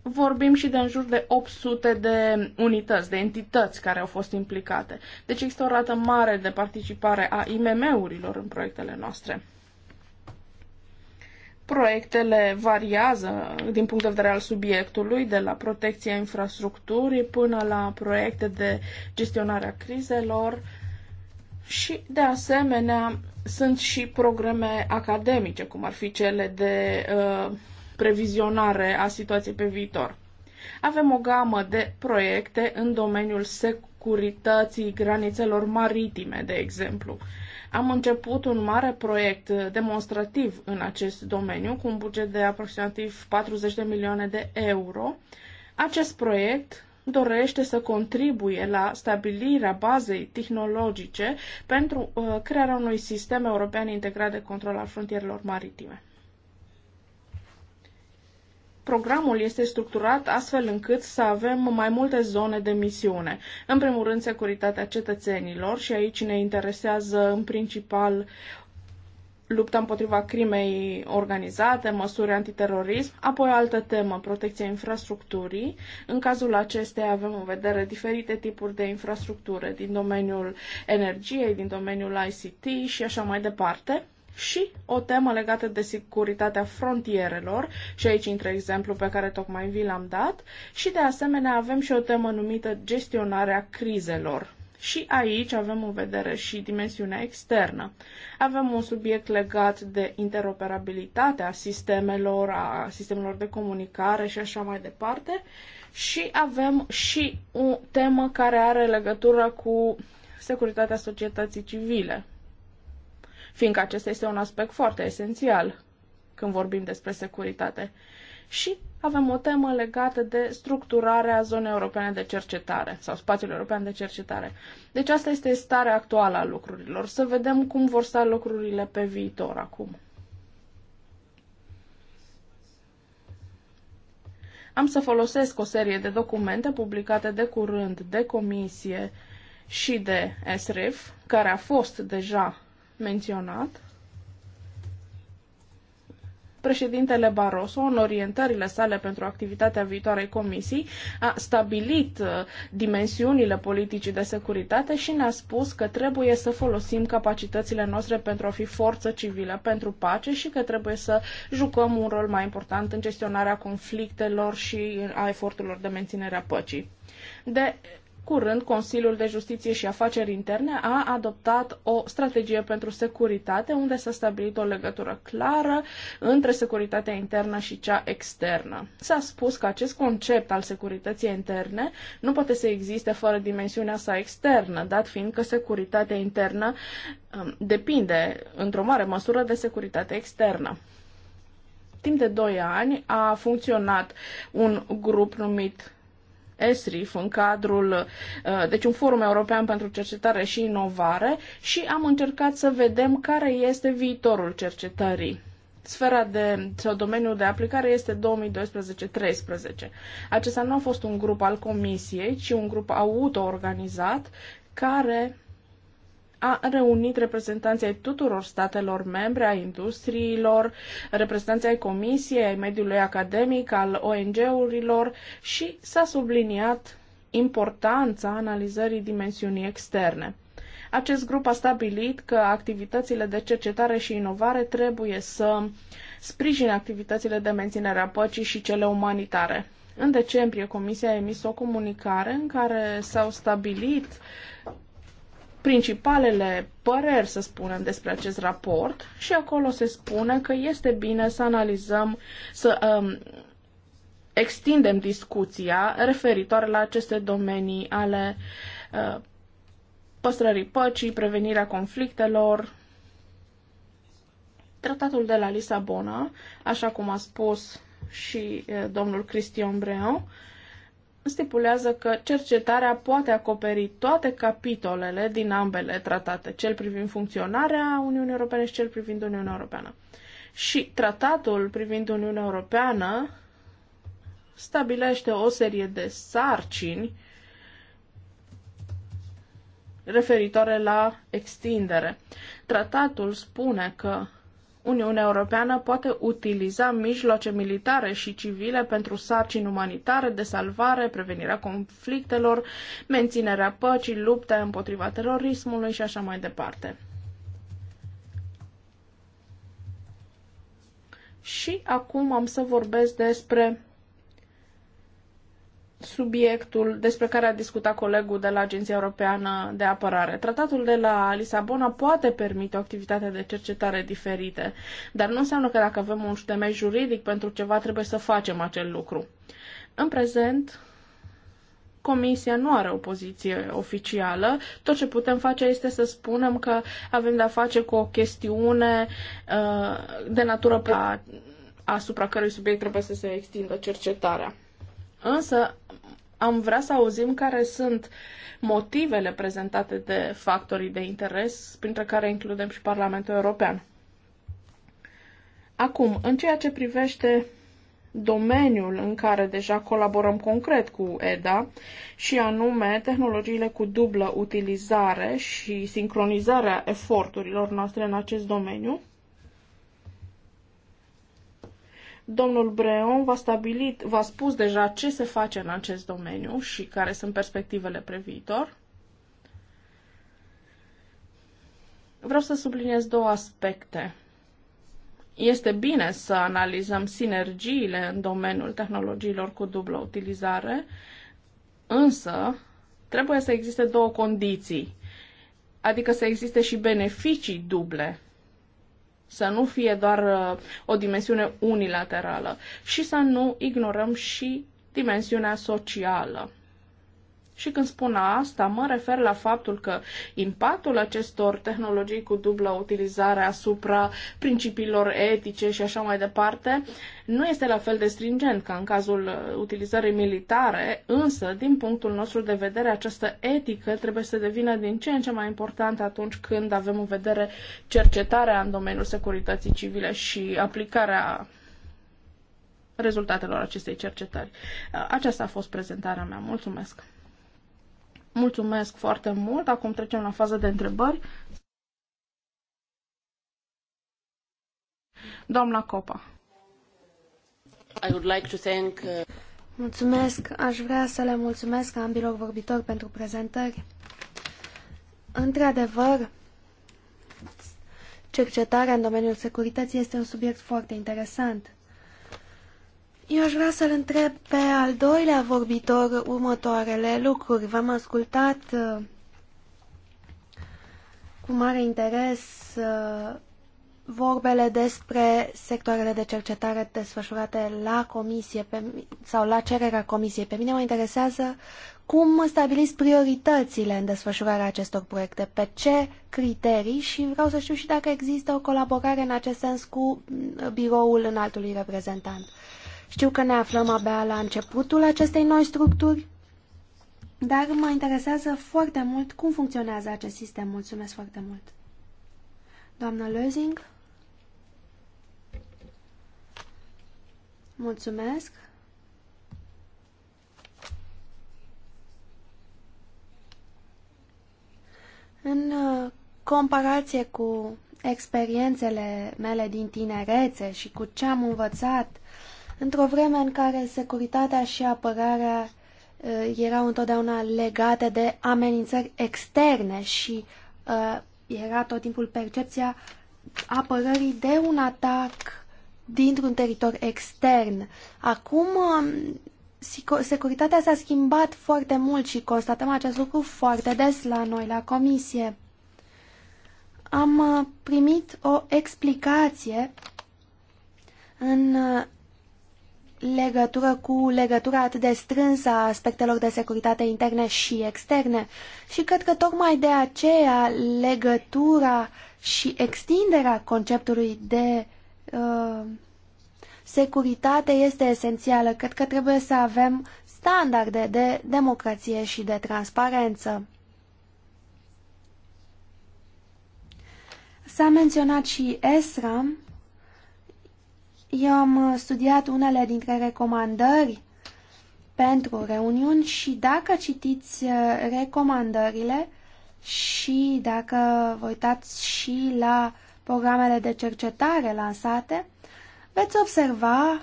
vorbim și de în jur de 800 de unități, de entități care au fost implicate. Deci există o rată mare de participare a IMM-urilor în proiectele noastre. Proiectele variază din punct de vedere al subiectului, de la protecția infrastructurii până la proiecte de gestionare a crizelor și, de asemenea, sunt și programe academice, cum ar fi cele de uh, previzionare a situației pe viitor. Avem o gamă de proiecte în domeniul securității granițelor maritime, de exemplu. Uh, am început un mare proiect demonstrativ în acest domeniu cu un buget de aproximativ 40 de milioane de euro. Acest proiect dorește să contribuie la stabilirea bazei tehnologice pentru uh, crearea unui sistem european integrat de control al frontierelor maritime. Programul este structurat astfel încât să avem mai multe zone de misiune. În primul rând, securitatea cetățenilor și aici ne interesează în principal lupta împotriva crimei organizate, măsuri antiterorism, apoi o altă temă, protecția infrastructurii. În cazul acesteia avem în vedere diferite tipuri de infrastructură din domeniul energiei, din domeniul ICT și așa mai departe și o temă legată de securitatea frontierelor, și aici intră exemplu pe care tocmai vi l-am dat, și de asemenea avem și o temă numită gestionarea crizelor. Și aici avem în vedere și dimensiunea externă. Avem un subiect legat de interoperabilitatea sistemelor, a sistemelor de comunicare și așa mai departe. Și avem și o temă care are legătură cu securitatea societății civile, fiindcă acesta este un aspect foarte esențial când vorbim despre securitate. Și avem o temă legată de structurarea zonei europene de cercetare sau spațiul european de cercetare. Deci asta este starea actuală a lucrurilor. Să vedem cum vor sta lucrurile pe viitor acum. Am să folosesc o serie de documente publicate de curând de comisie și de SRIF, care a fost deja menționat, președintele Barroso, în orientările sale pentru activitatea viitoarei comisii, a stabilit uh, dimensiunile politicii de securitate și ne-a spus că trebuie să folosim capacitățile noastre pentru a fi forță civilă pentru pace și că trebuie să jucăm un rol mai important în gestionarea conflictelor și a eforturilor de menținere a păcii. De Curând, Consiliul de Justiție și Afaceri Interne a adoptat o strategie pentru securitate, unde s-a stabilit o legătură clară între securitatea internă și cea externă. S-a spus că acest concept al securității interne nu poate să existe fără dimensiunea sa externă, dat fiind că securitatea internă um, depinde, într-o mare măsură, de securitatea externă timp de 2 ani a funcționat un grup numit ESRIF în cadrul, uh, deci un forum european pentru cercetare și inovare și am încercat să vedem care este viitorul cercetării sfera de, sau domeniul de aplicare este 2012-13. Acesta nu a fost un grup al comisiei, ci un grup autoorganizat care a reunit reprezentanții tuturor statelor membre, a industriilor, reprezentanții ai comisiei, ai mediului academic, al ONG-urilor și s-a subliniat importanța analizării dimensiunii externe. Acest grup a stabilit că activitățile de cercetare și inovare trebuie să sprijine activitățile de menținere a păcii și cele umanitare. În decembrie, Comisia a emis o comunicare în care s-au stabilit principalele păreri, să spunem, despre acest raport și acolo se spune că este bine să analizăm, să um, extindem discuția referitoare la aceste domenii ale uh, păstrării păcii, prevenirea conflictelor. Tratatul de la Lisabona, așa cum a spus și uh, domnul Cristian Breon, uh, stipulează că cercetarea poate acoperi toate capitolele din ambele tratate, cel privind funcționarea Uniunii Europene și cel privind Uniunea Europeană. Și tratatul privind Uniunea Europeană stabilește o serie de sarcini referitoare la extindere. Tratatul spune că Uniunea Europeană poate utiliza mijloace militare și civile pentru sarcini umanitare, de salvare, prevenirea conflictelor, menținerea păcii, lupta împotriva terorismului și așa mai departe. Și acum am să vorbesc despre subiectul despre care a discutat colegul de la Agenția Europeană de Apărare. Tratatul de la Lisabona poate permite o activitate de cercetare diferite, dar nu înseamnă că dacă avem un temei juridic pentru ceva, trebuie să facem acel lucru. În prezent, Comisia nu are o poziție oficială. Tot ce putem face este să spunem că avem de-a face cu o chestiune uh, de natură asupra cărui subiect trebuie să se extindă cercetarea. Însă am vrea să auzim care sunt motivele prezentate de factorii de interes, printre care includem și Parlamentul European. Acum, în ceea ce privește domeniul în care deja colaborăm concret cu EDA, și anume tehnologiile cu dublă utilizare și sincronizarea eforturilor noastre în acest domeniu, Domnul Breon v-a stabilit, v-a spus deja ce se face în acest domeniu și care sunt perspectivele pe viitor. Vreau să subliniez două aspecte. Este bine să analizăm sinergiile în domeniul tehnologiilor cu dublă utilizare, însă trebuie să existe două condiții, adică să existe și beneficii duble să nu fie doar uh, o dimensiune unilaterală și să nu ignorăm și dimensiunea socială și când spun asta, mă refer la faptul că impactul acestor tehnologii cu dublă utilizare asupra principiilor etice și așa mai departe nu este la fel de stringent ca în cazul uh, utilizării militare, însă, din punctul nostru de vedere, această etică trebuie să devină din ce în ce mai importantă atunci când avem în vedere cercetarea în domeniul securității civile și aplicarea rezultatelor acestei cercetări. Uh, aceasta a fost prezentarea mea. Mulțumesc! Mulțumesc foarte mult. Acum trecem la faza de întrebări. Doamna Copa. I would like to thank... Uh, mulțumesc. Aș vrea să le mulțumesc ambilor vorbitori pentru prezentări. Într-adevăr, cercetarea în domeniul securității este un subiect foarte interesant. Eu aș vrea să-l întreb pe al doilea vorbitor următoarele lucruri. V-am ascultat uh, cu mare interes uh, vorbele despre sectoarele de cercetare desfășurate la comisie pe, sau la cererea comisiei. Pe mine mă interesează cum stabiliți prioritățile în desfășurarea acestor proiecte, pe ce criterii și vreau să știu și dacă există o colaborare în acest sens cu mm, biroul înaltului reprezentant. Știu că ne aflăm abia la începutul acestei noi structuri, dar mă interesează foarte mult cum funcționează acest sistem. Mulțumesc foarte mult. Doamna Lozing. Mulțumesc. În uh, comparație cu experiențele mele din tinerețe și cu ce am învățat într-o vreme în care securitatea și apărarea erau întotdeauna legate de amenințări externe și uh, era tot timpul percepția apărării de un atac dintr-un teritoriu extern. Acum securitatea s-a schimbat foarte mult și constatăm acest lucru foarte des la noi, la comisie. Am uh, primit o explicație în uh, legătură cu legătura atât de strânsă a aspectelor de securitate interne și externe și cred că tocmai de aceea legătura și extinderea conceptului de uh, securitate este esențială. Cred că trebuie să avem standarde de democrație și de transparență. S-a menționat și ESRAM, eu am uh, studiat unele dintre recomandări pentru reuniuni și dacă citiți uh, recomandările și dacă vă uitați și la programele de cercetare lansate, veți observa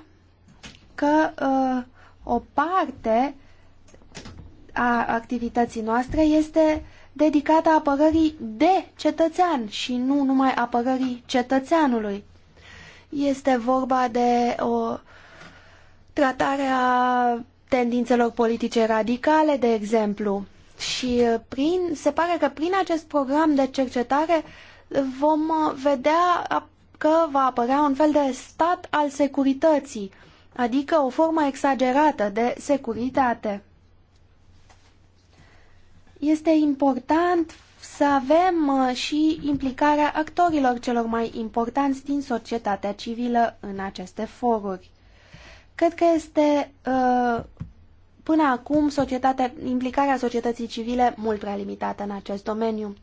că uh, o parte a activității noastre este dedicată apărării de cetățean și nu numai apărării cetățeanului. Este vorba de o tratare a tendințelor politice radicale, de exemplu. Și uh, prin, se pare că prin acest program de cercetare vom uh, vedea că va apărea un fel de stat al securității, adică o formă exagerată de securitate. Este important să avem uh, și implicarea actorilor celor mai importanți din societatea civilă în aceste foruri. Cred că este uh, până acum societatea, implicarea societății civile mult prea limitată în acest domeniu.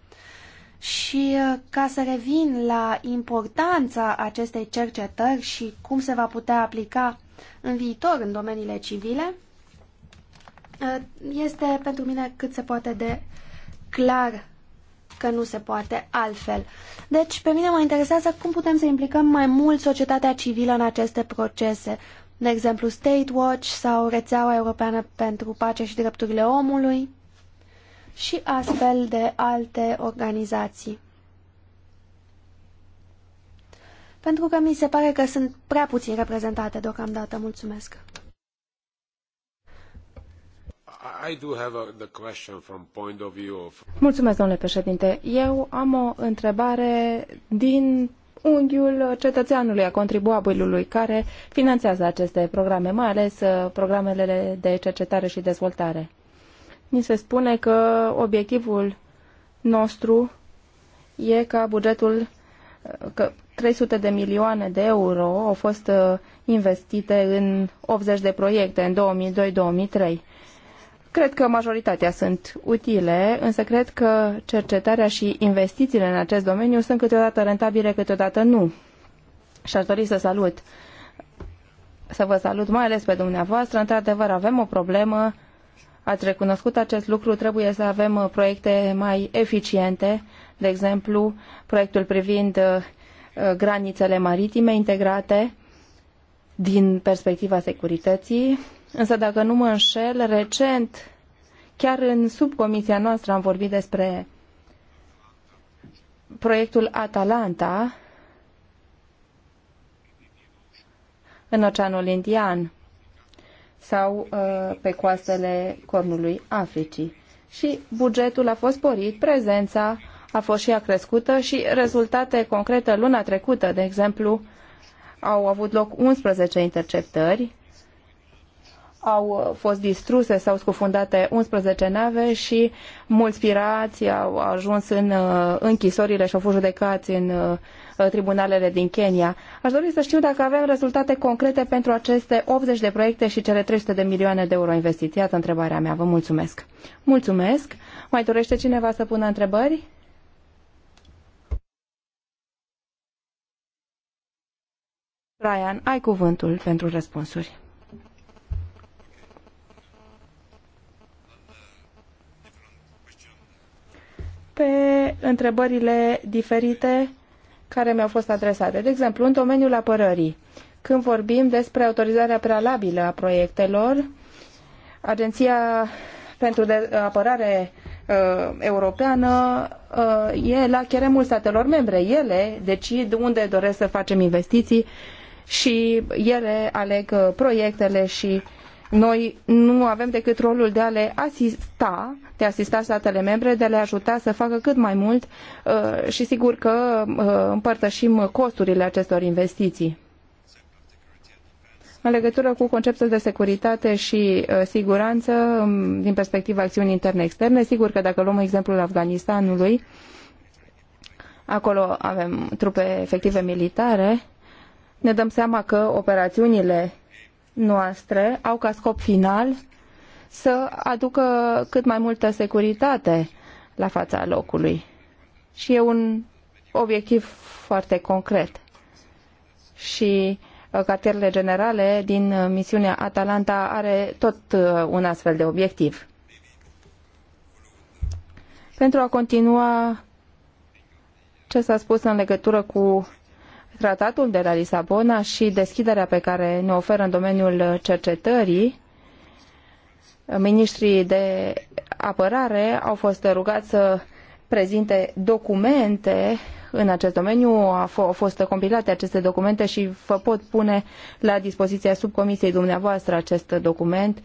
Și uh, ca să revin la importanța acestei cercetări și cum se va putea aplica în viitor în domeniile civile, este pentru mine cât se poate de clar că nu se poate altfel. Deci, pe mine mă interesează cum putem să implicăm mai mult societatea civilă în aceste procese, de exemplu State Watch sau Rețeaua Europeană pentru Pace și Drepturile Omului și astfel de alte organizații. Pentru că mi se pare că sunt prea puțin reprezentate deocamdată. Mulțumesc! Mulțumesc, domnule președinte. Eu am o întrebare din unghiul cetățeanului, a contribuabilului care finanțează aceste programe, mai ales uh, programele de cercetare și dezvoltare. Mi se spune că obiectivul nostru e ca bugetul, uh, că 300 de milioane de euro au fost uh, investite în 80 de proiecte în 2002-2003. Cred că majoritatea sunt utile, însă cred că cercetarea și investițiile în acest domeniu sunt câteodată rentabile, câteodată nu. Și aș dori să salut, să vă salut mai ales pe dumneavoastră. Într-adevăr, avem o problemă, ați recunoscut acest lucru, trebuie să avem uh, proiecte mai eficiente, de exemplu, proiectul privind uh, uh, granițele maritime integrate din perspectiva securității, Însă, dacă nu mă înșel, recent, chiar în subcomisia noastră am vorbit despre proiectul Atalanta în Oceanul Indian sau uh, pe coastele Cornului Africii. Și bugetul a fost sporit, prezența a fost și a crescută și rezultate concrete luna trecută, de exemplu, au avut loc 11 interceptări, au fost distruse sau scufundate 11 nave și mulți pirați au ajuns în uh, închisorile și au fost judecați în uh, tribunalele din Kenya. Aș dori să știu dacă avem rezultate concrete pentru aceste 80 de proiecte și cele 300 de milioane de euro investiți. Iată întrebarea mea. Vă mulțumesc. Mulțumesc. Mai dorește cineva să pună întrebări? Brian, ai cuvântul pentru răspunsuri. pe întrebările diferite care mi-au fost adresate. De exemplu, în domeniul apărării, când vorbim despre autorizarea prealabilă a proiectelor, Agenția pentru Apărare uh, Europeană uh, e la cheremul statelor membre. Ele decid unde doresc să facem investiții și ele aleg uh, proiectele și noi nu avem decât rolul de a le asista, de a asista statele membre, de a le ajuta să facă cât mai mult uh, și sigur că uh, împărtășim costurile acestor investiții. În legătură cu conceptul de securitate și uh, siguranță um, din perspectiva acțiunii interne-externe, sigur că dacă luăm exemplul Afganistanului, acolo avem trupe efective militare, ne dăm seama că operațiunile noastre au ca scop final să aducă cât mai multă securitate la fața locului. Și e un obiectiv foarte concret. Și uh, cartierele generale din uh, misiunea Atalanta are tot uh, un astfel de obiectiv. Pentru a continua ce s-a spus în legătură cu tratatul de la Lisabona și deschiderea pe care ne oferă în domeniul cercetării, ministrii de apărare au fost rugați să prezinte documente în acest domeniu. Au fost compilate aceste documente și vă pot pune la dispoziția subcomisiei dumneavoastră acest document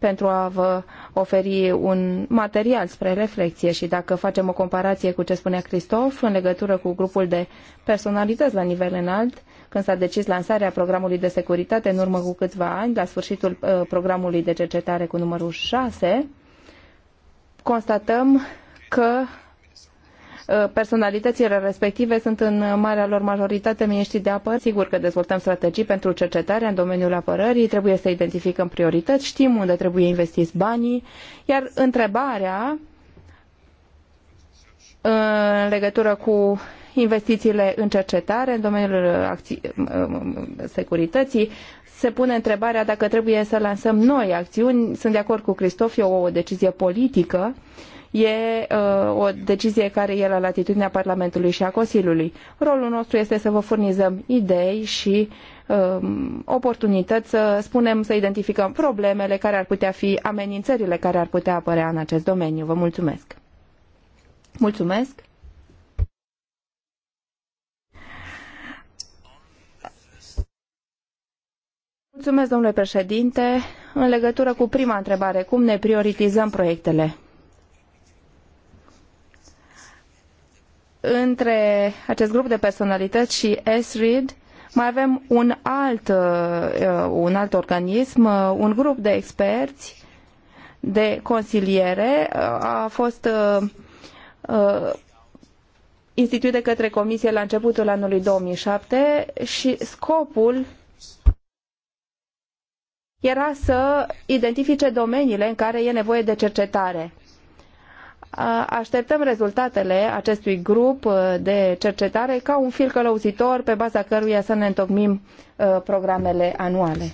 pentru a vă oferi un material spre reflexie și dacă facem o comparație cu ce spunea Cristof în legătură cu grupul de personalități la nivel înalt, când s-a decis lansarea programului de securitate în urmă cu câțiva ani, la sfârșitul uh, programului de cercetare cu numărul 6, constatăm că Uh, personalitățile respective sunt în marea lor majoritate miniștri de apă. Sigur că dezvoltăm strategii pentru cercetare în domeniul apărării, trebuie să identificăm priorități, știm unde trebuie investiți banii, iar întrebarea uh, în legătură cu investițiile în cercetare, în domeniul uh, securității, se pune întrebarea dacă trebuie să lansăm noi acțiuni. Sunt de acord cu Cristof, e o decizie politică. Uh, e uh, o decizie care e la latitudinea Parlamentului și a Consiliului. Rolul nostru este să vă furnizăm idei și um, oportunități să spunem, să identificăm problemele care ar putea fi amenințările care ar putea apărea în acest domeniu. Vă mulțumesc! Mulțumesc! Mulțumesc, domnule președinte. În legătură cu prima întrebare, cum ne prioritizăm proiectele? între acest grup de personalități și SRID mai avem un alt, uh, un alt organism, uh, un grup de experți, de consiliere, uh, a fost instituit de către Comisie la începutul anului 2007 și scopul era să identifice domeniile în care e nevoie de cercetare așteptăm rezultatele acestui grup uh, de cercetare ca un fil călăuzitor pe baza căruia să ne întocmim uh, programele anuale.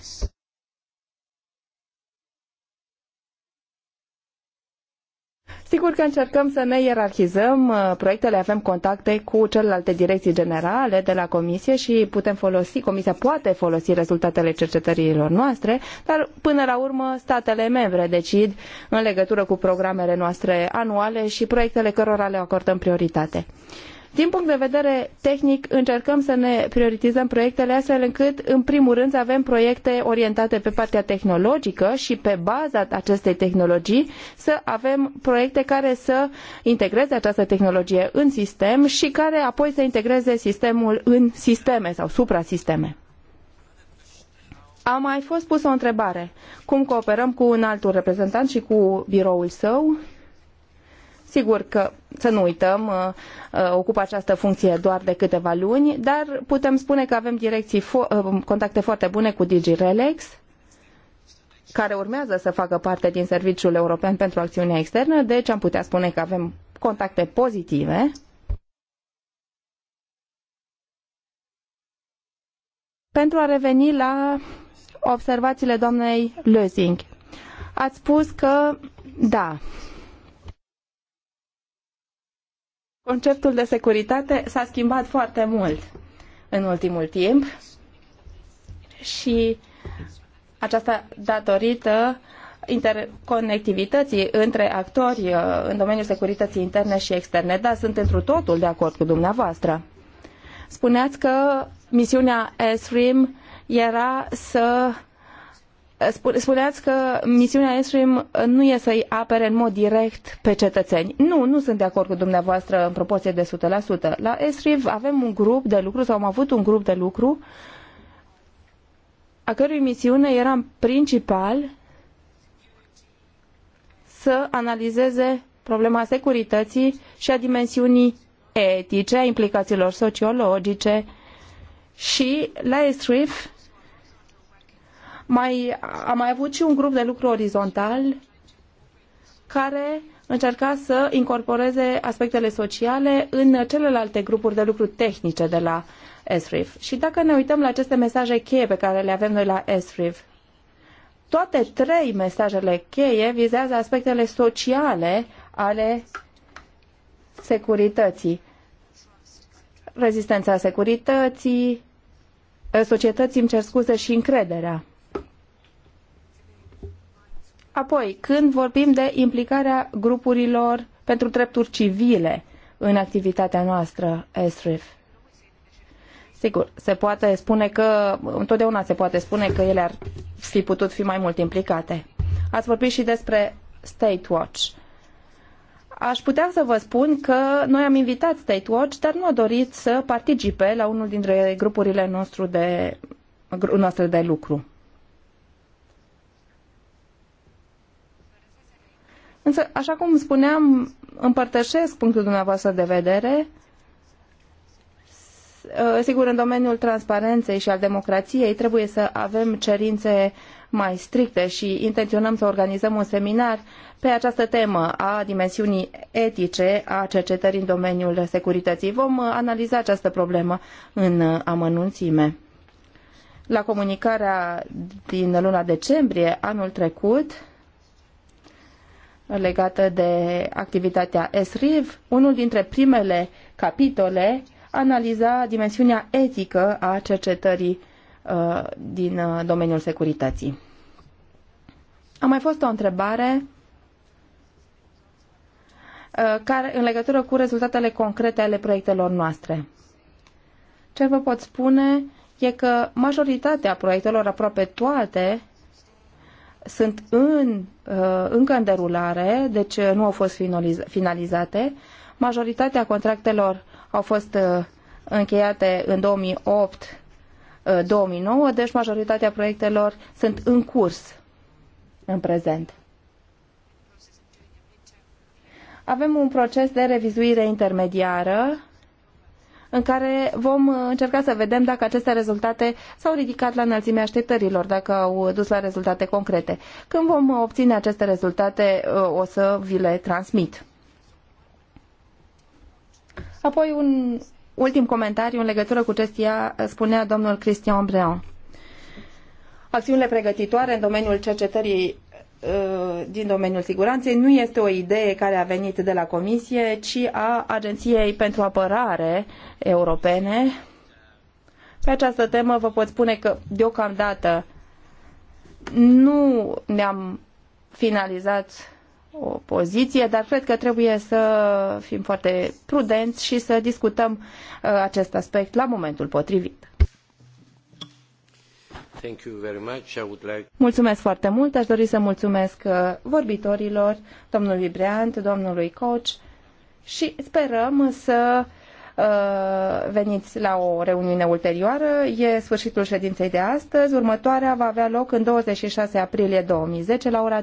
Sigur că încercăm să ne ierarhizăm uh, proiectele, avem contacte cu celelalte direcții generale de la comisie și putem folosi, comisia poate folosi rezultatele cercetărilor noastre, dar până la urmă statele membre decid în legătură cu programele noastre anuale și proiectele cărora le acordăm prioritate. Din punct de vedere tehnic, încercăm să ne prioritizăm proiectele astfel încât, în primul rând, să avem proiecte orientate pe partea tehnologică și pe baza acestei tehnologii să avem proiecte care să integreze această tehnologie în sistem și care apoi să integreze sistemul în sisteme sau suprasisteme. A mai fost pusă o întrebare. Cum cooperăm cu un altul reprezentant și cu biroul său? Sigur că, să nu uităm, uh, uh, ocupă această funcție doar de câteva luni, dar putem spune că avem direcții fo- uh, contacte foarte bune cu DigiRelex, care urmează să facă parte din Serviciul European pentru Acțiunea Externă, deci am putea spune că avem contacte pozitive. Pentru a reveni la observațiile doamnei Lösing, ați spus că, da, Conceptul de securitate s-a schimbat foarte mult în ultimul timp și aceasta datorită interconectivității între actori uh, în domeniul securității interne și externe, dar sunt întru totul de acord cu dumneavoastră. Spuneați că misiunea ESRIM era să Spuneați că misiunea Esrim nu e să-i apere în mod direct pe cetățeni. Nu, nu sunt de acord cu dumneavoastră în proporție de 100%. La Esrim avem un grup de lucru sau am avut un grup de lucru a cărui misiune era în principal să analizeze problema securității și a dimensiunii etice, a implicațiilor sociologice și la Estrif mai, a mai avut și un grup de lucru orizontal care încerca să incorporeze aspectele sociale în celelalte grupuri de lucru tehnice de la SRIF. Și dacă ne uităm la aceste mesaje cheie pe care le avem noi la SRIF, toate trei mesajele cheie vizează aspectele sociale ale securității. Rezistența securității, societății, îmi cer scuze, și încrederea. Apoi, când vorbim de implicarea grupurilor pentru drepturi civile în activitatea noastră, ESRIF, Sigur, se poate spune că, întotdeauna se poate spune că ele ar fi putut fi mai mult implicate. Ați vorbit și despre State Watch. Aș putea să vă spun că noi am invitat State Watch, dar nu a dorit să participe la unul dintre grupurile nostru de, noastre de lucru. Însă, așa cum spuneam, împărtășesc punctul dumneavoastră de vedere. Sigur, în domeniul transparenței și al democrației trebuie să avem cerințe mai stricte și intenționăm să organizăm un seminar pe această temă a dimensiunii etice a cercetării în domeniul securității. Vom analiza această problemă în amănunțime. La comunicarea din luna decembrie anul trecut, legată de activitatea SRIV, unul dintre primele capitole analiza dimensiunea etică a cercetării uh, din uh, domeniul securității. A mai fost o întrebare uh, care, în legătură cu rezultatele concrete ale proiectelor noastre. Ce vă pot spune e că majoritatea proiectelor, aproape toate, sunt în, uh, încă în derulare, deci uh, nu au fost finalizate. Majoritatea contractelor au fost uh, încheiate în 2008 2009, deci majoritatea proiectelor sunt în curs în prezent. Avem un proces de revizuire intermediară în care vom uh, încerca să vedem dacă aceste rezultate s-au ridicat la înălțimea așteptărilor, dacă au dus la rezultate concrete. Când vom uh, obține aceste rezultate, uh, o să vi le transmit. Apoi un ultim comentariu în legătură cu ce spunea domnul Cristian Breon. Acțiunile pregătitoare în domeniul cercetării Uh, din domeniul siguranței nu este o idee care a venit de la Comisie, ci a Agenției pentru Apărare Europene. Pe această temă vă pot spune că deocamdată nu ne-am finalizat o poziție, dar cred că trebuie să fim foarte prudenți și să discutăm uh, acest aspect la momentul potrivit. Mulțumesc foarte mult. Aș dori să mulțumesc uh, vorbitorilor, domnului Breant, domnului Coach și sperăm să uh, veniți la o reuniune ulterioară. E sfârșitul ședinței de astăzi. Următoarea va avea loc în 26 aprilie 2010 la ora